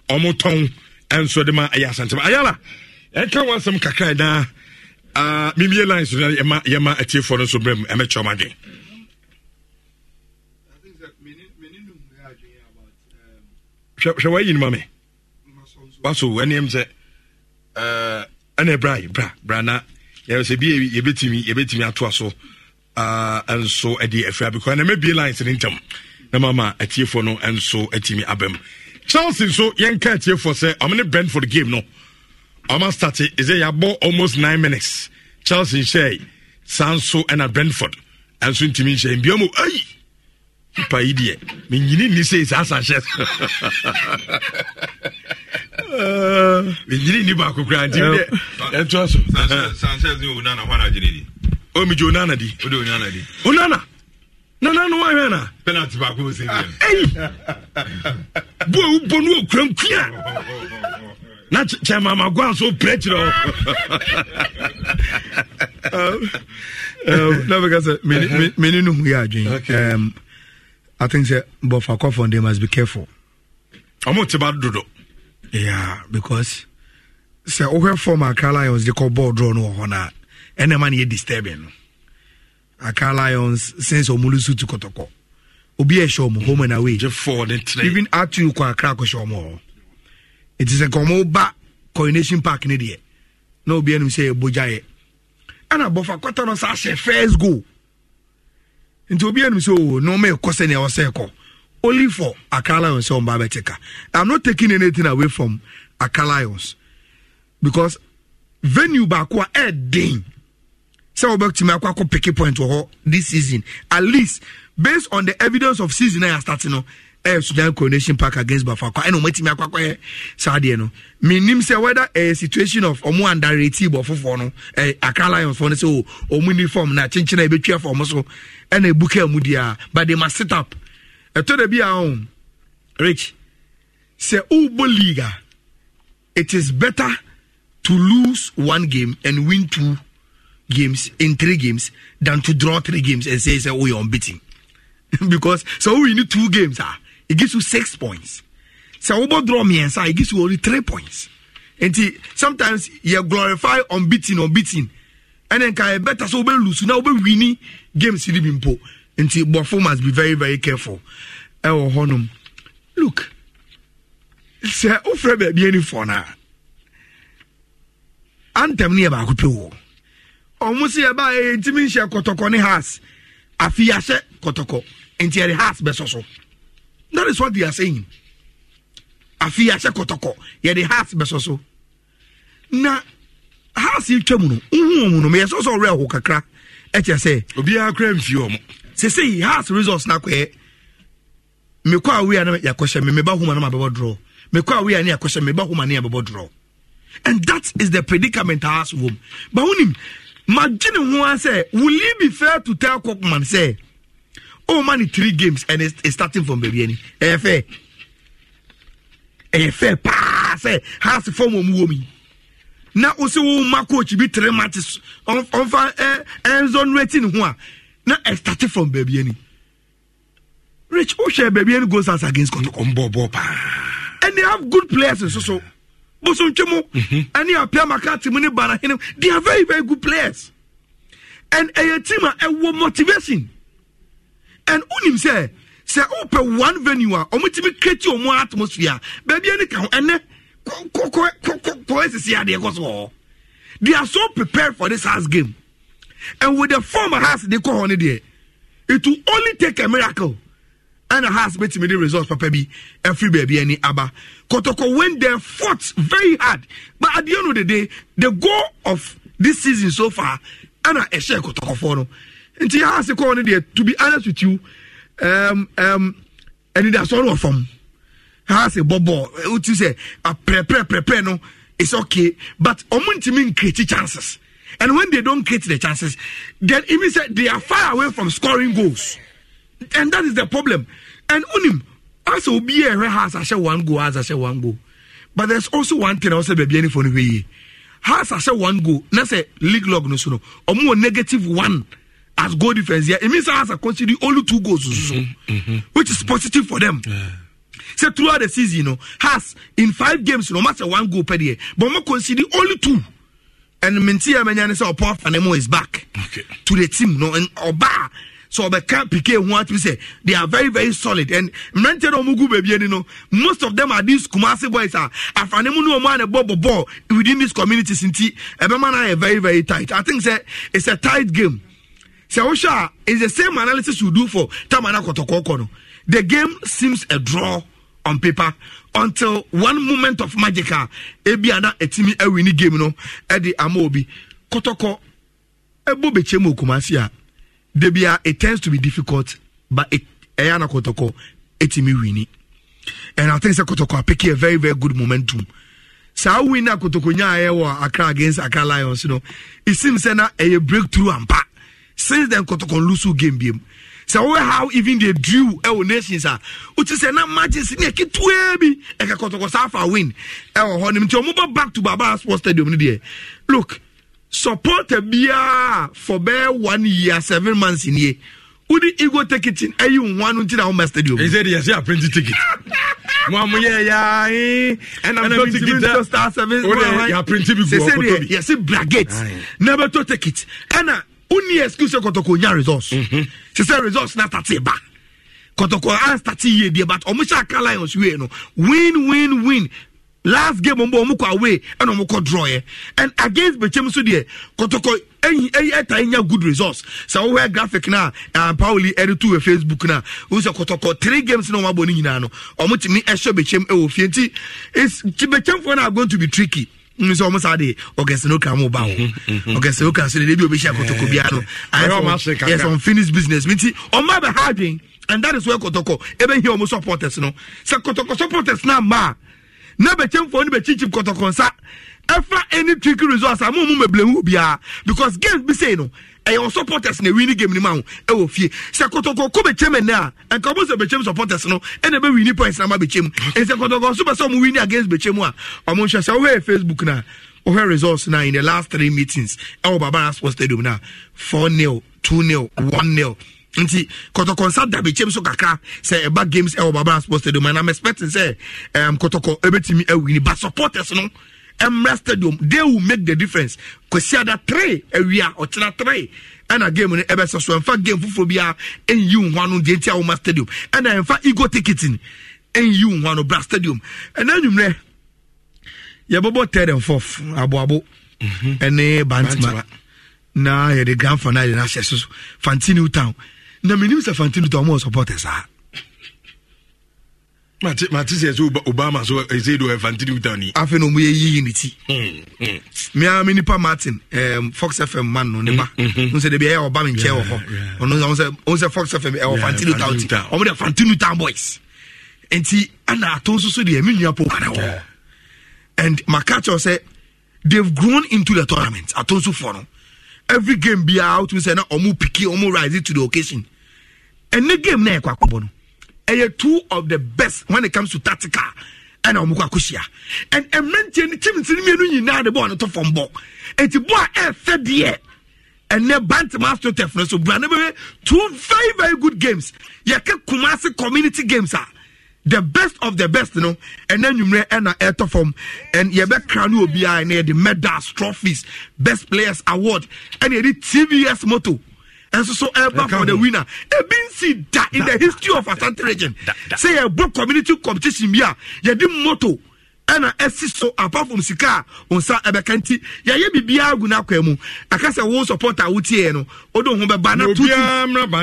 D: a ɔmo tɔn ɛnso de ma ɛyɛ asantɛm ayala ɛka wɔn asɛm kakra ɛda aa mimie line so yɛma yɛma atiefoɔ no nso brɛ mu ɛmɛ kyɛw ma de. hwɛ hwɛ wɔayi nima mi waso ɛnìyɛm sɛ ɛɛ ɛnna ɛbra yi bra bra na yɛrɛ sɛ bi yɛbɛtumi yɛbɛtumi atoa so aa ɛnso ɛde ɛfira bi kɔ ɛnna mɛ bie line si ne ntɛm na mama atiefoɔ no ɛnso ɛtumi abɛm chelsea nso yɛnka atiefoɔ sɛ ɔmo ne brentford game no ɔmo starte ɛsɛ yɛabɔ almost nine minutes chelsea nhyɛ saa nso ɛna brentford ɛnso ntumi nhyɛ mbia mu ayi nipa yi deɛ menyini nni sei saa sanhyɛ menyini nni baako koraa nti deɛ ɛntoa so ɔmegye onana di
G: onana nana no wahwɛ na
D: penalty baako sɛ ɛyi
G: bu a wobɔ um, um, no
D: ɔkura nkua na kyɛ mamagoa so woprɛ kyerɛ hɔ na bɛka sɛ
E: mene no hu yɛ adwen i think sɛ bɔfa kɔfɔ they must be careful
D: ɔmo te ba dodo
E: yeah because sɛ wohwɛ fɔm akra lions de kɔ bɔɔ drɔ no wɔ hɔ no a ɛnɛma ne yɛ disturbing no aka Lions since omulusu to Kotoko. Obi ɛhyɛ ɔmo home and away. Even atu kɔ Accra kɔhyɛ ɔmo hɔ. Eti sɛ nkɔmɔ ba coronation park ne deɛ na obi anim sɛ ɛbogya yɛ. Ɛna bɔfa kɔtɔ no saa hyɛ first goal. Nti obi anim sɛ oo na ɔmo ɛkɔ sɛ nea ɔsɛ Only for Accra Lions sɛ ɔmo ba abɛte ka. I'm not taking anything away from Accra Lions because venue baako a ɛɛden. Eh, sɛ wobɛtumi akɔ akɔ picke point wɔ hɔ this season at least based on the evidence of season a yɛastarte no ɛyɛ sudan coronation park against bafakwa ɛna ɔmatumi akɔ akɔyɛ saa deɛ no menim sɛ whether ɛyɛ situation of ɔmo andareti bɔ fofoɔ no ɛyɛ akra lions fɔ no sɛ o oh, ɔmo uniform na kyenkyena ebetwa fɔ ɔmo so ɛna ebu kaa mu deɛ but they must sit up ɛtɔ dɛ bi a oh, rich sɛ ɔbɔ league a it is better to lose one game and win two games in three games than to draw three games and say, say oh, you're unbeaten. because so we need two games, ah, it gives you six points. So over draw me and so it gives you only three points. And see, sometimes you glorify unbeaten, unbeaten. And then can better so we lose. Now we winning games in the And see, Bofo must be very, very careful. Eh, oh, Honum. Look. Sir, Ofrebe, oh, be any for now. Ah. Anthem near Bakutu ɔmo si yɛ ba ntumi nhyɛ kɔtɔkɔ ne house afi yɛahyɛ kɔtɔkɔ nti yɛde house bɛsɔ so that is what they are saying afi yɛahyɛ kɔtɔkɔ yɛde house bɛsɔ so na house yi twɛ mu no nhu wɔn no mɛ yɛsɔ sɔ ɛho kakra ɛkyɛ sɛ obiara kura nfi wɔn sese yi house results na akɔyɛ mekɔ awia na yɛakɔhyɛ me meba homa na mabɛbɔ dorɔ mekɔ awia na yɛakɔhyɛ meba homa na yɛabɛbɔ dorɔ and that is the predicament a house wɔ magye ne ho a will it be fair to tell Kokman sɛ oh man three games and it's, it's starting from baby any? ɛyɛ fair ɛyɛ fair paa sɛ house form wɔn wɔ mu na o sɛ wɔn ma coach bi three matches on ɛ ɛnzɔn reti ne ho a na it's starting from baby any. rich o share baby any goals as against kɔntɔn kɔn bɔ and they have good players nso so. so bosontwemu ɛne mhm. apia makati mu ne banahene they are very very good players and ɛyɛ eh, eh, team a eh, ɛwɔ motivation and wonim sɛ sɛ wopɛ one venue ah, or a create kreti ɔmo atmosphere Baby, baabi ani ka ho ɛnɛ kɔkɔkɔkɔkɔ esisi adeɛ go. so wɔ they are so prepared for this house game and with the former house they kɔ on it. deɛ it will only take a miracle ɛna has bɛtumi de results papa bi ɛfiri baabi ani aba kɔtɔkɔ when they fought very hard but at the end of the day the goal of this season so far ɛna ɛhyɛ kɔtɔkɔfoɔ no nti has kɔɔ no deɛ to be honest with you um, um, ɛnidasɔ no wɔ fam has bɔbɔ wotu sɛ aprɛprɛprɛprɛ no it's okay but ɔmo ntumi nkireti chances and when they don't create the chances then even say they are far away from scoring goals. Yeah and that is the problem and onim as obi yɛ ɛhwɛ house one goal as ahyɛ one goal but there's also one thing I also be anifo no hwɛ yie house ahyɛ one goal na say league log no so no ɔmo negative one as goal defense. yeah. it means has a consider only two goals so
D: mm-hmm.
E: which is positive for them. Yeah. So throughout the season, you know, has in five games, no matter one goal per year, but more consider only two. And Mintia Menyane said, Paul Fanemo is back okay. to the team, you no, know, and Oba so ɔbɛka pk ho atumi sɛ they are very very solid and mmeranteɛ no ɔmo gu baabi ani no most of them are these kumasi boys a afrani mu no ɔmo ana bɔ bɔ within these communities nti ɛbɛma no ayɛ very very tight i think sɛ it's a tight game sɛ wohwɛ a it's the same analysis we do for tamana kɔtɔkɔɔkɔ no the game seems a draw on paper until one moment of magic a ebi ana etimi awini game no ɛde ama obi kɔtɔkɔ ɛbɔ bɛkyɛ mu okumasi a debia it tends to be difficult but it ɛyɛ ana kɔtɔkɔ ɛtumi wini and i think sɛ kɔtɔkɔ apɛki a very very good momentum saa win na kɔtɔkɔ nyaa ɛyɛ wɔ accra against accra lions you no know, it seems sɛ na ɛyɛ breakthrough ampa since then kɔtɔkɔ lusu game biem sɛ wɔyɛ how even they drew ɛwɔ nations a wotu sɛ na matches ni ketewa bi ɛkɛ kɔtɔkɔ saa win ɛwɔ hɔ nom nti ɔmo ba back to baba sports stadium ne deɛ look supporter biara for bare one year seven months in nie wode ego ticket
D: ayi wo ho ano nti na woma stadium ɛsɛ de yɛsɛ aprɛnti ticket mo a moyɛ yɛae ɛnamtɔ star seven yɛaprɛnti bi gusɛdeɛ yɛse bragate
E: na bɛtɔ ticket ɛna wonni excuse sɛ kɔtɔkɔ nya results sɛ sɛ results na tate ba kɔtɔkɔ anstate yie deɛ but ɔmo hyɛ aka lions wei no win win win last game ɔmo ɔmo kɔ away ɛna ɔmo kɔ draw yɛ eh. and against bɛkyɛm nso deɛ kɔtɔkɔ ɛyi ɛyi ɛta ɛnya good results sɛ ɔwɔ graphic na ɛn ah, pauli ɛde tu wɔ facebook na ɔmo sɛ kɔtɔkɔ three games na ɔmo abɔ ne nyinaa no ɔmo tumi ɛhyɛ bɛkyɛm ɛwɔ fie nti it's bɛkyɛmfoɔ na are going to be tricky nso ɔmo saa de ɔgɛsɛn oka mo ba wɔn ɔgɛsɛn oka so de ebi obi hyɛ kɔtɔkɔ bia no ayɛ sɛ yɛ sɛ unfinished business mi nti ɔmo abɛ ha adwin and that is where kɔtɔkɔ ebe hi ɔmo supporters no sɛ kɔtɔkɔ supporters na mmaa na bɛkyɛmfoɔ no bɛkyikyim kɔtɔkɔnsa ɛfa any tricky results a mo mu mɛbɛlɛhu biara because games bi sei no ɛyɛ wɔ supporters na ewini game ni ma ho ɛwɔ fie sɛ kɔtɔkɔ kɔ bɛkyɛm ɛnɛ a nka ɔmo sɛ bɛkyɛm supporters no ɛna ɛbɛ wini points na ma bɛkyɛm ɛsɛ kɔtɔkɔ so bɛ sɛ ɔmo wini against bɛkyɛm a ɔmo nhyɛ sɛ ɔhɛ facebook na ɔhɛ results na in the last three meetings ɛwɔ baba sports stadium na four nil two nil one nil nti kɔtɔkɔ nsa da bɛkyɛm so kakra sɛ ɛba e games ɛwɔ e babara sports stadium and i'm expecting sɛ um, kɔtɔkɔ ɛbɛtumi e awini but supporters no ɛmra stadium they will make the difference kwasiada three awia ɔkyena three ɛna game no ɛbɛsɛ so ɛmfa game foforɔ biara ɛnyi wo ho ano deɛ nti a wɔma stadium ɛna ɛmfa ego ticketing ɛnyi wo ho ano bra stadium ɛna anwummerɛ yɛbɛbɔ third and fourth aboabo ɛne mhm. bantima na yɛde grand final de no ahyɛ so so fantini town na menim sɛ fantino to ɔma ɔsupɔte saa
D: mate sɛ sɛ obama so ɛsɛ eh, do fantino tani afei na ɔmyɛyiyi ne ti mea hmm, hmm. me nipa martin
E: fox fm man no ne ba wo mm, mm, mm. sɛ dabi ɛyɛ ɔba me nkyɛ wɔ hɔ ɔno sɛ fox fm ɛwɔ fantino town ti ɔmde fantino town boys nti ana ato nso so deɛ me nua po kana wɔ and maka kyerɛ sɛ they've grown into the tournament ato nso foɔ no every game biara wotumi sɛ na ɔmo piki ɔmo rise to the occasion ɛnɛ game na ɛkɔ akɔbɔ no ɛyɛ two of the best when it comes to tactical ɛna wɔn kɔ akɔhyia And mmeranteɛ no team tiri mmienu nyinaa de bɔɔl no to fam bɔ eti bɔɔl ɛɛfɛ deɛ ɛnɛ bantam astrotef no so brane bɛbɛ two very very good games yɛkɛ kumasi community games a the best of the best no ɛnɛ nwummerɛ ɛna ɛtɔ fam ɛn yɛbɛkra no obiara ɛnɛ yɛde medals trophies best players award ɛna yɛde tvs motor. And so ever for the winner ebi see that in the history of asante region Say a eh, yɛbɔ community competition bi a yɛde moto ɛna ɛsi so apart from sika a nsa ɛbɛka nti yɛayɛ biribiara agu n'akwa mu aka sɛ wo support a wotie no wode ho bɛba na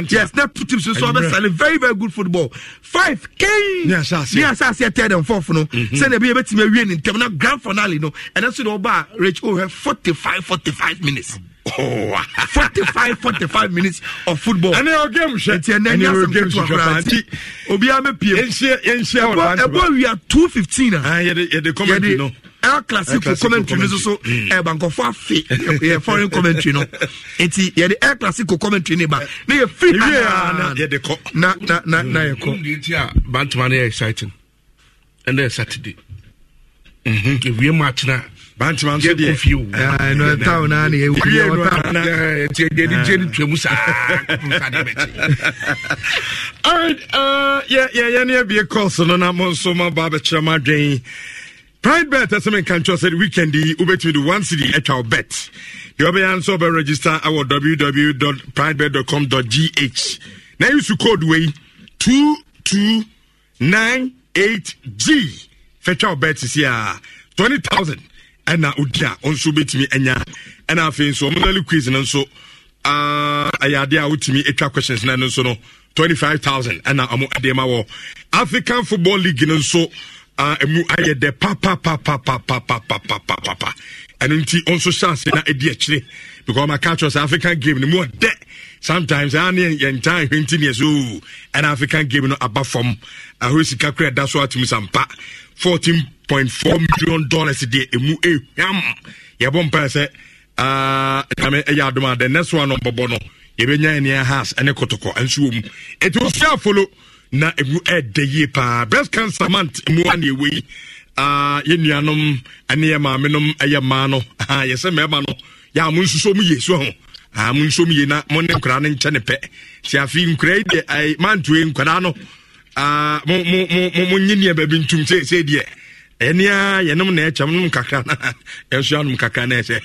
E: two yes na two so so ɔbɛsale very very good football five kane ne asase ɛtɛ dɛm fɔf no mhm. sɛnea bi yɛbɛtumi awie ne ntɛm na grand finale no ɛnɛ so de wɔba a rich ohɛ forty five forty five minutes.
D: Mm -hmm. 45 45 minutes of football. ɛnɛ yɛ game hyɛ nti ɛnɛ yɛ asɛm kɛ tu akora nti obiara bɛ pie. yɛnhyɛ yɛnhyɛ ɔlɔ ante yeah the wia 215 na. Ah, yɛde yɛde commentary no. El Clasico commentary no so ɛba bank of foreign
E: commentary no eti yɛde El Clasico commentary ne ba ne yɛ free time. yɛde
I: kɔ. na na na na yɛ kɔ. ndi ti a exciting And then Saturday. Mhm. ewie match na bantuma nso deɛ ɛnɛ town na
E: ne ewu yɛ wɔ town
I: tiɛ deɛ ni tiɛ ni tuɛ mu saa
D: alright yɛ yɛ yɛ ne ebie kɔɔso no na mo nso ma ba abɛkyerɛ mo adwene pride bet ɛsɛ mi nka ntwɛ sɛ weekend yi wobɛtumi de one city. atwa o bet deɛ ɔbɛyɛ nso ɔbɛ register awɔ www.pridebet.com.gh na use code wei two two nine eight g fɛtwa o bet sisi a twenty thousand ɛna odi a ɔnso bɛtumi anya ɛna afei nso ɔmo nali quiz no nso ɛyɛ adeɛ a wotumi atwa questions na no nso no twenty five thousand ɛna ɔmo adeɛ ma wɔ african football league no nso ɛmu ayɛ dɛ papapapapapapapapa ɛno nti ɔnso hyɛ ase na ɛdi akyire because ɔmo aka kyerɛ sɛ african game no mu ɔdɛ sometimes a ne yɛn ntaa ahwɛ nti neɛ so ɛna african game no aba fam ahoro sika kora ɛda so atumi sampa fourteen point four million dollars deɛ emu ehwam yɛbɔ mpae sɛ aa nyame ɛyɛ adum a the e next one ɔbɔbɔ no yɛbɛnya ɛnea house ɛne kɔtɔkɔ nso wɔ mu etu osi afolo na emu ɛɛdɛ e yie paa breast cancer month emu wa na ewe yi aa yɛ nuanom ɛne yɛ maame nom ɛyɛ e mmaa no aa yɛsɛ mmarima no yɛ amu nsuso mu yie so ho amu nsuso mu yie na mo ne nkora ne nkyɛn ne pɛ ti afi nkora yi deɛ ɛɛ mantua nkora no. Ah, monye nneɛ baabi ntum sɛ sɛ deɛ ɛnea yɛnom na ɛkyɛm nom kakra na ɛsoa nom kakra na ɛsɛ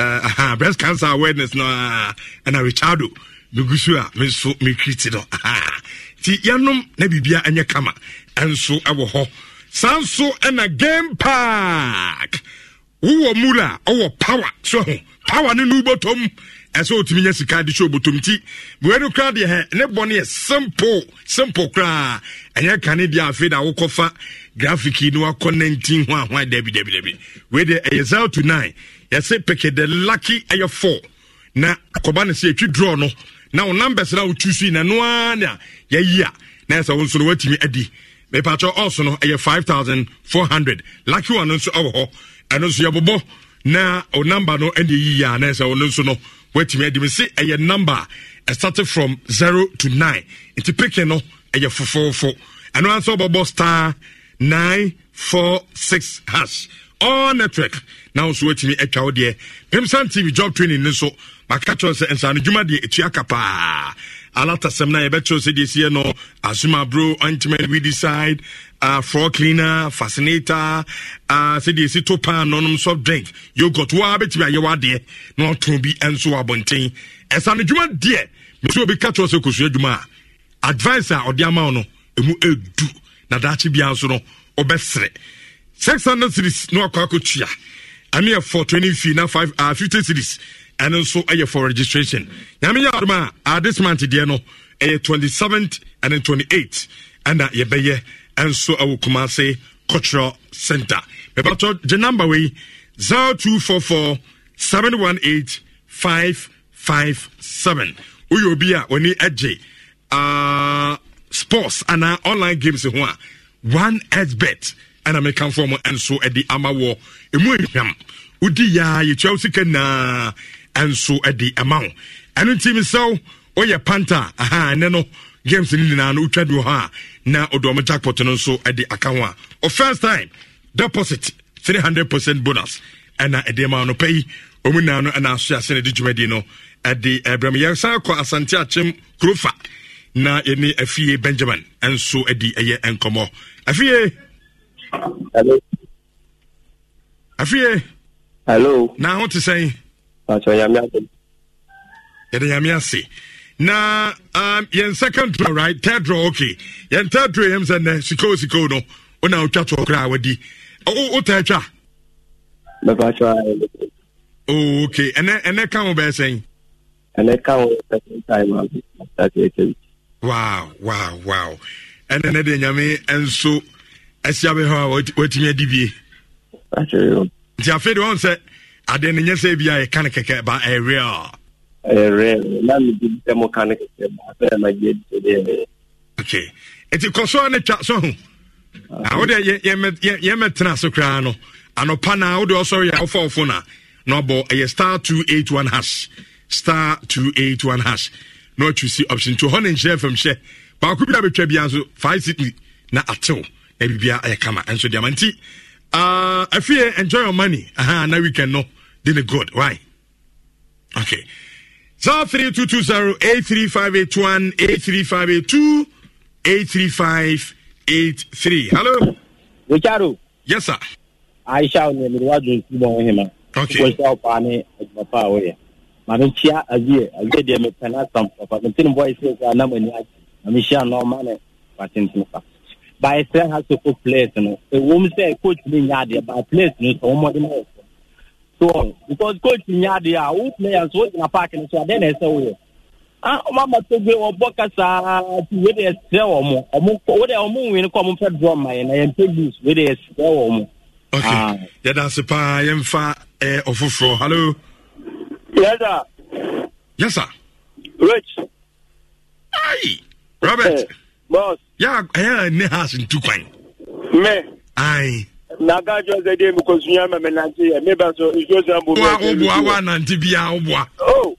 D: ah, breast cancer awareness no ah, ɛna richardo megu so a menso mekriti no nti yɛnom na biribia ɛnyɛ kama ɛnso ɛwɔ hɔ saa nso ɛna game park wowɔ mula ɔwɔ power so ho power ne no wobɔtɔm ɛsɛ wotumi nya sika de hyɛ obotom nti wɛno koraa deɛ hɛ ne bɔne yɛ simple simple koraa ɛnyɛ kane deɛ afei da wokɔfa graphic yi ne wakɔ 19 ho a ho a dabi dabi dabi wei deɛ ɛyɛ 0 to 9 yɛsɛ pɛkɛ the lucky ɛyɛ 4 na akɔba no sɛ yɛtwi draw no na wo numbers no a wotu so yi na no ara ne a yɛyi a na ɛsɛ wo nso no woatumi adi mepakyɛ ɔso no ɛyɛ 5400 lucky one no nso ɛwɔ hɔ ɛno nso yɛbobɔ na wo number no ɛne yiyɛ a na ɛsɛ wo no nso no watumi adi mi si ɛyɛ number ɛsate from zero to nine nti pikin no ɛyɛ fofoofo ɛno ansa ɔbɛbɔ star nine four six hash all network na nso watumi atwa wo deɛ pimsan tv job training ne so maka kyerɛ sɛ nsano dwuma deɛ ɛtua ka paa alatasɛm no a yɛbɛkyerɛw sɛ deɛ siɛ no asoma bro ointment we decide uh, floor cleaner fascinator uh, sɛdeɛ ɛsi to paa non soft drink yogurt waa bɛtumi ayɛ wadeɛ na to be nso abɔnten ɛsa no dwuma deɛ mesɛ obi ka kyerɛ sɛ kɔsua adwuma a advice a ɔde ama wo no ɛmu ɛdu na daakye bia nso no ɔbɛsere 600 series na wakɔ akɔtua ɛne yɛ 420 fee na 5 uh, 50 series ɛno nso ɛyɛ for registration nyame yɛ adoma a uh, this twenty-seventh and ɛyɛ twenty-eighth, and 28th ɛna nso ɛwɔ kumase cultural center mepatɔ gye number wei 0244 718 557 woyɛ obi a wɔne agye uh, sports anaa online games ho a one xbet ɛna mekamfoɔ mu nso ɛde ama wɔ ɛmu nhwam wodi yaa yɛtua wo sika nyinaa nso ɛde ɛma wo ɛno nti mesɛw woyɛ panta aha ɛne no games no nyinaa no wotwa hɔ a na ɔde ɔmo jackpot no nso de aka ho a ɔfirst time deposit hundred percent bonus ɛna ɛde ma no pɛ ɔmu nyinaa no ɛna aso ase na ɛde dwumadi no ɛde ɛbrɛ mu yɛsan kɔ asante akyem kurofa na yɛne afie benjamin nso de ɛyɛ nkɔmmɔ afie afie hello na ho te sɛn yɛde nyame ase na um, yɛn second draw right third draw okay yɛn third draw yɛn sɛ nɛ sikoo sikoo no wona wotwa toɔ koraa wadi
J: wo taa twa
D: oh, okay ɛnɛ ɛnɛ ka
J: ho bɛɛ sɛn ɛnɛ ka ho second time
D: wow wow wow ɛnɛ ne deɛ nyame ɛnso ahyia bɛ hɔ a watumi adi bie nti afei de wɔn sɛ adeɛ ne nyɛ sɛ bi a yɛka no kɛkɛ ba ɛyɛ
B: real ɛrɛ eh, na mi di sɛ kan ne kɛkɛ ba sɛ ma jɛ di sɛ deɛ.
D: ok eti kɔsɔ ne twa sɔhu awo de yɛn tena ase koraa no anɔpa na awo de ɔsɔre yɛ ɔfɔ ɔfɔ na na ɛyɛ e, star two eight one hash star two eight one hash na ɔtwi si option two hɔ ne nhyɛ fam hyɛ baako bi a betwa bi nso five city na atew na bia ɛyɛ kama nso deɛ ma nti ah, afie eh, enjoy your money aha na weekend no de ne good why okay. zero three two two zero eight three five eight one eight three five eight two
J: eight three five eight three. Hello. Richardo. Yes, sir. Aisha Onyemiruwa Johnson bɔ wɔn Okay. Wọ́n ṣe ọ̀pá ní ẹ̀gbọ́n pa àwọn yẹn. Màmí Chia Azie Azie diẹ mi pẹ̀lú àtàm pàpà mi tí ni bọ́ọ̀ ìṣe ìṣe anamọ̀ ní àjẹ́. Màmí Chia náà ọ̀ma ní pàtí ní tìǹfà. Báyìí sẹ́ ha ṣe kó players nù. coach mi nyà adìẹ báyìí players nù sọ wọ́n so because coach nya oh, ah, oh, uh, de ah. eh, a wo players wo gyina park no so adeɛ na ɛsɛ woyɛ ah ɔmo ama to gbe ɔbɔ kasaa ti wo de ɛsɛ wɔn ɔmo wo de ɔmo nwin kɔ ɔmo fɛ draw ma yɛ na yɛn pɛ goose wo de ɛsɛ wɔn.
D: okay yɛda ase paa yɛmfa ɛɛ ɔfoforɔ hallo. yes
J: sir. yes rich. ayi robert. Uh, boss. yà á yà á ní house ntukwan. mẹ. ayi na aga adwo sɛ deɛ mekɔsua ma menante eh, yɛ meba so nsuo sa mbo woboa
D: woanante bia woboa ah.
J: oh,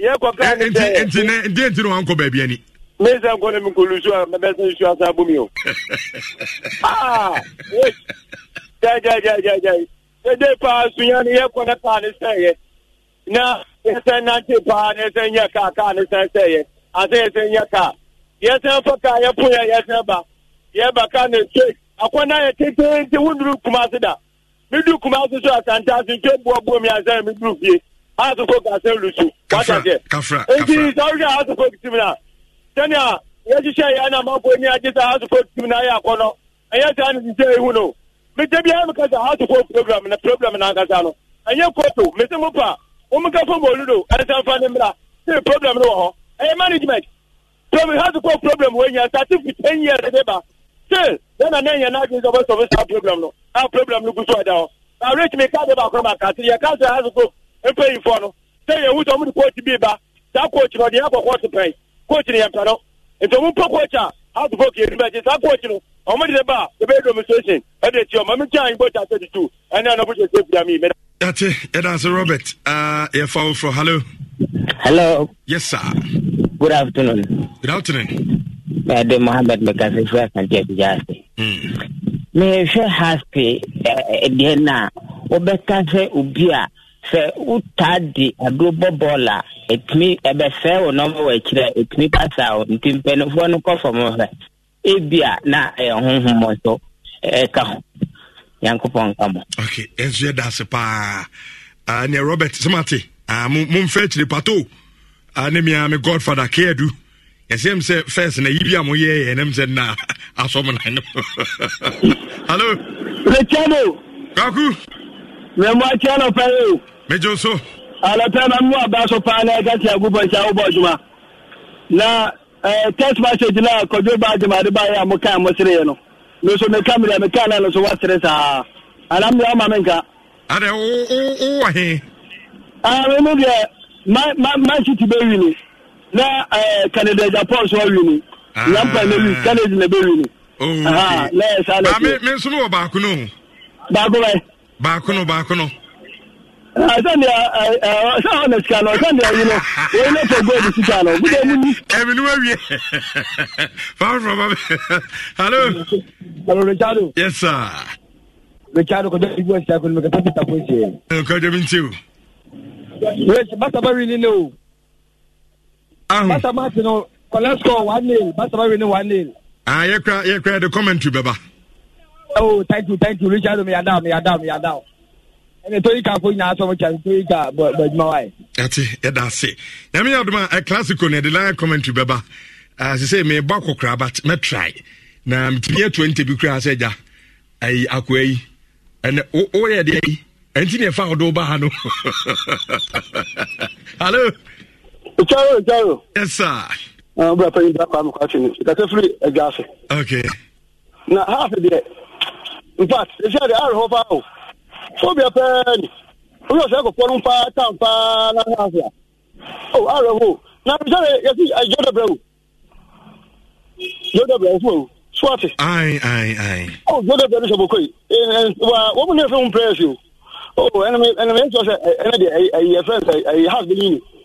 J: yɛkɔka eh, ne sɛ nti nti no wankɔ baabi ani mesa nkɔ no mekɔlu so a mɛbɛse nsuo asa bo mi o gyagyagyagyagyae ah, eh. sɛde paa sua no yɛkɔ ne paa ne sɛyɛ na yɛsɛn nante paa na yɛsɛn nyɛ kaa kaa ne sɛn sɛyɛ asɛ yɛsɛn nyɛ kaa yɛsɛn fa kaa yɛpo yɛ yɛsɛn ba yɛba kaa ne straight akɔnna yɛ tententen wunduru kumase da midu kumase so asante asinte buabuo mi asɛn midu fie asoko kasɛn lusu watasɛ eti sɔrɔ asoko timi na sɛnea yɛhyehyɛ yɛ na mafo ni agye sa asoko timi na yɛ akɔnɔ ɛyɛ saa ne sise ehu no mete bi ayɛ mekasa asoko program na program na ankasa no ɛnyɛ koto mete mo pa omika fo mo oludo ɛnsɛnfa ne mra ne program no wɔ hɔ ɛyɛ management program asoko program wɔ nyɛ certificate ten years de ba still yẹn na yẹn n'adi sọ fún sọfún sáà problem no a problem no gu so ọ na rich mi káàdì baako ma kà sí yẹ káàdì ha soso epe yìí fọ no sẹ yẹ wúsọ ọmọdé kóòtù bíi ba sáà kóòtù náà ọdún yẹn akọkọ ọtí kóòtù ni yẹn pẹ́ no nti ọmọ mpọ kóòtù a house folk yẹn níbẹ̀ sáà kóòtù no ọmọdé dẹ ba ebe demonstration ẹdẹ ti ọmọ mi tí a yin bọ́ọ̀tù ẹni àná bójú ẹsẹ̀ fìdá mi.
D: yàtí ẹ dàn robert yẹ fa ofurọ hello.
J: hello. yes sir. good afternoon. good afternoon ɛde eh, mohammed mekase hmm. firi asante adigya ase
K: mehwɛ haspe
H: eh, eh, deɛ no a wobɛka sɛ obi a sɛ wotaa de aduro bɔ bɔɔl a ɛtumi ɛbɛsɛe wo nɔma wɔ akyirɛ a ɛtumi pasa wo nti mpanimfoɔ no kɔfam
D: hwɛ ebia na ɛyɛ honhom nso ɛka ho nyankopɔn ka mo okay ɛnso yɛ da paa neɛ robert sɛmate uh, momfa akyire pato ne mea me godfather keadu yɛsɛm sɛ first na yibi a moyɛɛ yɛ nam sɛ na asɔm na no
J: hallo mekyɛno kwaku memoakyɛ no pɛ o megyo so alɔpɛ ma mo aba so paa na ɛka sɛ agobɔ sɛ wobɔ adwuma na eh, text message na kɔdwo ba adwumade baeɛ a mokaa mo sereɛ no me so meka mmerɛ mekaa na no so woasere saa ana mmea woma menka adɛ wowɔ he meme ah, deɛ ma city bɛwi ni na eh, canada japan so awi ni yampa na wi canada na bɛwi ni oh, na yɛ saa na me nso no wɔ baako no
D: baako bɛ baako no baako no sɛdeɛ sɛ hɔ na sika no sɛdeɛ yi no wɔyi no fɛ gold sika no bude mu ni ɛmi no awie
J: faafra ba hallo hello richardo yes sir richardo kɔjɔ ibi wɔ sika ko no mɛ kɛ pɛpɛ tapo se kɔjɔ mi n ti o basa ba wi ni ne basa mati no collect score one nil basa mati no one nil. ah yẹ kura yẹ commentary baba. oh thank you thank you richard Me yada me yada me yada ɛnɛ toyi ka fo nyinaa sɔn mo kyɛn toyi ka bɔ bɔ juma wa ye. ɛti
D: ɛda ase nyame yɛ aduma ɛ eh, classico na ɛde line commentary baba. As ah, ɛ say, me bɔ akokora but me try na tìmi yɛ twenty bi kura sɛ gya ayi akoya yi ɛnɛ o o yɛ deɛ yi ɛnti ni ɛfa
J: hello. Icharo, Icharo. Yes, sir. Uh, brother, you back on question. That's a free a gas. Okay. Na half of it. In fact, if you had the hour of hour, so be a pen. We also pa, pa, na half ya. Oh, hour of who? Now, Icharo, Swati. Aye,
D: aye, aye.
J: Oh, you're the bro, so okay. And, well, what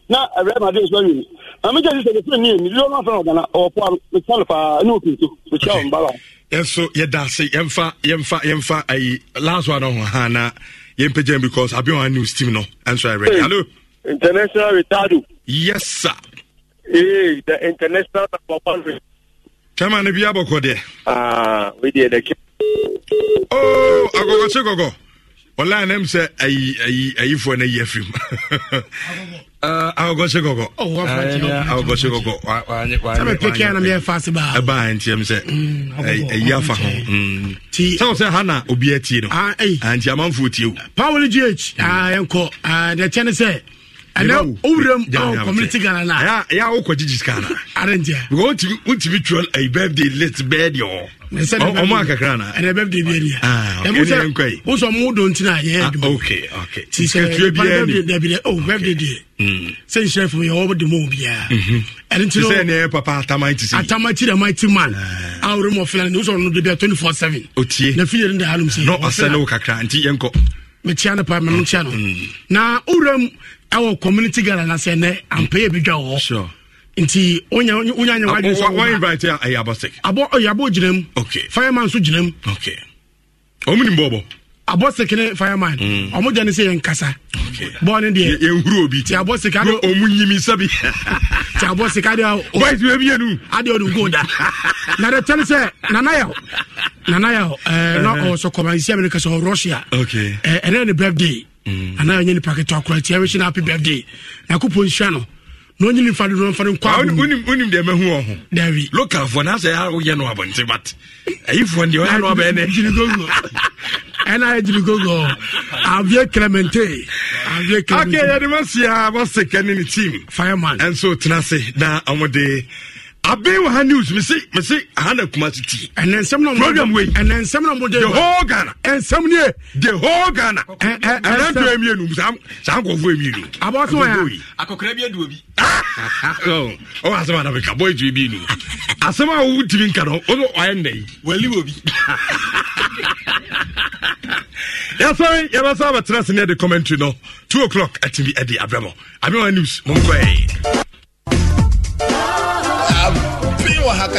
J: na ɛwɛ ma de nsɛm yiri maame jɛ sisan yɛfɛ nii ni lɔɔri fɛn o gana ɔwɔ pɔ mesan paa ne o kuntu o kyɛ wɔn ba la.
D: yɛso yɛda se yɛmfa yɛmfa yɛmfa ayi last one ɔho ha na yɛmpɛgya because abi wɔn news team no ɛnso ayɛ ready hello.
J: international retardo. yes sir. ee the international number ah, oh, eh, eh, eh, one.
D: chairman ni bi abɔkɔ deɛ.
J: aa we deɛ dɛ kɛ. ooo agɔgɔ se
D: gɔgɔ ɔlan nam sɛ ayi ayi ayifoɔ na yi afiri mu awokɔhye kɔkɔawokɔhye kɔkɔɛbaa ntiɛm sɛ ɛyi afa ho mm. sɛ ah, ah, ah, mm. wo sɛ ha oh, na obi atie no nti amanfoɔ tie wo
L: power gh ɛnkɔ deɛkyɛ ne sɛ ɛnɛ
D: owuram awo community ghana na ɛyɛ awokɔ gyegyi sika na wontumi twerɛ birthday list bɛɛ deɛ ɔ ɔmo akakra na ɛnɛ bɛ de bi ɛni ya ɛmu sɛ
L: o sɔ mu don tina yɛ ɛdun ok
D: ok ti sɛ ɛtuye bi ɛni
L: dabi dɛ o bɛ de deɛ sɛ nhyɛn fún yɛ ɔbɛ dɛmɛ obi ya
D: ɛni ti sɛ ɛni yɛ papa atama ti se
L: atama ti dama ti man awore mɔ filan o sɔ nu de twenty four seven
D: o tie na fi yɛ ni da alum se n'o asɛn n'o kakra
L: nti yɛn kɔ mɛ tia ne pa mɛ n'o mm, tia no mm. na owurɛ mu ɛwɔ community gala na sɛ nɛ mm. ampɛ yɛ bi dwa wɔ nti wonya wonya nyawo ah, oh, adi nsọ wọn
D: invite a ɛyɛ eh, abɔ sek
L: abɔ ɛyɛ eh, abɔ gyina mu okay fireman nso gyina mu okay wɔn ni bɔɔbɔ abɔ sek ne fireman wɔn mm. gya ne sɛ yɛn kasa bɔɔl ne deɛ yɛn huru obi ti abɔ sek adi wɔn mu nyimi sɛbi ti abɔ sek adi awo white wey mienu adi odi gold na de tɛni sɛ nana yaw nana yaw ɛɛ eh, na uh-huh. ɔsɔ kɔma isi amina kasa ɔ russia okay ɛɛ ɛnɛ ne birthday nana mm. yaw nye nipa ketewa kura tia wɛsi na happy birthday na ko po nsia no na onye nifa de nfa de nkwa abu ah, unim de mehu ho dawi
D: local for na say how ye no abonte but ayi for de oya no abene jiri gogo ɛna jiri gogo avie clemente avie clemente okay ya de masia ni team fireman and so tenase na amode abin wa ha news mi si mi si ha na kuma si ti. ɛnɛ nsɛm na mo program wei. ɛnɛ nsɛm na mo de. the whole Ghana. ɛnsɛm ni ye. the whole Ghana. ɛnɛ ɛnɛ ntɔ emi enu san san kɔ fo emi enu. abɔ sɔn ya akɔkɔrɔ bi edu obi. ɔ asɛm a na bɛ ka bɔ etu ebi enu asɛm a wo timi nka no o bɛ ɔyɛ nnɛ yi. wali obi. yasɔre yabasa abatena sini ɛdi commentary no two o'clock ɛti bi ɛdi abiramo abiramo news mo n kɔ yɛ.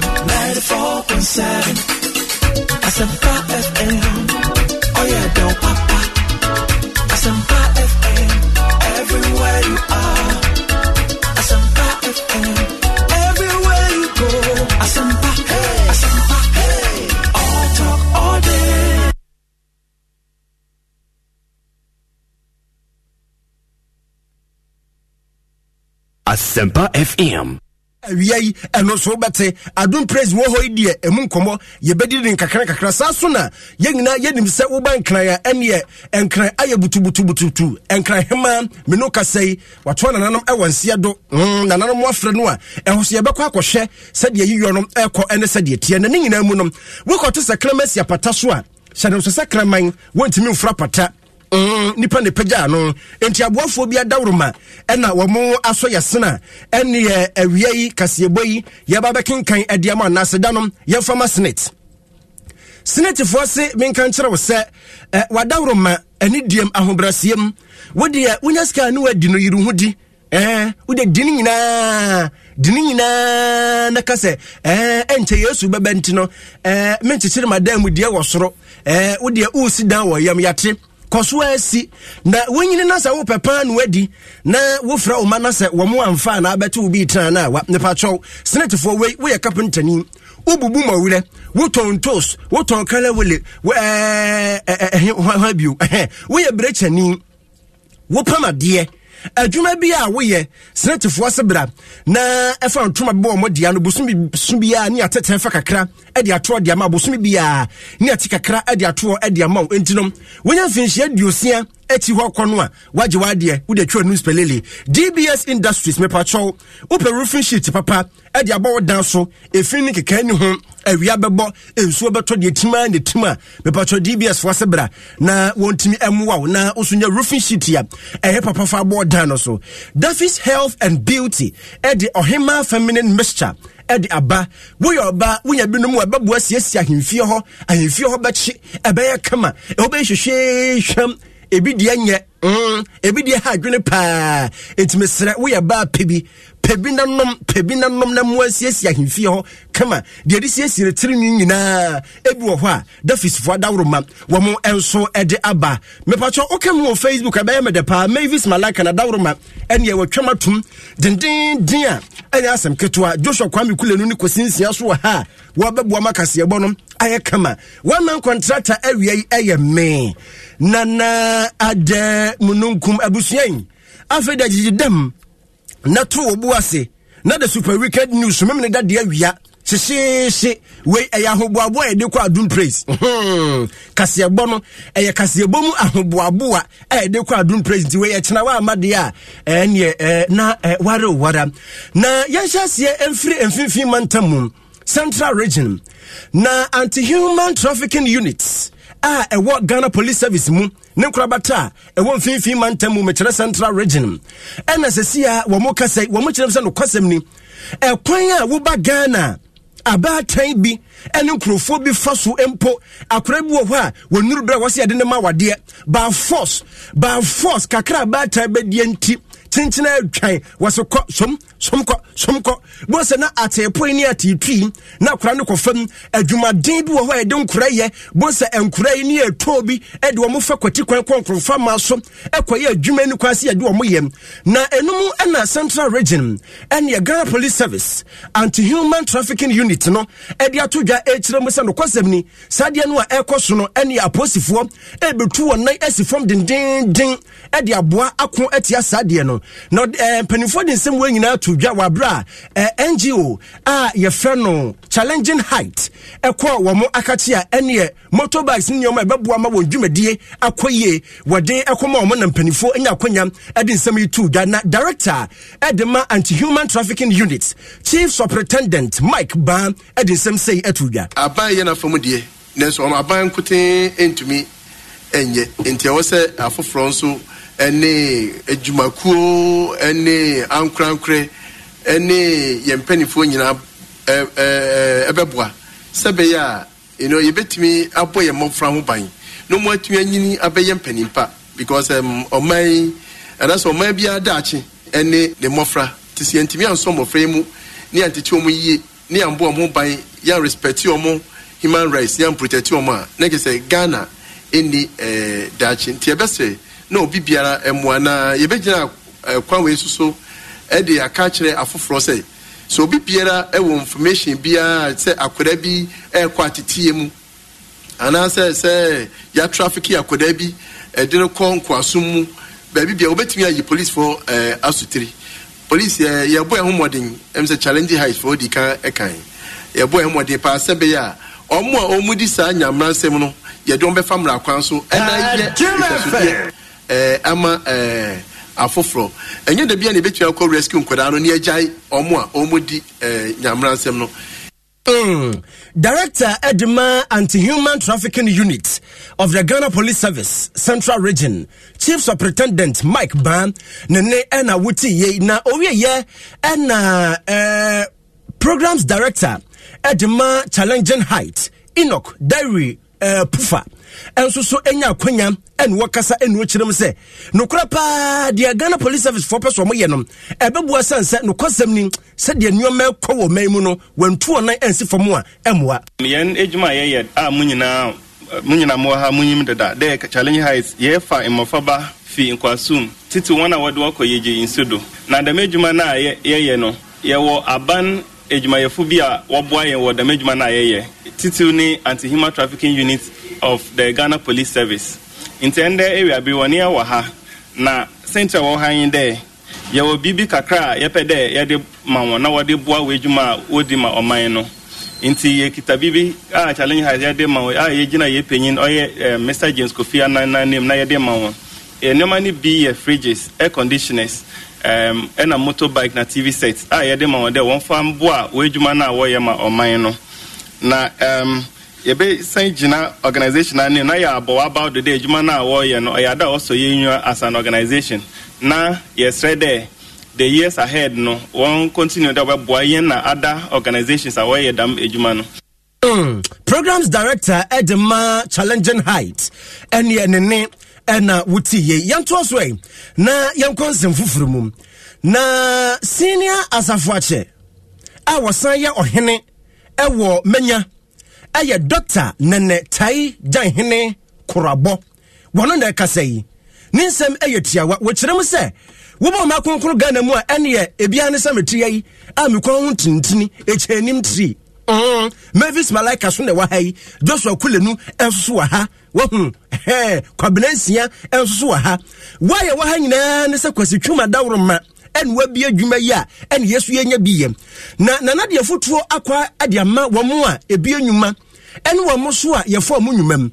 M: to 94.7 Asampa FM Oh yeah, don't FM Everywhere you are FM er Everywhere you go All talk, all day
J: FM
G: awia yi ɛno nso wobɛte adom praise wɔ hɔ yi deɛ ɛmu nkɔmmɔ yɛbɛdi de nkakra nkakra saa so na yɛn nyinaa yɛnim sɛ woba nkran a ɛneɛ nkran ayɛ butubutubututu nkran hema me no kasa yi watoa nananom ɛwɔ nseɛ do hmm, nananom afrɛ no a ɛho so yɛbɛkɔ akɔhwɛ sɛdeɛ yiyɔ no ɛkɔ ɛne sɛdeɛ teɛ na ne nyinaa mu no wokɔte sɛ kraman si apata so a hyɛ ne nso sɛ kraman wontumi mfura pata Mm-hmm. nipa ne pagya no nti aboafoɔ bi adaworoma ɛna wɔn asɔ yɛsena ɛne yɛ awia yi kaseɛbɔ yi yɛba bɛkenkan ɛdeɛ mu anaasɛ da no yɛmfama senate senetifoɔ se menka nkyerɛ wo sɛ eh, wadaworoma ani diam ahobrɛseɛm wodeɛ wonya sika ne woadi no yere ho di eh, wode di no nyinaa di no nyinaa na ka sɛ eh, ɛnkyɛ yesu bɛbɛ nti no eh, menkyekyere madan mu deɛ wɔ soro eh, wodeɛ woresi dan wɔ yam yɛate kɔ so asi na wonyini na sɛ wopɛ paa no adi na wofrɛ wo ma na sɛ wɔ mo amfa anaa bɛte wo bii tena no a wa senetefoɔ wei woyɛ kapentani wobubu ma werɛ wotɔn tos wotɔn kala wele ɛɛ ɛɛ bio woyɛ berekyani wopam adwuma bi a woyɛ senetifoɔ se bra na ɛfa ntoma bɛbɔ wɔn dea no bosom so biara ne atɛtɛ fa kakra de atoɔ de ama bosom biara ne ate kakra de atoɔ de ama wo enti no wonya mfinhyia duosia akyi hɔ kɔ a wagye wadeɛ wode atwerɛ news pelele dbs industries mepakyɛw wopɛ roofing sheet papa de abɔ wo dan so ɛfiri ne kekaa ni ho awia bɛbɔ nsuo bɛtɔ deɛ tim ara ne tim a mepakyɛw dbs foɔ se bra na wɔntumi mmoa wo na woso nya roofing sheet a ɛyɛ papa fa abɔ dan no so daffis health and beauty de ɔhema feminine mixture ɛde aba woyɛ ɔba wonya binom a ɛbɛboa siesie ahemfie hɔ ahemfie hɔ bɛkye ɛbɛyɛ kama ɛwobɛyɛ hwehwee hwam ebi deɛ nyɛ mm, ebi deɛ ha adwene paa nti mesrɛ woyɛ baa pɛ bi pɛbi na nom pɛbi na nom na mmoa siesie ahemfie hɔ kama deɛ de siesie tirinwi nyinaa ebi wɔ hɔ a dafisifoɔ adaworoma wɔn nso de aba mepatwɛ woka mu wɔ facebook abɛyɛ mɛdɛ paa mavis malaka na adaworoma ɛne ɛwɔ twam atom dendenden a ɛne asɛm ketewa joshua kwame kulenu ne kɔsi nsia so wɔ ha a wɔbɛboa ma kaseɛbɔ no ayɛ kama wɔnan kɔntrata awia yi ɛyɛ mee nana adɛ mununkum abusua yi afei da gyigyi dɛm na to wɔ bu ase na the super wicked news mɛmi ne da deɛ awia hyehyeehye wei ɛyɛ ahoboaboa a yɛde kɔ adum praise Hmm. kaseɛbɔ no ɛyɛ kaseɛbɔ mu ahoboaboa a yɛde kɔ adum praise nti wei ɛkyena wa ama deɛ a ɛneɛ na ware wara na yɛnhyɛ aseɛ mfiri mfimfini mantam mu central region na anti-human trafficking units a ɛwɔ ghana police service mu ne nkorabata a ɛwɔ mfimfini ma mu mekyerɛ central region ɛna sɛsi a wɔn mo kasa wɔn mo kyerɛ sɛ nokwasɛm ni ɛkwan a woba ghana abaatan bi ɛne nkurɔfoɔ bi fa so mpo akora bi wɔ hɔ a wɔnuru berɛ a wɔsi yɛde ne ma wadeɛ by force by force kakra abaatan bɛdeɛ nti kyenkyena atwan wɔso kɔ som som kɔ som kɔ bo sɛ na ateepoe ne ateetui na akora no kɔfam adwumaden bi wɔ hɔ a yɛde nkora yɛ bo sɛ nkora yi ne yɛtoo bi de wɔn fa kwati kwan kɔnkorɔfa ma so kɔyɛ adwuma no kwan se yɛde wɔn yɛ na ɛnum ɛna central region ɛne ghana police service anti-human trafficking unit no ɛde ato dwa ɛkyerɛ mu sɛ nokɔsɛm ni saa deɛ no a ɛrekɔ so no ɛne apolisifoɔ ɛrebɛtu wɔn nan asi fam dendenden ɛde aboa ako atia saa deɛ no na eh, mpanimfoɔ de nsɛm wɔ nyinaa to dwa wabra eh, ngo a yɛfrɛ no challenging height ɛkɔ wɔn akakye a ɛneɛ motorbikes ne nneɛma ɛbɛboa ma wɔn dwumadie akɔ yie wɔde ɛkɔma wɔn na mpanimfoɔ anya akɔnya de nsɛm yi to dwa na director ɛde ma anti-human trafficking unit chief superintendent mike ban ɛde nsɛm sɛ yi ato dwa.
F: aban yɛ na fam deɛ nanso wɔn aban nkotee ntumi ɛnyɛ nti ɛwɔ sɛ afoforɔ nso ɛne adwumakuo ɛne ankorankorɛ ɛne yɛn mpanimfoɔ nyinaa ɛbɛboa sɛbɛyɛ a you know yɛbɛtumi abɔ yɛn mmɔfra ho ban na wɔn atumi anyini abɛyɛ mpanimpa because ɔman yi ɛnasɛ ɔman biara daakye ɛne ne mmɔfra te sɛ yɛntumi ansɔ mmɔfra yi mu ne yɛntete wɔn yie ne yɛn bɔ wɔn ban yɛn respecti wɔn human rights yɛn protecti wɔn a ne kɛ sɛ ghana ɛni ɛɛ daakye nti ɛbɛsɛ. na obi biara eh, mmoa na yɛbɛgyina eh, kwan wei so so eh, de aka kyerɛ afoforɔ sɛ sɛ obi biara wɔ information biara sɛ akwadaa bi rekɔ ateteɛ mu anaasɛ sɛ ya trafiki akwadaa bi de no kɔ nkoaso mu baabi bia wobɛtumi ayi policefoɔ asotiri police yɛbɔ ɛho mmɔden m sɛ challenge height foɔ di ka kan yɛbɔ ɛho mmɔden paa sɛ bɛyɛ a ɔmo a ɔmo di saa nyamra nsɛm no yɛde wɔn bɛfa mmarakwan so ɛna yɛ nkasodeɛ Eh, ama eh, afoforɔ ɛnyɛ da a na ebetumi akɔ rescue nkwadaa no ne agyae ɔmo a ɔmo di eh, nyamra nsɛm no.
G: Mm. Director Edema Anti-Human Trafficking Unit of the Ghana Police Service Central Region Chief Superintendent Mike Ban nene ɛna wuti ye na owie yɛ ɛna ɛɛ Programs Director Edema Challenging Height Enoch Diary ɛɛ Pufa ɛnso so enya akonya ɛne wɔkasa ɛne wɔkyerɛm sɛ nokorɛ paa deɛ ghana police service foɔ pɛ sɛ ɔmoyɛ no ɛbɛboa sane sɛ nokɔsɛm ni sɛdeɛ nneɔma ɛkɔ wɔ man mu no wɔantu ɔnan ansi fam a ɛmmoa
B: yɛn adwuma a yɛyɛ a mo nyinaa mo nyinaa mowɔ ha monyim deda dɛ challenge heights yɛfa mmɔfaba fi nkwasum tete wɔn a wɔde wɔkɔ yɛgye nsu do na dɛm adwuma no a yɛyɛ no yɛwɔ aban adwumayɛfo bi a wɔboa yɛn wɔ dɛm adwuma no a yɛyɛ titiw ne anti human trafficking unit of the ghana police service nti ɛndɛ area bi wɔ nea wɔ ha na sɛntia wɔ ha yi dɛ yɛwɔ biribi kakra a yɛpɛ dɛ yɛde ma wɔn na wɔde boa wɔ adwuma a wɔdi ma ɔman no nti yɛkita biribi a challenge ha yɛde ma wɔn a yɛgyina yɛ panyin ɔyɛ eh, mr james kofi ananan nim na yɛde ma wɔn eh, nneɛma no bi yɛ fridges air conditioners um, ɛna motorbike na tv set a yɛde ma wɔn dɛ wɔn fa mboa wɔ adwuma na wɔyɛ ma ɔman no na um, yɛbɛsan gyina organisation anim na yɛabɔ about the day adwuma no a no ɔyɛ ada a ɔsɔ yɛnnwa as an organisation na yɛsrɛ dɛ the years ahead no wɔn continue dɛ wɔbɛboa yɛn na ada organisations a wɔyɛ dam adwuma no
G: hmm. programs director edema challenging height ɛneɛ ne ne ɛna wotiyie yɛntoa so ɛ na yɛnkɔ nsɛm foforɔ mu na senior asafo akyɛ a wɔsan yɛ ɔhene ɛwɔ manya ɛyɛ dɔkta nɛnɛ tae gyanhene korabɔ wɔno na ɛkasa yi ne nsɛm ɛyɛ tiawa wɔkyerɛ m sɛ wobɔ ma kronkro ghana mu a ɛneɛ ebia ne sɛ meteɛ yi a mekwan ho tintini ɛkyɛanim tiri mavis malaika so na ɛwɔ ha yi josua kulenu ɛnso wɔ ha wahu kwabena nsia ɛnso wɔ ha woayɛ wɔ ha nyinaa ne sɛ kwasi twuma daworoma ɛne wabie adwuma yi a ɛne yɛso yɛnya bi yɛ na nanadeɛ fotuo akɔ ade ama wɔ a ɛbie nnwuma ɛne wɔ mo so a yɛfoɔ mo nnwuma mu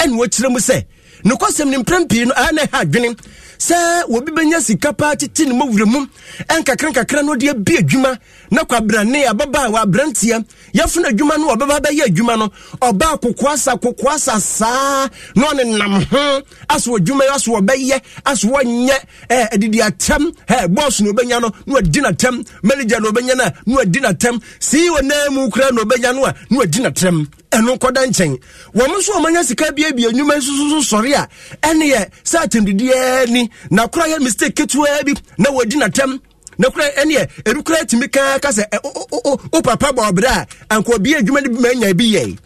G: ɛne wɔkyerɛ mu sɛ nokwasɛm ne mprɛm no ɛna ɛha adwene sɛ obi bɛnya sika paa tete ne mawura mu ɛnkakrankakra no de abi adwuma na kwabrane ababaa wɔ aberanteɛ yɛfo no adwuma no ɔbɛba bɛyɛ adwuma no ɔbaa kokoa sa kokoa sa saa na ɔne nam ho aso adwuma yi aso ɔbɛyɛ aso wɔnyɛ ɛɛ adidi atɛm ɛɛ bɔs na ɔbɛnya no na ɔdi n'atɛm manager na ɔbɛnya no a na ɔdi n'atɛm sii wɔ e nan mu kura na ɔbɛnya no a na ɔdi n'atɛm ɛno kɔda nkyɛn wɔn nso wɔn anya sika biabia nnwuma nso so sɔre a ɛne yɛ sɛ atɛmdidiɛ ni na kora yɛ mistake ketewa bi na wɔdi n'atɛm na kora ɛne yɛ ɛnu kora tumi kaa kasa ɛ o o o o papa bɔ ɔbrɛ a ankɔ bie adwuma ni bi ma anya bi yɛ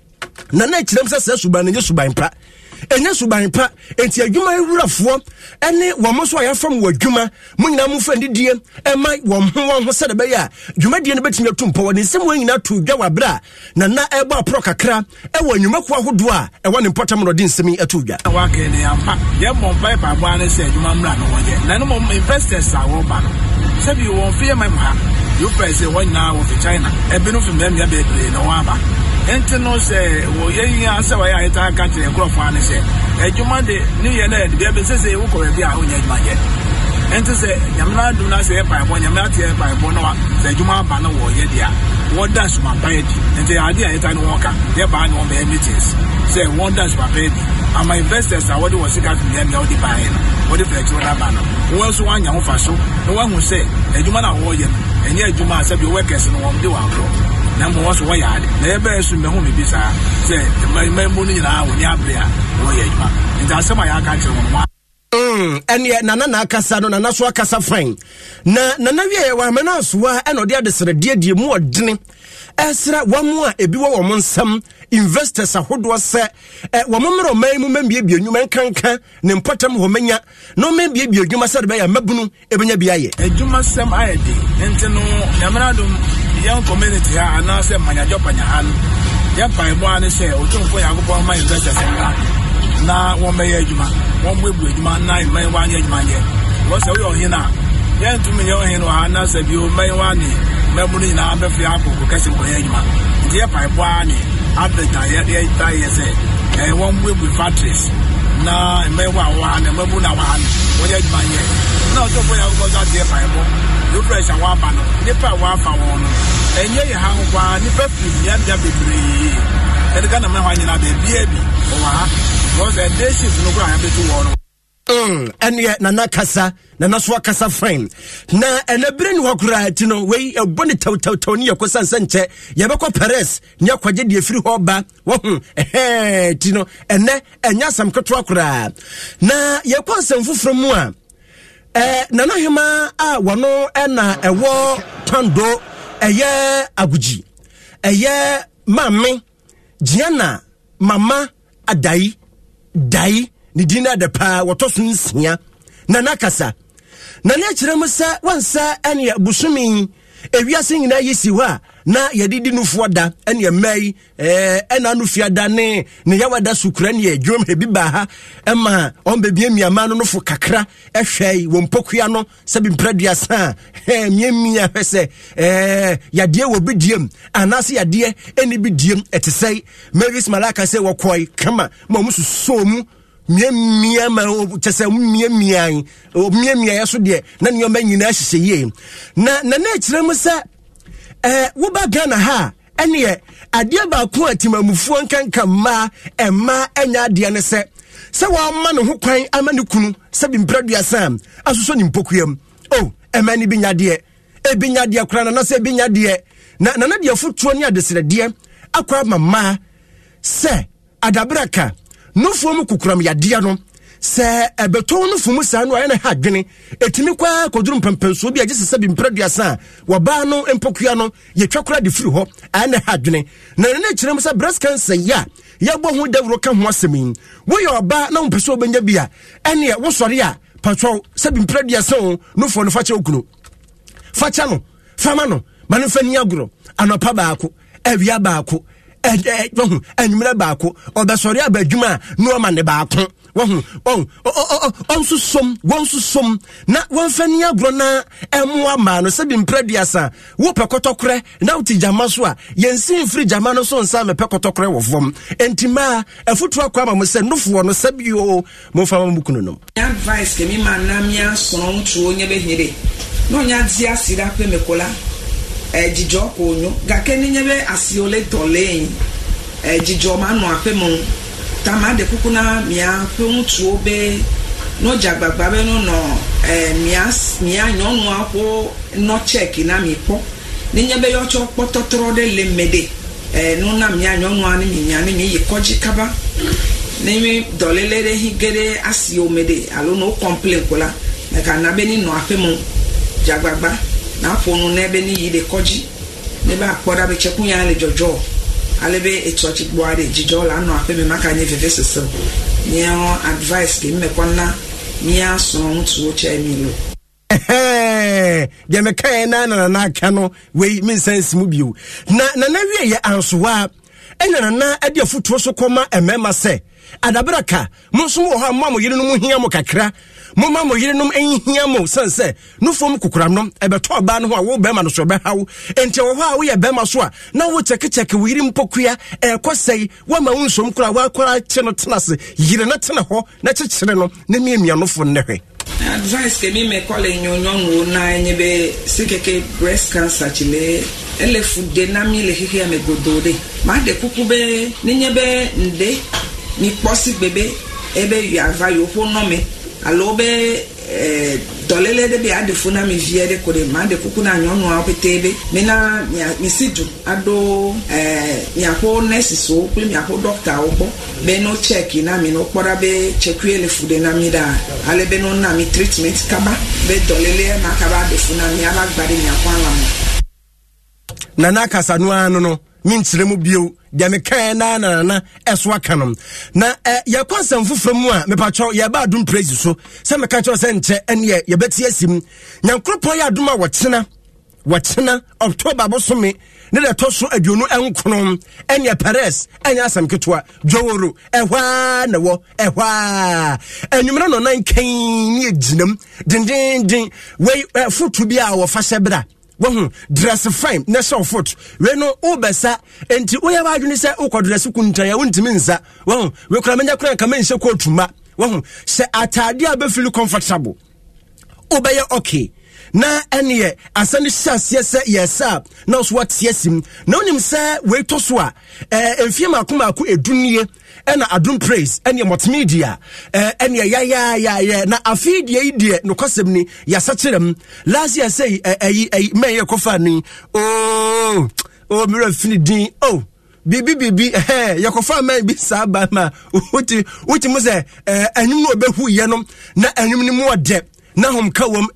G: na na ekyirɛm sɛ sɛ suban na nye suban pra. ɛnyɛ suban pa enti adwuma wurafoɔ ɛne wɔn mo so a yɛafam wɔ adwuma mo nyinaa mo fɛn didie ɛma wɔn ho wɔn ho sɛdeɛ bɛyɛ a dwumadie no bɛtumi atu mpɔ wɔ ne nsɛm wɔn nyinaa to dwa wɔ abere a nana ɛbɔ aporɔ kakra ɛwɔ nnwumako ahodoɔ a ɛwɔ ne mpɔtam na ɔde nsɛm yi ato dwa.
A: ɛwɔ akɛ ne yampa yɛ mɔ mpa ipaboa e ne sɛ adwuma mmira no wɔyɛ na ne mɔ investors a wɔba no sɛbi wɔn fi yɛ mɛ mu ha sɛ wɔn nyinaa wɔ fi china ebinom fi mɛmia bebree na wɔn aba nti no sɛ wɔyɛ yia sɛ wɔyɛ a yɛtaa ka kyerɛ nkurɔfoɔ ano sɛ adwuma e de ne yɛ e e no yɛde bia bi sɛ sɛ wokɔ baabi a wonyɛ adwuma yɛ nti sɛ nyamena adum no sɛ yɛ paebɔ nyamena te yɛ paebɔ no a sɛ adwuma aba no wɔyɛ de a wɔda sumapa yɛ di nti ade a yɛtaa ne wɔka yɛbaa ne wɔn bɛyɛ meetings sɛ wɔda sumapa yɛ di ama investors a wɔde wɔ sika fimia mia wɔde baeɛ no wɔde fɛkyerɛ no aba no wɔn nso wɔanya ho fa so na wɔahu sɛ adwuma no a wɔreyɛ no ɛnyɛ adwuma a sɛbi workers no wɔn de wɔn agorɔ na mmom wɔso wɔyɛ ade na yɛbɛyɛ so mmɛho me bi saa sɛ mmammo no nyinaa wɔne abere a wɔyɛ adwuma nti asɛm a
G: yɛaka kyerɛ wɔn mm, ɛneɛ nana na akasa no nana so akasa fan na nana wieɛ wɔama asoa ɛna ɔde adesrɛdeɛ mu ɔdene ɛsra wɔ mo a ebi wɔ wɔ mo nsɛm investors ahodoɔ sɛ ɛ wɔn mmerɛ ɔman mu mɛmiebie nnwuma nkanka ne mpɔtam hɔ mɛnya na ɔmɛmiebie nnwuma sɛ ɛbɛyɛ mɛbunu ɛbɛnya bi ayɛ. adwuma sɛm ayɛ de
A: nti no nyamira dum yɛn community ha anaasɛ manyadɔ panya ha no yɛn mpaebɔ ano sɛ otumfo yakobɔ ma investors nka na wɔn bɛyɛ adwuma wɔn bɛbu adwuma na mmanyewa anyɛ adwuma yɛ wɔsɛ woyɛ ɔhen a yɛntumi nyɛ ɔhen wɔ ha na sɛ bio mmɛn wa ne mmɛmo no nyinaa bɛfiri akɔkɔ kɛse nkɔyɛ adwuma nti yɛpaebɔ a ne adeta yɛta yɛ sɛ ɛyɛ wɔn buebue factories na mmɛwo a wɔ ha na wɔ ha ne wɔyɛ adwuma yɛ na ɔtɔfo nyankopɔn so ate yɛpaebɔ refresh a wɔaba no nnipa a wɔafa wɔn no ɛnyɛ yɛ ha nko a nnipa firi mmeammea bebree ɛde ka na mɛhɔ nyinaa ha because ɛde shift no
G: koraa Mm, yɛ nana kasa nana so akasa fine na ɛna bere ne hɔ koraa nti no wei ɛbɔ ne tawtawtaw ne yɛkɔ san sɛ nkyɛ yɛbɛkɔ paris ne yɛkɔgye deɛ firi hɔ ba wɔho ɛhɛ nti no ɛnɛ ɛnyɛ asɛm ketewa koraa na yɛkɔ nsɛm foforɔ mu a ɛɛ nana hema a wɔno ɛna ɛwɔ tando ɛyɛ agogyi ɛyɛ maame giana mama adayi dayi ne din no ada paa wɔtɔ so nsia nana kasa nane akyerɛ mu sɛ wansa ɛneɛ bosome ewiase nyinaa yi si hɔ a na yɛde di nufoɔ da ɛne mmaa yi ɛɛ ɛna anufia da ne ne yawa da sukura ne ɛdwom ebi baa ha ɛma wɔn bebie mmiama no nofo kakra ɛhwɛ yi wɔn mpokua no sɛbi mpiraduasa a ɛɛ mmiemmia hwɛ sɛ ɛɛ yadeɛ wɔ bi diem anaasɛ yadeɛ ɛni bi diem ɛte sɛ yi malaka sɛ wɔkɔɔ kama ma wɔn soso mu mmiamia ma kyɛ sɛ mmiamia mmiamia yɛ so deɛ na nneɛma nyinaa hyehyɛ yie na na na akyerɛ mu sɛ ɛɛ woba ghana ha ɛneɛ adeɛ baako a temamufoɔ nkanka mmaa mmaa ɛnya adeɛ ne sɛ sɛ wɔama ne ho kwan ama ne kunu sɛ bi mprɛduasa asosɔ ne mpokuam o ɛma ne bi nyadeɛ ebi nyadeɛ koraa na nasɛ ebi nyadeɛ na na na deɛ fotuo ne adesrɛdeɛ akɔ ama mmaa sɛ ka. nofoɔ mu kukuram yadeɛ no sɛ ɛbɛtɔn no fumu saa no ayɛ no ha adwene ɛtumi kɔa kɔduru mpampansuo bi agye sɛ sɛ bi mprɛduasa a wɔbaa no mpɔkua no yɛtwa kora de firi hɔ ayɛ no ha adwene na ne no akyerɛ mu sɛ breast cancer yi a yɛbɔ ho dawuro ka ho asɛm yi woyɛ ɔbaa na wompɛ sɛ wobɛnya bi a ɛneɛ wosɔre a patwɔw sɛ bi mprɛduasa o nofoɔ no fakyɛ wo kunu fakyɛ no fama no ma ni agorɔ anɔpa baako awia baako ɛhu baako ɔbɛsɔre aba adwuma a na ɔma ne baako wɔhu ɔhu ɔnsosom wɔnsosom na wɔmfa ni agorɔ na ɛmoa maa no sɛbi mprɛ duasa wopɛ kɔtɔkorɛ na wote gyama so a yɛnsi mfiri gyama no so nsa mɛpɛ kɔtɔkorɛ wɔ fam enti maa akɔ ama mo sɛ nofoɔ no sɛbi o momfa ma mu kunu nom
K: advice kɛmi ma nam yɛ asɔn turo nyɛ bɛhire na ɔnyɛ adi asida pɛ mɛkola dzidzɔ eh, ko nyo gake nenye be asiwo le tɔ le yi dzidzɔ eh, ma nɔ aƒeme o ta ma kuku na mia ƒe ŋutsuwo be no dze be no nɔ mia mia nyɔnua ƒo nɔ tseki na mi kpɔ nenye be yɔtsɔ kpɔtɔtrɔ ɖe le me ɖe nu na mia nyɔnua ne mi mia ne mi yi kɔdzi kaba ne mi dɔlele ɖe hi ge ɖe asiwo me ɖe alo ne kɔmplen ko la megana be ni nɔ aƒeme o dze agbagba. na-akpọ ụnụ n'ebe n'iyi ilekọ n'ebe akpọdabe chekwu ya alejọjọ alebe etu ọchịkpụgharị ejije ọla anụ akpeme maka anyị vevesịsị nye advice ka mmekwanna e nye asụrụ ntụ oche emilo deɛ
G: m na na no wei na nana wie yɛ ansowa afotuo so kɔma mmarima sɛ mo nso hɔ a kakra moma mo yerenom ɛnhia mo sɛn sɛ mu kukura nom ɛbɛtɔ ɔbaa no ho a wo bɛrima no so ɔbɛhaw enti ɛwɔ hɔ a woyɛ bɛrima so a na wokyɛkekyɛke wo yere mpɔkua ɛɛkɔ sɛe woama wo nsom kora woakɔra kye no tena ase yere na tena hɔ na kyekyere no na miamianofo nnɛhwɛ
K: advice ke mi me kɔle nyɔnyɔnuwo na enye be sikeke breast cancer tsi le ele fu de na mi le xexea me godoo de ma de kuku be nenye be nde mi kpɔ si gbe be ebe yua va yewo ƒe nɔ me alo be eh, dɔléle ɖe be aɖefo na mi vi ɖe eh, ko ɖe ma ɖe kuku na nyɔnuawo pete be mina misi du aɖo eh, miaƒo nɛsisiwo kple miaƒo dɔktawo gbɔ be no tsɛki na mi no kpɔ ɖa be le fu ɖe na mi ɖaa ale be no na mi treatment kaba be dɔléle ma kaba aɖefo na mi ava gba ɖe miaƒo alame.
G: nana kasanua no mi n tire mu bio deɛ mekaɛ naa nanana ɛso aka no na eh, yɛkɔ asɛm foforɔ mu a mepatwɛ yɛba adom praise so sɛ meka kyerɛ sɛ nkyɛ ɛneɛ yɛbɛte asim nyankoropɔn yɛ adom a wɔkyena wɔkyena october bosome ne deɛ ɛtɔ so aduonu nkono ɛneɛ paris ɛnyɛ asɛm ketewa dwoworo ɛhɔa na wɔ ɛhɔa anwumena nɔnan kan ne ɛgyinam dendenden wei eh, foto bi a wɔfa hyɛ wohu dress fine na sɛ foot wei no wobɛsa enti woyɛ w'adwene sɛ wokɔ dress kuntan a wontumi nsa wohu wei kora mɛnya kora nka menhyɛ kɔɔtuma wohu hyɛ ataade a bɛfili comfortable wobɛyɛ okay na ɛneɛ asa no hyɛ aseɛ sɛ yɛsɛ a na wo so woateɛ sim na wonim sɛ wei tɔ so a ɛɛ eh, mfie maako maako ɛdu nie ɛna adom praise ɛne mɔt media ɛne ya na afei deɛ yi deɛ nokwasɛm ni yɛasakyerɛ m last year sɛ ɛyi mɛyɛ kɔfa no o oh, o oh, mmerɛ fini din o oh, biribi biribi ɛhɛ yɛkɔfa mɛn bi saa ba ma wotu wotu mu sɛ ɛɛ ɛnum na ɔbɛhu yɛ no na ɛnum ni mu ɔdɛ na ahomka wɔm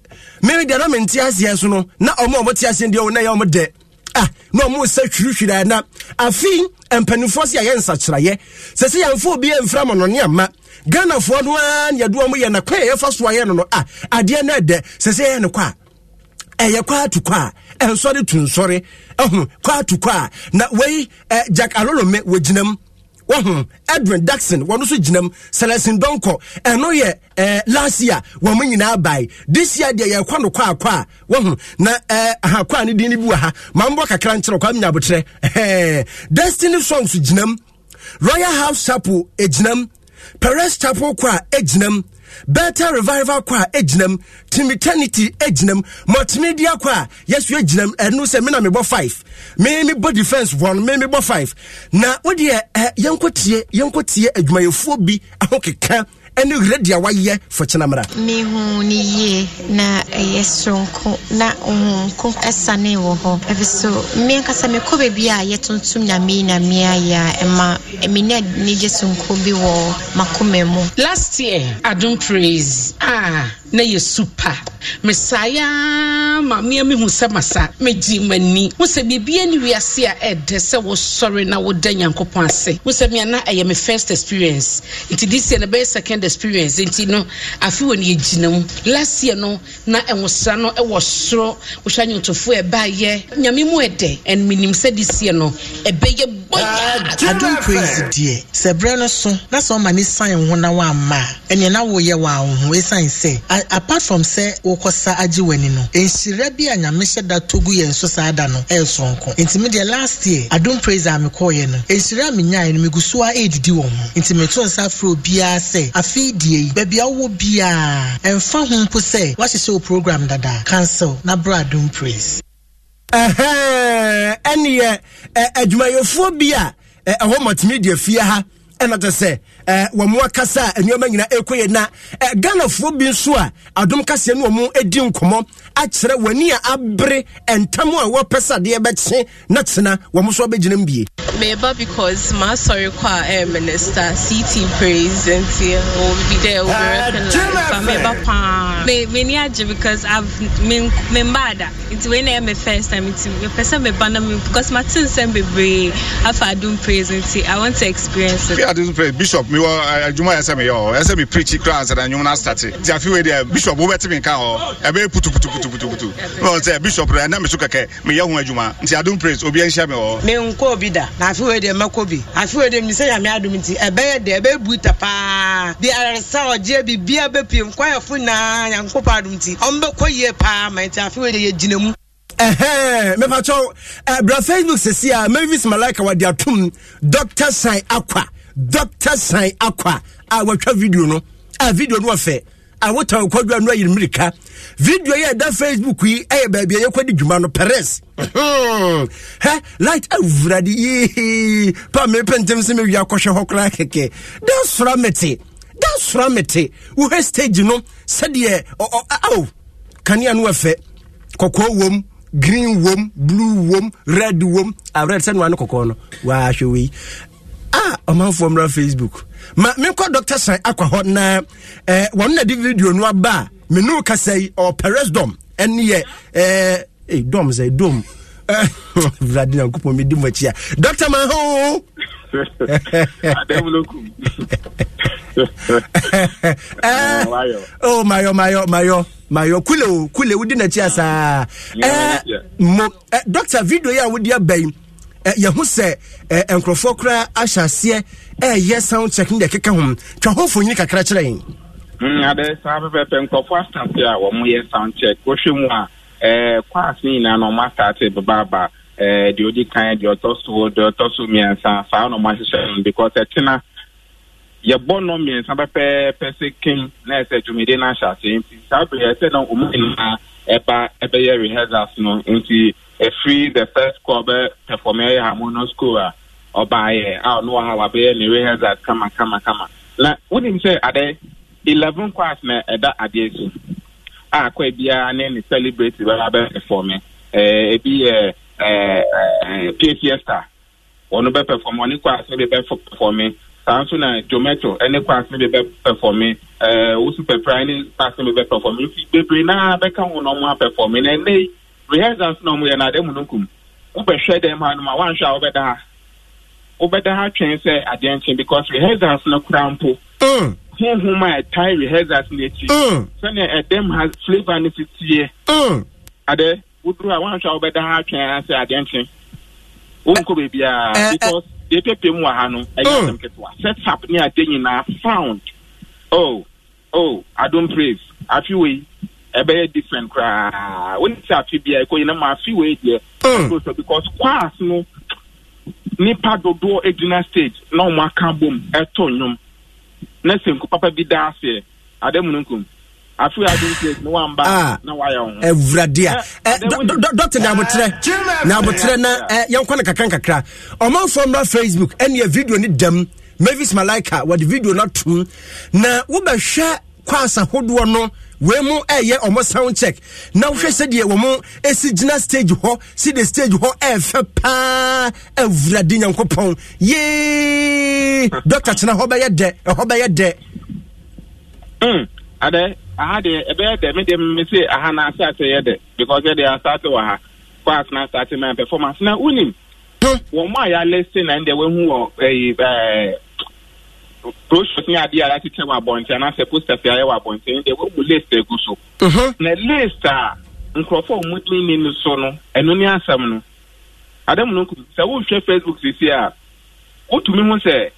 G: mɛmi deɛ na mɛ nte aseɛ so no na ɔmo a ɔmo te aseɛ deɛ ɔmo na yɛ ɔmo dɛ ah na ɔmo sɛ hwirihwiri ana afei mpanimfoɔ si a yɛ nsakyerɛeɛ sɛ sɛ yɛnfo bi mfra ma nɔne ama ghanafoɔ no ara ne yɛdoɔ mo yɛ na kwan a yɛfa so ayɛ no no ah adeɛ no ɛdɛ sɛ sɛ yɛyɛ no kɔ a ɛyɛ kɔ ato kɔ a ɛnsɔre to nsɔre ɛho kɔ ato kɔ a na wei jack alolome wɔgyinam wɔho edwin daxon wɔn nso gyinam selesin dɔnkɔ ɛno yɛ ɛɛ eh, last year wɔn mo nyinaa bae this year deɛ yɛkɔ no kɔ akɔ a wɔho na ɛɛ eh, aha kɔ a ne din bi wɔ ha maa mbɔ kakra nkyerɛ kɔ amenya abotire ɛhɛɛ destiny songs gyinam royal house chapel egyinam perez chapel kɔ a egyinam better revival kɔ a ɛgyinam timiternity ɛgyinam multimedia kɔ a yɛso ɛgyinam ɛnu sɛ mi na mi bɔ five mi mi bɔ defence one mi mi bɔ five na o deɛ ɛ eh, yɛnkɔ tie yɛnkɔ tie adwumayɛfoɔ bi ahokeka ne ready a wayɛ fo mmra
C: mehu ne yie na ɛyɛ soronko na honko ɛsane wɔ hɔ ɛfi so me mekɔ baabi a yɛtontom nyame nyame ayɛ a ɛma me ne anigye sonko bi wɔ makoma mu last year adom praise ah na yɛ super mesaya ma mmea mi hu sɛ masa megye m'ani wo sɛ biribia ne wiase a ɛdɛ sɛ wosɔre na woda nyankopɔn ase wo sɛ meana ɛyɛ me first experience nti this year no bɛyɛ second experience nti no afe wɔ no mu last year no na ɛwosra no ɛwɔ soro wohwɛ nwontofoɔ ɛbaayɛ nyame mu ɛdɛ ɛn menim sɛ this year no ɛbɛyɛ
E: adom ah, praise deɛ
G: sɛ berɛ no so na sɛ ɔma ne san ho na woamma a ɛneɛ na woyɛ wɔ awo ho ɛsiane sɛ apart from sɛ wokɔsa agye w'ani no nhyira bi a nyame da togu yɛn so saa da no ɛyɛ soronko nti me last year adom praise a mekɔɔyɛ no nhyira a menyaeɛ no megu so a ɛredidi wɔ ho nti metoo nsa afrɛ obiara sɛ afei deɛ yi baabi a wowɔ biara ɛmfa ho mpo sɛ woahyehyɛ wo program dadaa cancel na brɛ adom praise ɛneɛ adwumayɛfoɔ bi a ɛhɔ mɔtumi fie ha ɛna te sɛ Eh, wɔn akasa nneɛma nyinaa ɛkɔ yɛ na eh, ghanafoɔ bi nso a adom kaseɛ no wɔn adi nkɔmɔ akyerɛ wɔn a abere ntam a wɔpɛ sadeɛ bɛkye na tena wɔn nso abɛgyina mu bie.
C: meba because maa sɔre kɔ a ɛyɛ eh, minister ct praise nti obi dɛ obi recognize ba meba paa me me ni agye because i've me me mba ada nti wei na ɛyɛ my first time nti mepɛ sɛ meba na me because ma ti nsɛm bebree afa adum
K: praise nti i want to experience
H: it. fi adum praise bishop mi. wɔ adwuma eh, yɛ sɛ meyɛ hɔ ɛsɛ me preach kora ansana nwom no astate eh, nti afe wei deɛ bishop wobɛteme nka hɔ ɛbɛyɛ putuputuputuputu na ɔ sɛ bishop no ɛna me so kɛkɛ meyɛ ho adwuma nti adom praise obi anhyia me hɔ oh.
C: menkɔ bi da na afe wei deɛ mɛkɔ bi afe wei deɛ misɛ nyame adom nti ɛbɛyɛ deɛ ɛbɛbu ta paa de aresa ɔgyeɛ
G: biribia bɛpiem kwayɛfo nyinaa nyankopɔn adom nti ɔmbɛkɔ yie paa ma nti afe wei deɛ yɛgyina mu mepa kyɛw facebook sesi a mavis malika wɔde atom dr san akwa dr san akwa a watwa video no a video no ɔfɛ a wotan kwadwa no ayi mmirika video yɛ ɛda facebook yi ɛyɛ baabi a yɛkɔdi dwuma no perez hɛ light awurade yee pa mepɛ ntɛm sɛ mewie akɔhwɛ hɔ koraa kɛkɛ da sora mete da sora mete wohɛ stage no sɛdeɛ ao kanea no ɛfɛ kɔkɔɔ wom green wom blue wom red wom a red sɛ noa no kɔkɔɔ no waahwɛ wei o ɔmanfoɔ mmra facebook ma menkɔ dr san akwa hɔ na eh, wɔno na de video no aba a menu kasa yi ɔ dom ɛne yɛ eh, dom sɛ dom vlade nyankopɔn di mu akyi a dr ma oh mayo mayo mayo mayo kule o kule wodi n'akyi asaa eh, video yi a wodi yi yɛho sɛ nkurɔfoɔ koraa ahyɛ aseɛ ɛyɛ sound check no deɛ ɛkeka ho twa ho mfonyini kakra kyerɛ yɛn
H: mm, adɛ saa pɛpɛpɛ nkurɔfoɔ asate a wɔn sound check wɔhwɛ mu a kwaas nyinaa na wɔn asate babaaba deɛ odi kan deɛ ɔtɔ so deɛ ɔtɔ so mmiɛnsa saa na wɔn no because ɛtena yɛbɔ no mmiɛnsa pɛpɛɛpɛ sɛ kem na ɛsɛ dwumadie no ahyɛ aseɛ nti saa bɛyɛ sɛ na wɔn nyinaa ɛba ɛbɛyɛ rehearsals no nti ɛfiri the first kɔ ɔbɛ pɛfɔm ɛyɛ hamono school a ɔbaayɛ a ɔno wɔ ha wabɛyɛ ne rehearsal kama kama kama na sɛ ade eleven class na ɛda adeɛ so a kɔ biara ne ne celebrate bɛyɛ abɛ pɛfɔm ɛɛ ebi yɛ ɛɛ pie fiesta wɔn bɛ pɛfɔm wɔn class bɛ bɛ na jometo ɛne class bɛ bɛ ɛɛ ne class bɛ bebree naa bɛka wɔn na wɔn na ɛnɛ rehearsals na ɔmo yɛ na adamu no nkum wobɛhwɛ dɛm ha no ma wanhwɛ a wobɛda ha wobɛda ha twɛn sɛ adeɛ nkyɛn because rehearsals no kora mpo mm. honhom a ɛtae rehearsals no akyi mm. sɛnea ɛdɛm ha flavour no si tie mm. ade woduru a wanhwɛ a wobɛda ha twɛn sɛ adeɛ nkyɛn wonkɔ baabiaa eh, eh. because deɛ pɛpɛ mu wɔ ha no ɛyɛ asɛm ketewa set up ne ade nyinaa found oh oh adom praise afi wei ɛbɛyɛ different koraa wɔn ti afi bia ɛkɔ yi na ma afi wei deɛ. Mm. ɛkɔ because kwas no nipa dodoɔ egyina stage na wɔn aka bom ɛtɔ nnwom na senku papa bi da aseɛ ademunukun afi adi stage na ah. wɔn ba eh, eh, eh, na wɔayɛ wɔn.
G: ɛwurade a ɛ dɔkita n'abotrɛ n'abotrɛ na ɛ yɛn kɔ ne kakra nkakra ɔmanfoɔ mura facebook ɛni ɛ video ni dɛm mavis malaika wɔde video na tum na wɔbɛhwɛ kwas ahodoɔ no wei mu ɛyɛ eh, ɔmo sound check na wohwɛ sɛdeɛ wɔn esi gyina stage hɔ si eh, eh, de stage hɔ ɛɛfɛ paa awurade nyankopɔn yee dɔkta kyena hɔ bɛyɛ dɛ ɛhɔ bɛyɛ dɛ.
M: Mm,
H: adɛ aha deɛ ɛbɛyɛ dɛ mi deɛ mi se aha na ase ase yɛ dɛ because ɛdeɛ asaase wɔ ha class na asaase na performance na unim. Hmm. wɔn a yɛ alɛ se na ɛn deɛ wɔn wɔ ɛyi ɛɛ. brochures mhm. ne adeɛ a yɛakyekyɛ wɔ abɔnten anaasɛ posters a yɛ wɔ ndẹ deɛ wɔbu list egu so na list a nkurɔfoɔ a wɔmudi ni so no ɛno ne no sɛ wohwɛ facebook sisi a wotumi sɛ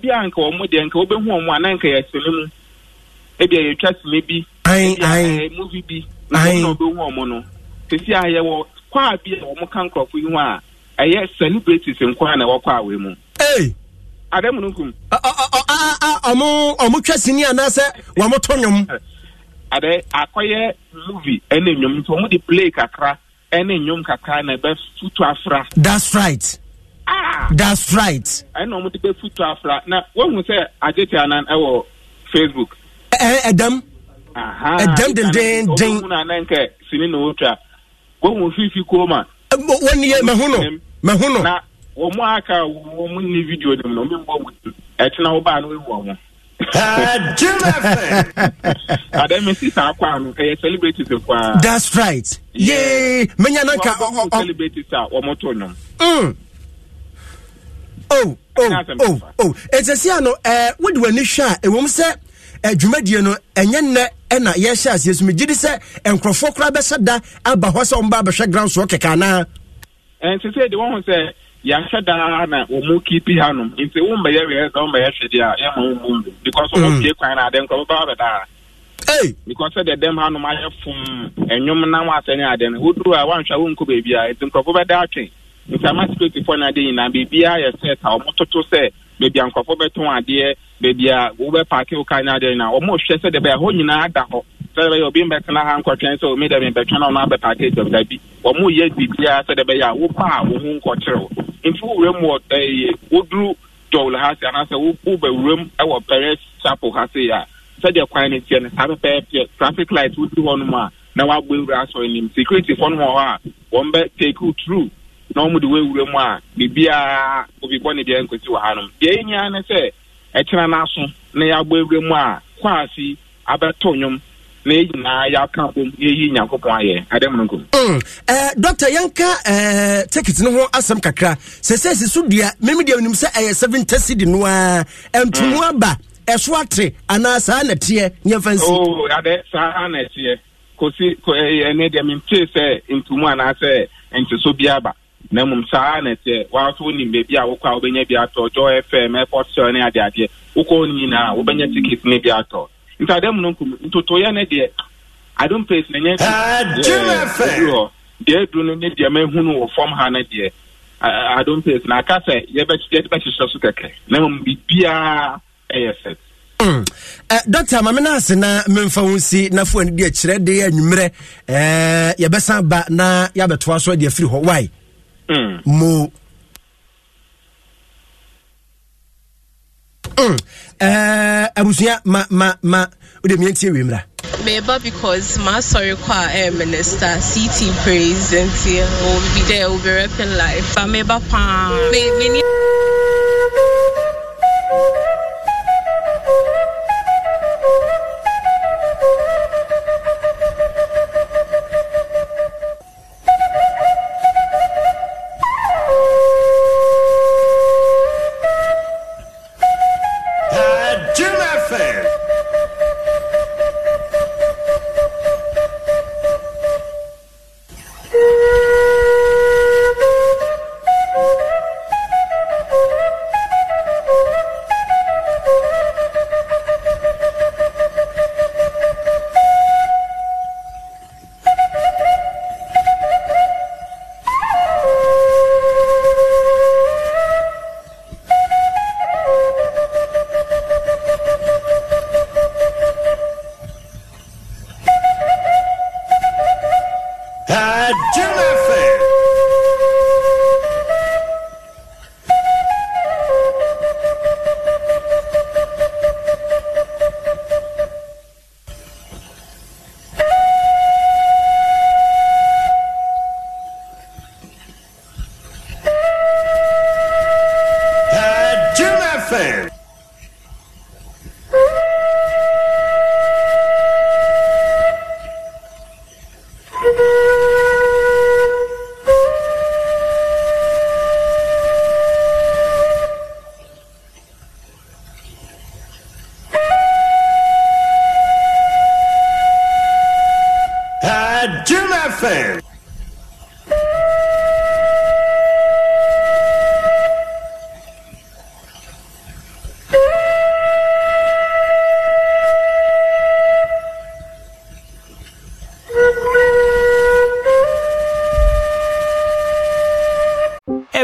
H: bi a nka wɔn deɛ nka wɔn a nka yɛ sini mu ebi twa sini bi ebi yɛ movie bi na wɔn no sisi a bi a wɔn ka yi a ɛyɛ e celebrities nkwa na kwaa
G: mu. adamu nukum. ɔmo ɔmo twɛ sini anaasɛ ade
H: akɔyɛ movie ɛna nnwom nti wɔn de play kakra ɛna nnwom kakra na ɛbɛ futu afra.
G: that's right. Ah! that's right.
H: ɛna wɔn de bɛ futu afra na wɔn sɛ agye anan ɛwɔ facebook. ɛɛ ɛdam. ɛdam dendenden. wɔn mu na anankɛ sini na wotwa wɔn mu fifi kuro ma. wɔn ni yɛ mɛhunu mɛhunu. wɔn aka wɔn ni video nim na wɔn mbɔ wɔn ɛtena wɔn baa no wɔ wɔn. Adam mi sisa akwa ano ɛyɛ celebrities kwa.
G: That's right.
H: Yay!
G: Menya nanka ɔ ɔ
H: celebrities a wɔn to nom.
G: Mm. Oh oh oh oh. Ɛsɛsi ano ɛɛ wodi wɔn ani hwɛ no ɛnyɛ nnɛ ɛna yɛhyɛ aseɛ so megye di sɛ nkurɔfoɔ da aba hɔ sɛ ground soɔ anaa.
H: sɛ de sɛ. yɛahwɛ daa na wɔn kiipi hanom nti wɔn mbɛyɛ wɛyɛ dɔn mbɛyɛ hwɛ deɛ yɛ ma wɔn mu because ọmụ pie kwan na adeɛ nkɔ bɛba bɛ daa hey. because sɛ deɛ hanom ayɛ fum ɛnwom nam asɛ ne adeɛ no a wɔanhwɛ wɔn nkɔ beebi a nti nkurɔfoɔ bɛda nti ama na adeɛ nyinaa beebi a yɛ sɛ ta a paaki na nyinaa da họ. sɛ ɛbɛyɛ obi mbɛtena ha nkɔtwɛn sɛ omi dɛm mbɛtwɛn na ɔno abɛ package of dabi ɔmo yɛ didiya sɛ dɛbɛyɛ a wopa a wo ho nkɔkyerɛw nti wowura mu wɔ ɛyɛ woduru dɔwle ha se anaasɛ wobɛwura mu ɛwɔ pɛrɛ chapel ha se a sɛdeɛ kwan no tiɛ no saa pɛpɛɛpɛ traffic light woduru hɔ nom a na wabɔ ewura asɔ anim security fɔ no wɔ hɔ a wɔn bɛ take you through na wɔn de wɔawura mu a biribiara obi bɔ ne deɛ nkosi wɔ ha nom deɛ nyinaa ne sɛ ɛkyerɛ n'aso na yɛabɔ awura mu a kwaasi abɛtɔ nnwom na yɛ nyinaa yɛaka bom yɛyi nyankopɔn ayɛ adɛm no nkom
G: mm. eh, dɔctor yɛnka eh, ticket no ho asɛm kakra sɛ sɛ si so dua meme deɛ menim sɛ ɛyɛ seven tesidi no a ɛntomu mm. aba ɛso ate anaa saa na ɛteɛ
B: nyɛmfa nsi oh,
H: adɛ saa na ɛteɛ kɔsi ɛne eh, deɛ mentee sɛ ntomu anaasɛ nteso bi aba na mmom saa na ɛteɛ waaso wonim baabi a wokɔ a wobɛnya bi atɔ joy fm ɛfɔ sɛ ne adeadeɛ wokɔ no nyinaa wobɛnya ticket ne bi atɔ nti adamu no nkum ntotoyɛ ne deɛ adom place na nyɛ deɛ deɛ edu no ne deɛ mehunu wɔ fam ha ne deɛ adom place na aka sɛ yɛbɛhyehyɛ so kɛkɛ na mmom biribiara ɛyɛ set
G: hmm. dɔkta mame no ase na memfa wo si na fo ani de akyerɛ de anwummerɛ yɛbɛsan ba na yɛabɛtoa so ade afiri hɔ wae hmm. mo Mm. Eh, abusua ma ma ma wode wie mmra
C: meba because my sorry kwa air eh, minister city praise and will be there will be repping life. i ah, meba